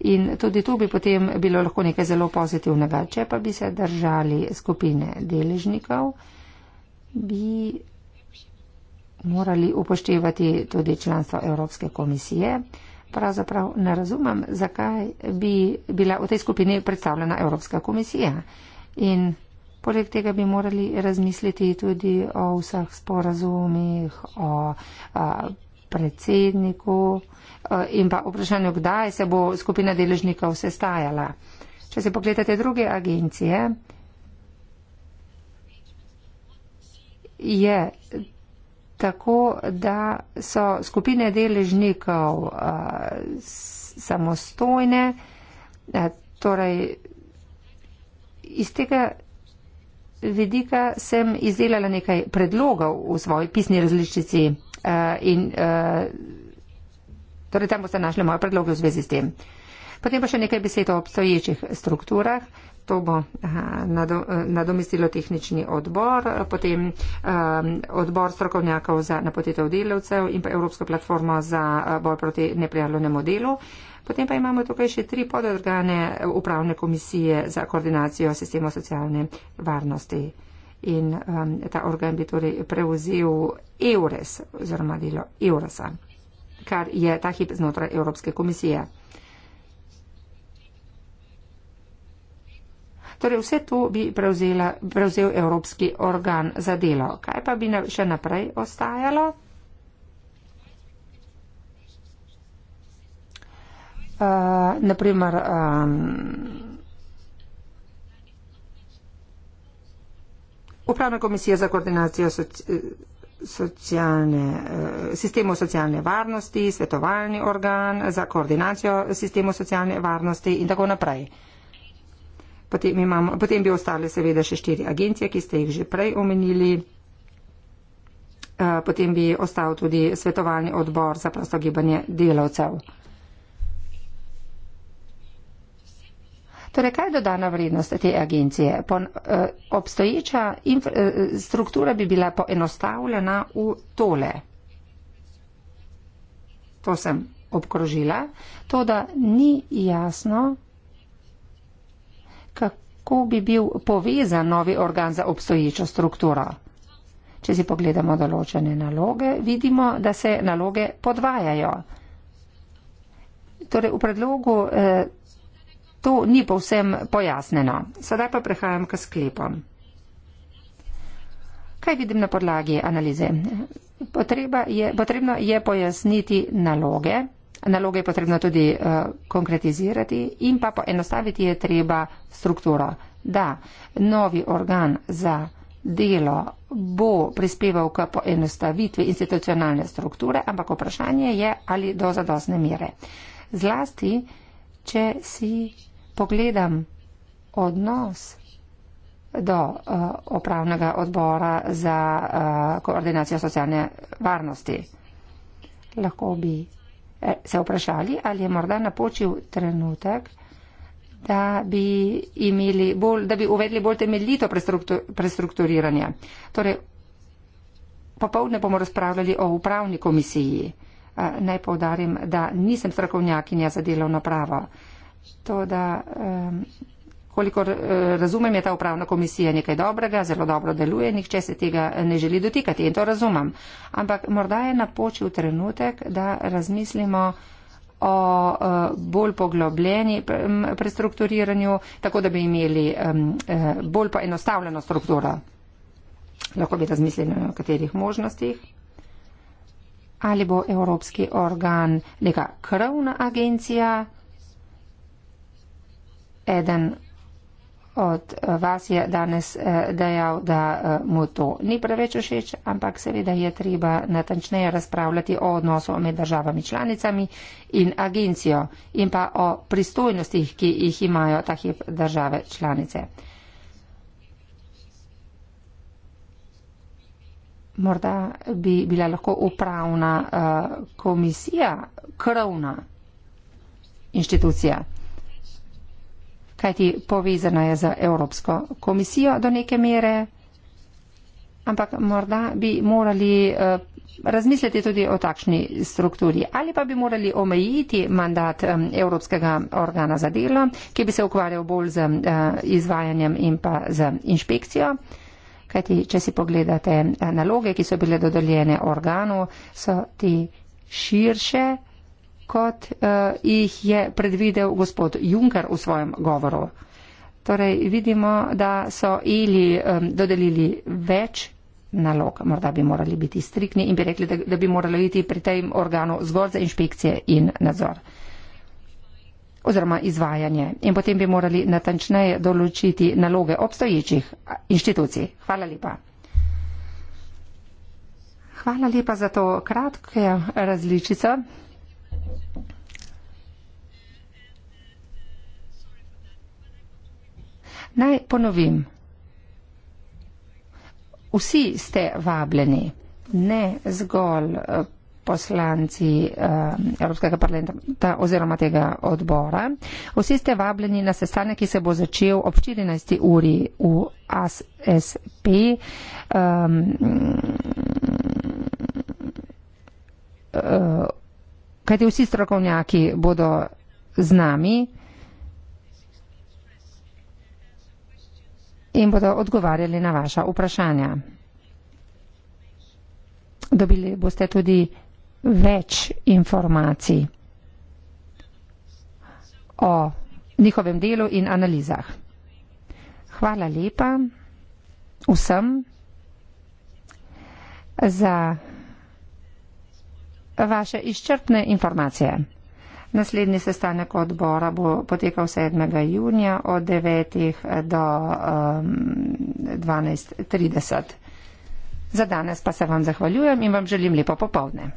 In tudi tu bi potem bilo lahko nekaj zelo pozitivnega. Če pa bi se držali skupine deležnikov, bi morali upoštevati tudi članstvo Evropske komisije. Pravzaprav ne razumem, zakaj bi bila v tej skupini predstavljena Evropska komisija. In poleg tega bi morali razmisliti tudi o vseh sporazumih, o a, predsedniku a, in pa vprašanju, kdaj se bo skupina deležnikov sestajala. Če se pogledate druge agencije, je tako, da so skupine deležnikov uh, samostojne, uh, torej iz tega vidika sem izdelala nekaj predlogov v svoji pisni različici uh, in uh, torej tam boste našli moje predloge v zvezi s tem. Potem pa še nekaj besed o obstoječih strukturah. Uh, To bo eh, eh, nadomestilo tehnični odbor, potem eh, odbor strokovnjakov za napotitev delavcev in pa Evropska platforma za boj proti neprijavljenemu delu. Potem pa imamo tukaj še tri pododorgane upravne komisije za koordinacijo sistema socialne varnosti. In um, ta organ bi torej prevzel EURES oziroma delo EURESA, kar je ta hip znotraj Evropske komisije. Torej vse to bi prevzela, prevzel Evropski organ za delo. Kaj pa bi še naprej ostajalo? Uh, naprimer, um, Upravna komisija za koordinacijo soci, socialne, uh, sistemov socialne varnosti, svetovalni organ za koordinacijo sistemov socialne varnosti in tako naprej. Uh, Potem, imamo, potem bi ostale seveda še štiri agencije, ki ste jih že prej omenili. Eh, potem bi ostal tudi svetovalni odbor za prosto gibanje delavcev. Torej, kaj je dodana vrednost te agencije? Po, eh, obstoječa infra, eh, struktura bi bila poenostavljena v tole. To sem obkrožila. To, da ni jasno, kako bi bil povezan novi organ za obstoječo strukturo. Če si pogledamo določene naloge, vidimo, da se naloge podvajajo. Torej, v predlogu eh, to ni povsem pojasneno. Sedaj pa prehajam k sklepom. Kaj vidim na podlagi analize? Potreba je, potrebno je pojasniti naloge. Naloge je potrebno tudi uh, konkretizirati in pa poenostaviti je treba strukturo. Da, novi organ za delo bo prispeval k poenostavitvi institucionalne strukture, ampak vprašanje je, ali do zadosne mere. Zlasti, če si pogledam odnos do uh, opravnega odbora za uh, koordinacijo socialne varnosti. Lahko bi Eh, se vprašali, ali je morda napočil trenutek, da bi, imeli bolj, da bi uvedli bolj temeljito prestrukturiranje. Torej, popovdne bomo razpravljali o upravni komisiji. Eh, naj povdarim, da nisem strokovnjakinja za delovno pravo. To, da, um, kolikor eh, razumem, je ta upravna komisija nekaj dobrega, zelo dobro deluje, nihče se tega ne želi dotikati in to razumem. Ampak morda je napočil trenutek, da razmislimo o eh, bolj poglobljeni prestrukturiranju, tako da bi imeli eh, bolj poenostavljeno strukturo. Lahko bi razmislili o katerih možnostih. Ali bo evropski organ neka krvna agencija, eden od eh, vas je danes eh, dejal, da eh, mu to ni preveč všeč, ampak seveda je treba natančneje razpravljati o odnosu med državami članicami in agencijo in pa o pristojnostih, ki jih imajo takih države članice. Morda bi bila lahko upravna komisija krovna inštitucija kajti povezana je z Evropsko komisijo do neke mere. Ampak morda bi morali eh, razmisliti tudi o takšni strukturi ali pa bi morali omejiti mandat Evropskega organa za delo, ki bi se ukvarjal bolj z eh, izvajanjem in pa z inšpekcijo. Kajti, če si pogledate eh, naloge, ki so bile dodeljene organu, so ti širše, kot uh, jih je predvidel gospod Juncker v svojem govoru. Torej, vidimo, da so Eli um, dodelili več nalog, morda bi morali biti strikni in bi rekli, da, da bi moralo iti pri tem organu zgolj za inšpekcije in nadzor oziroma izvajanje. In potem bi morali natančneje določiti naloge obstoječih inštitucij. Hvala lepa. Hvala lepa za to kratko različico. Naj ponovim. Vsi ste vabljeni, ne zgolj eh, poslanci eh, Evropskega parlamenta oziroma tega odbora. Vsi ste vabljeni na sestanek, ki se bo začel ob 14. uri v ASSP. Um, ehm, uh, eh, kajti vsi strokovnjaki bodo z nami. in bodo odgovarjali na vaša vprašanja. Dobili boste tudi več informacij o njihovem delu in analizah. Hvala lepa vsem za vaše izčrpne informacije. Naslednji sestanek odbora bo potekal 7. junija od 9. do um, 12.30. Za danes pa se vam zahvaljujem in vam želim lepo popovdne.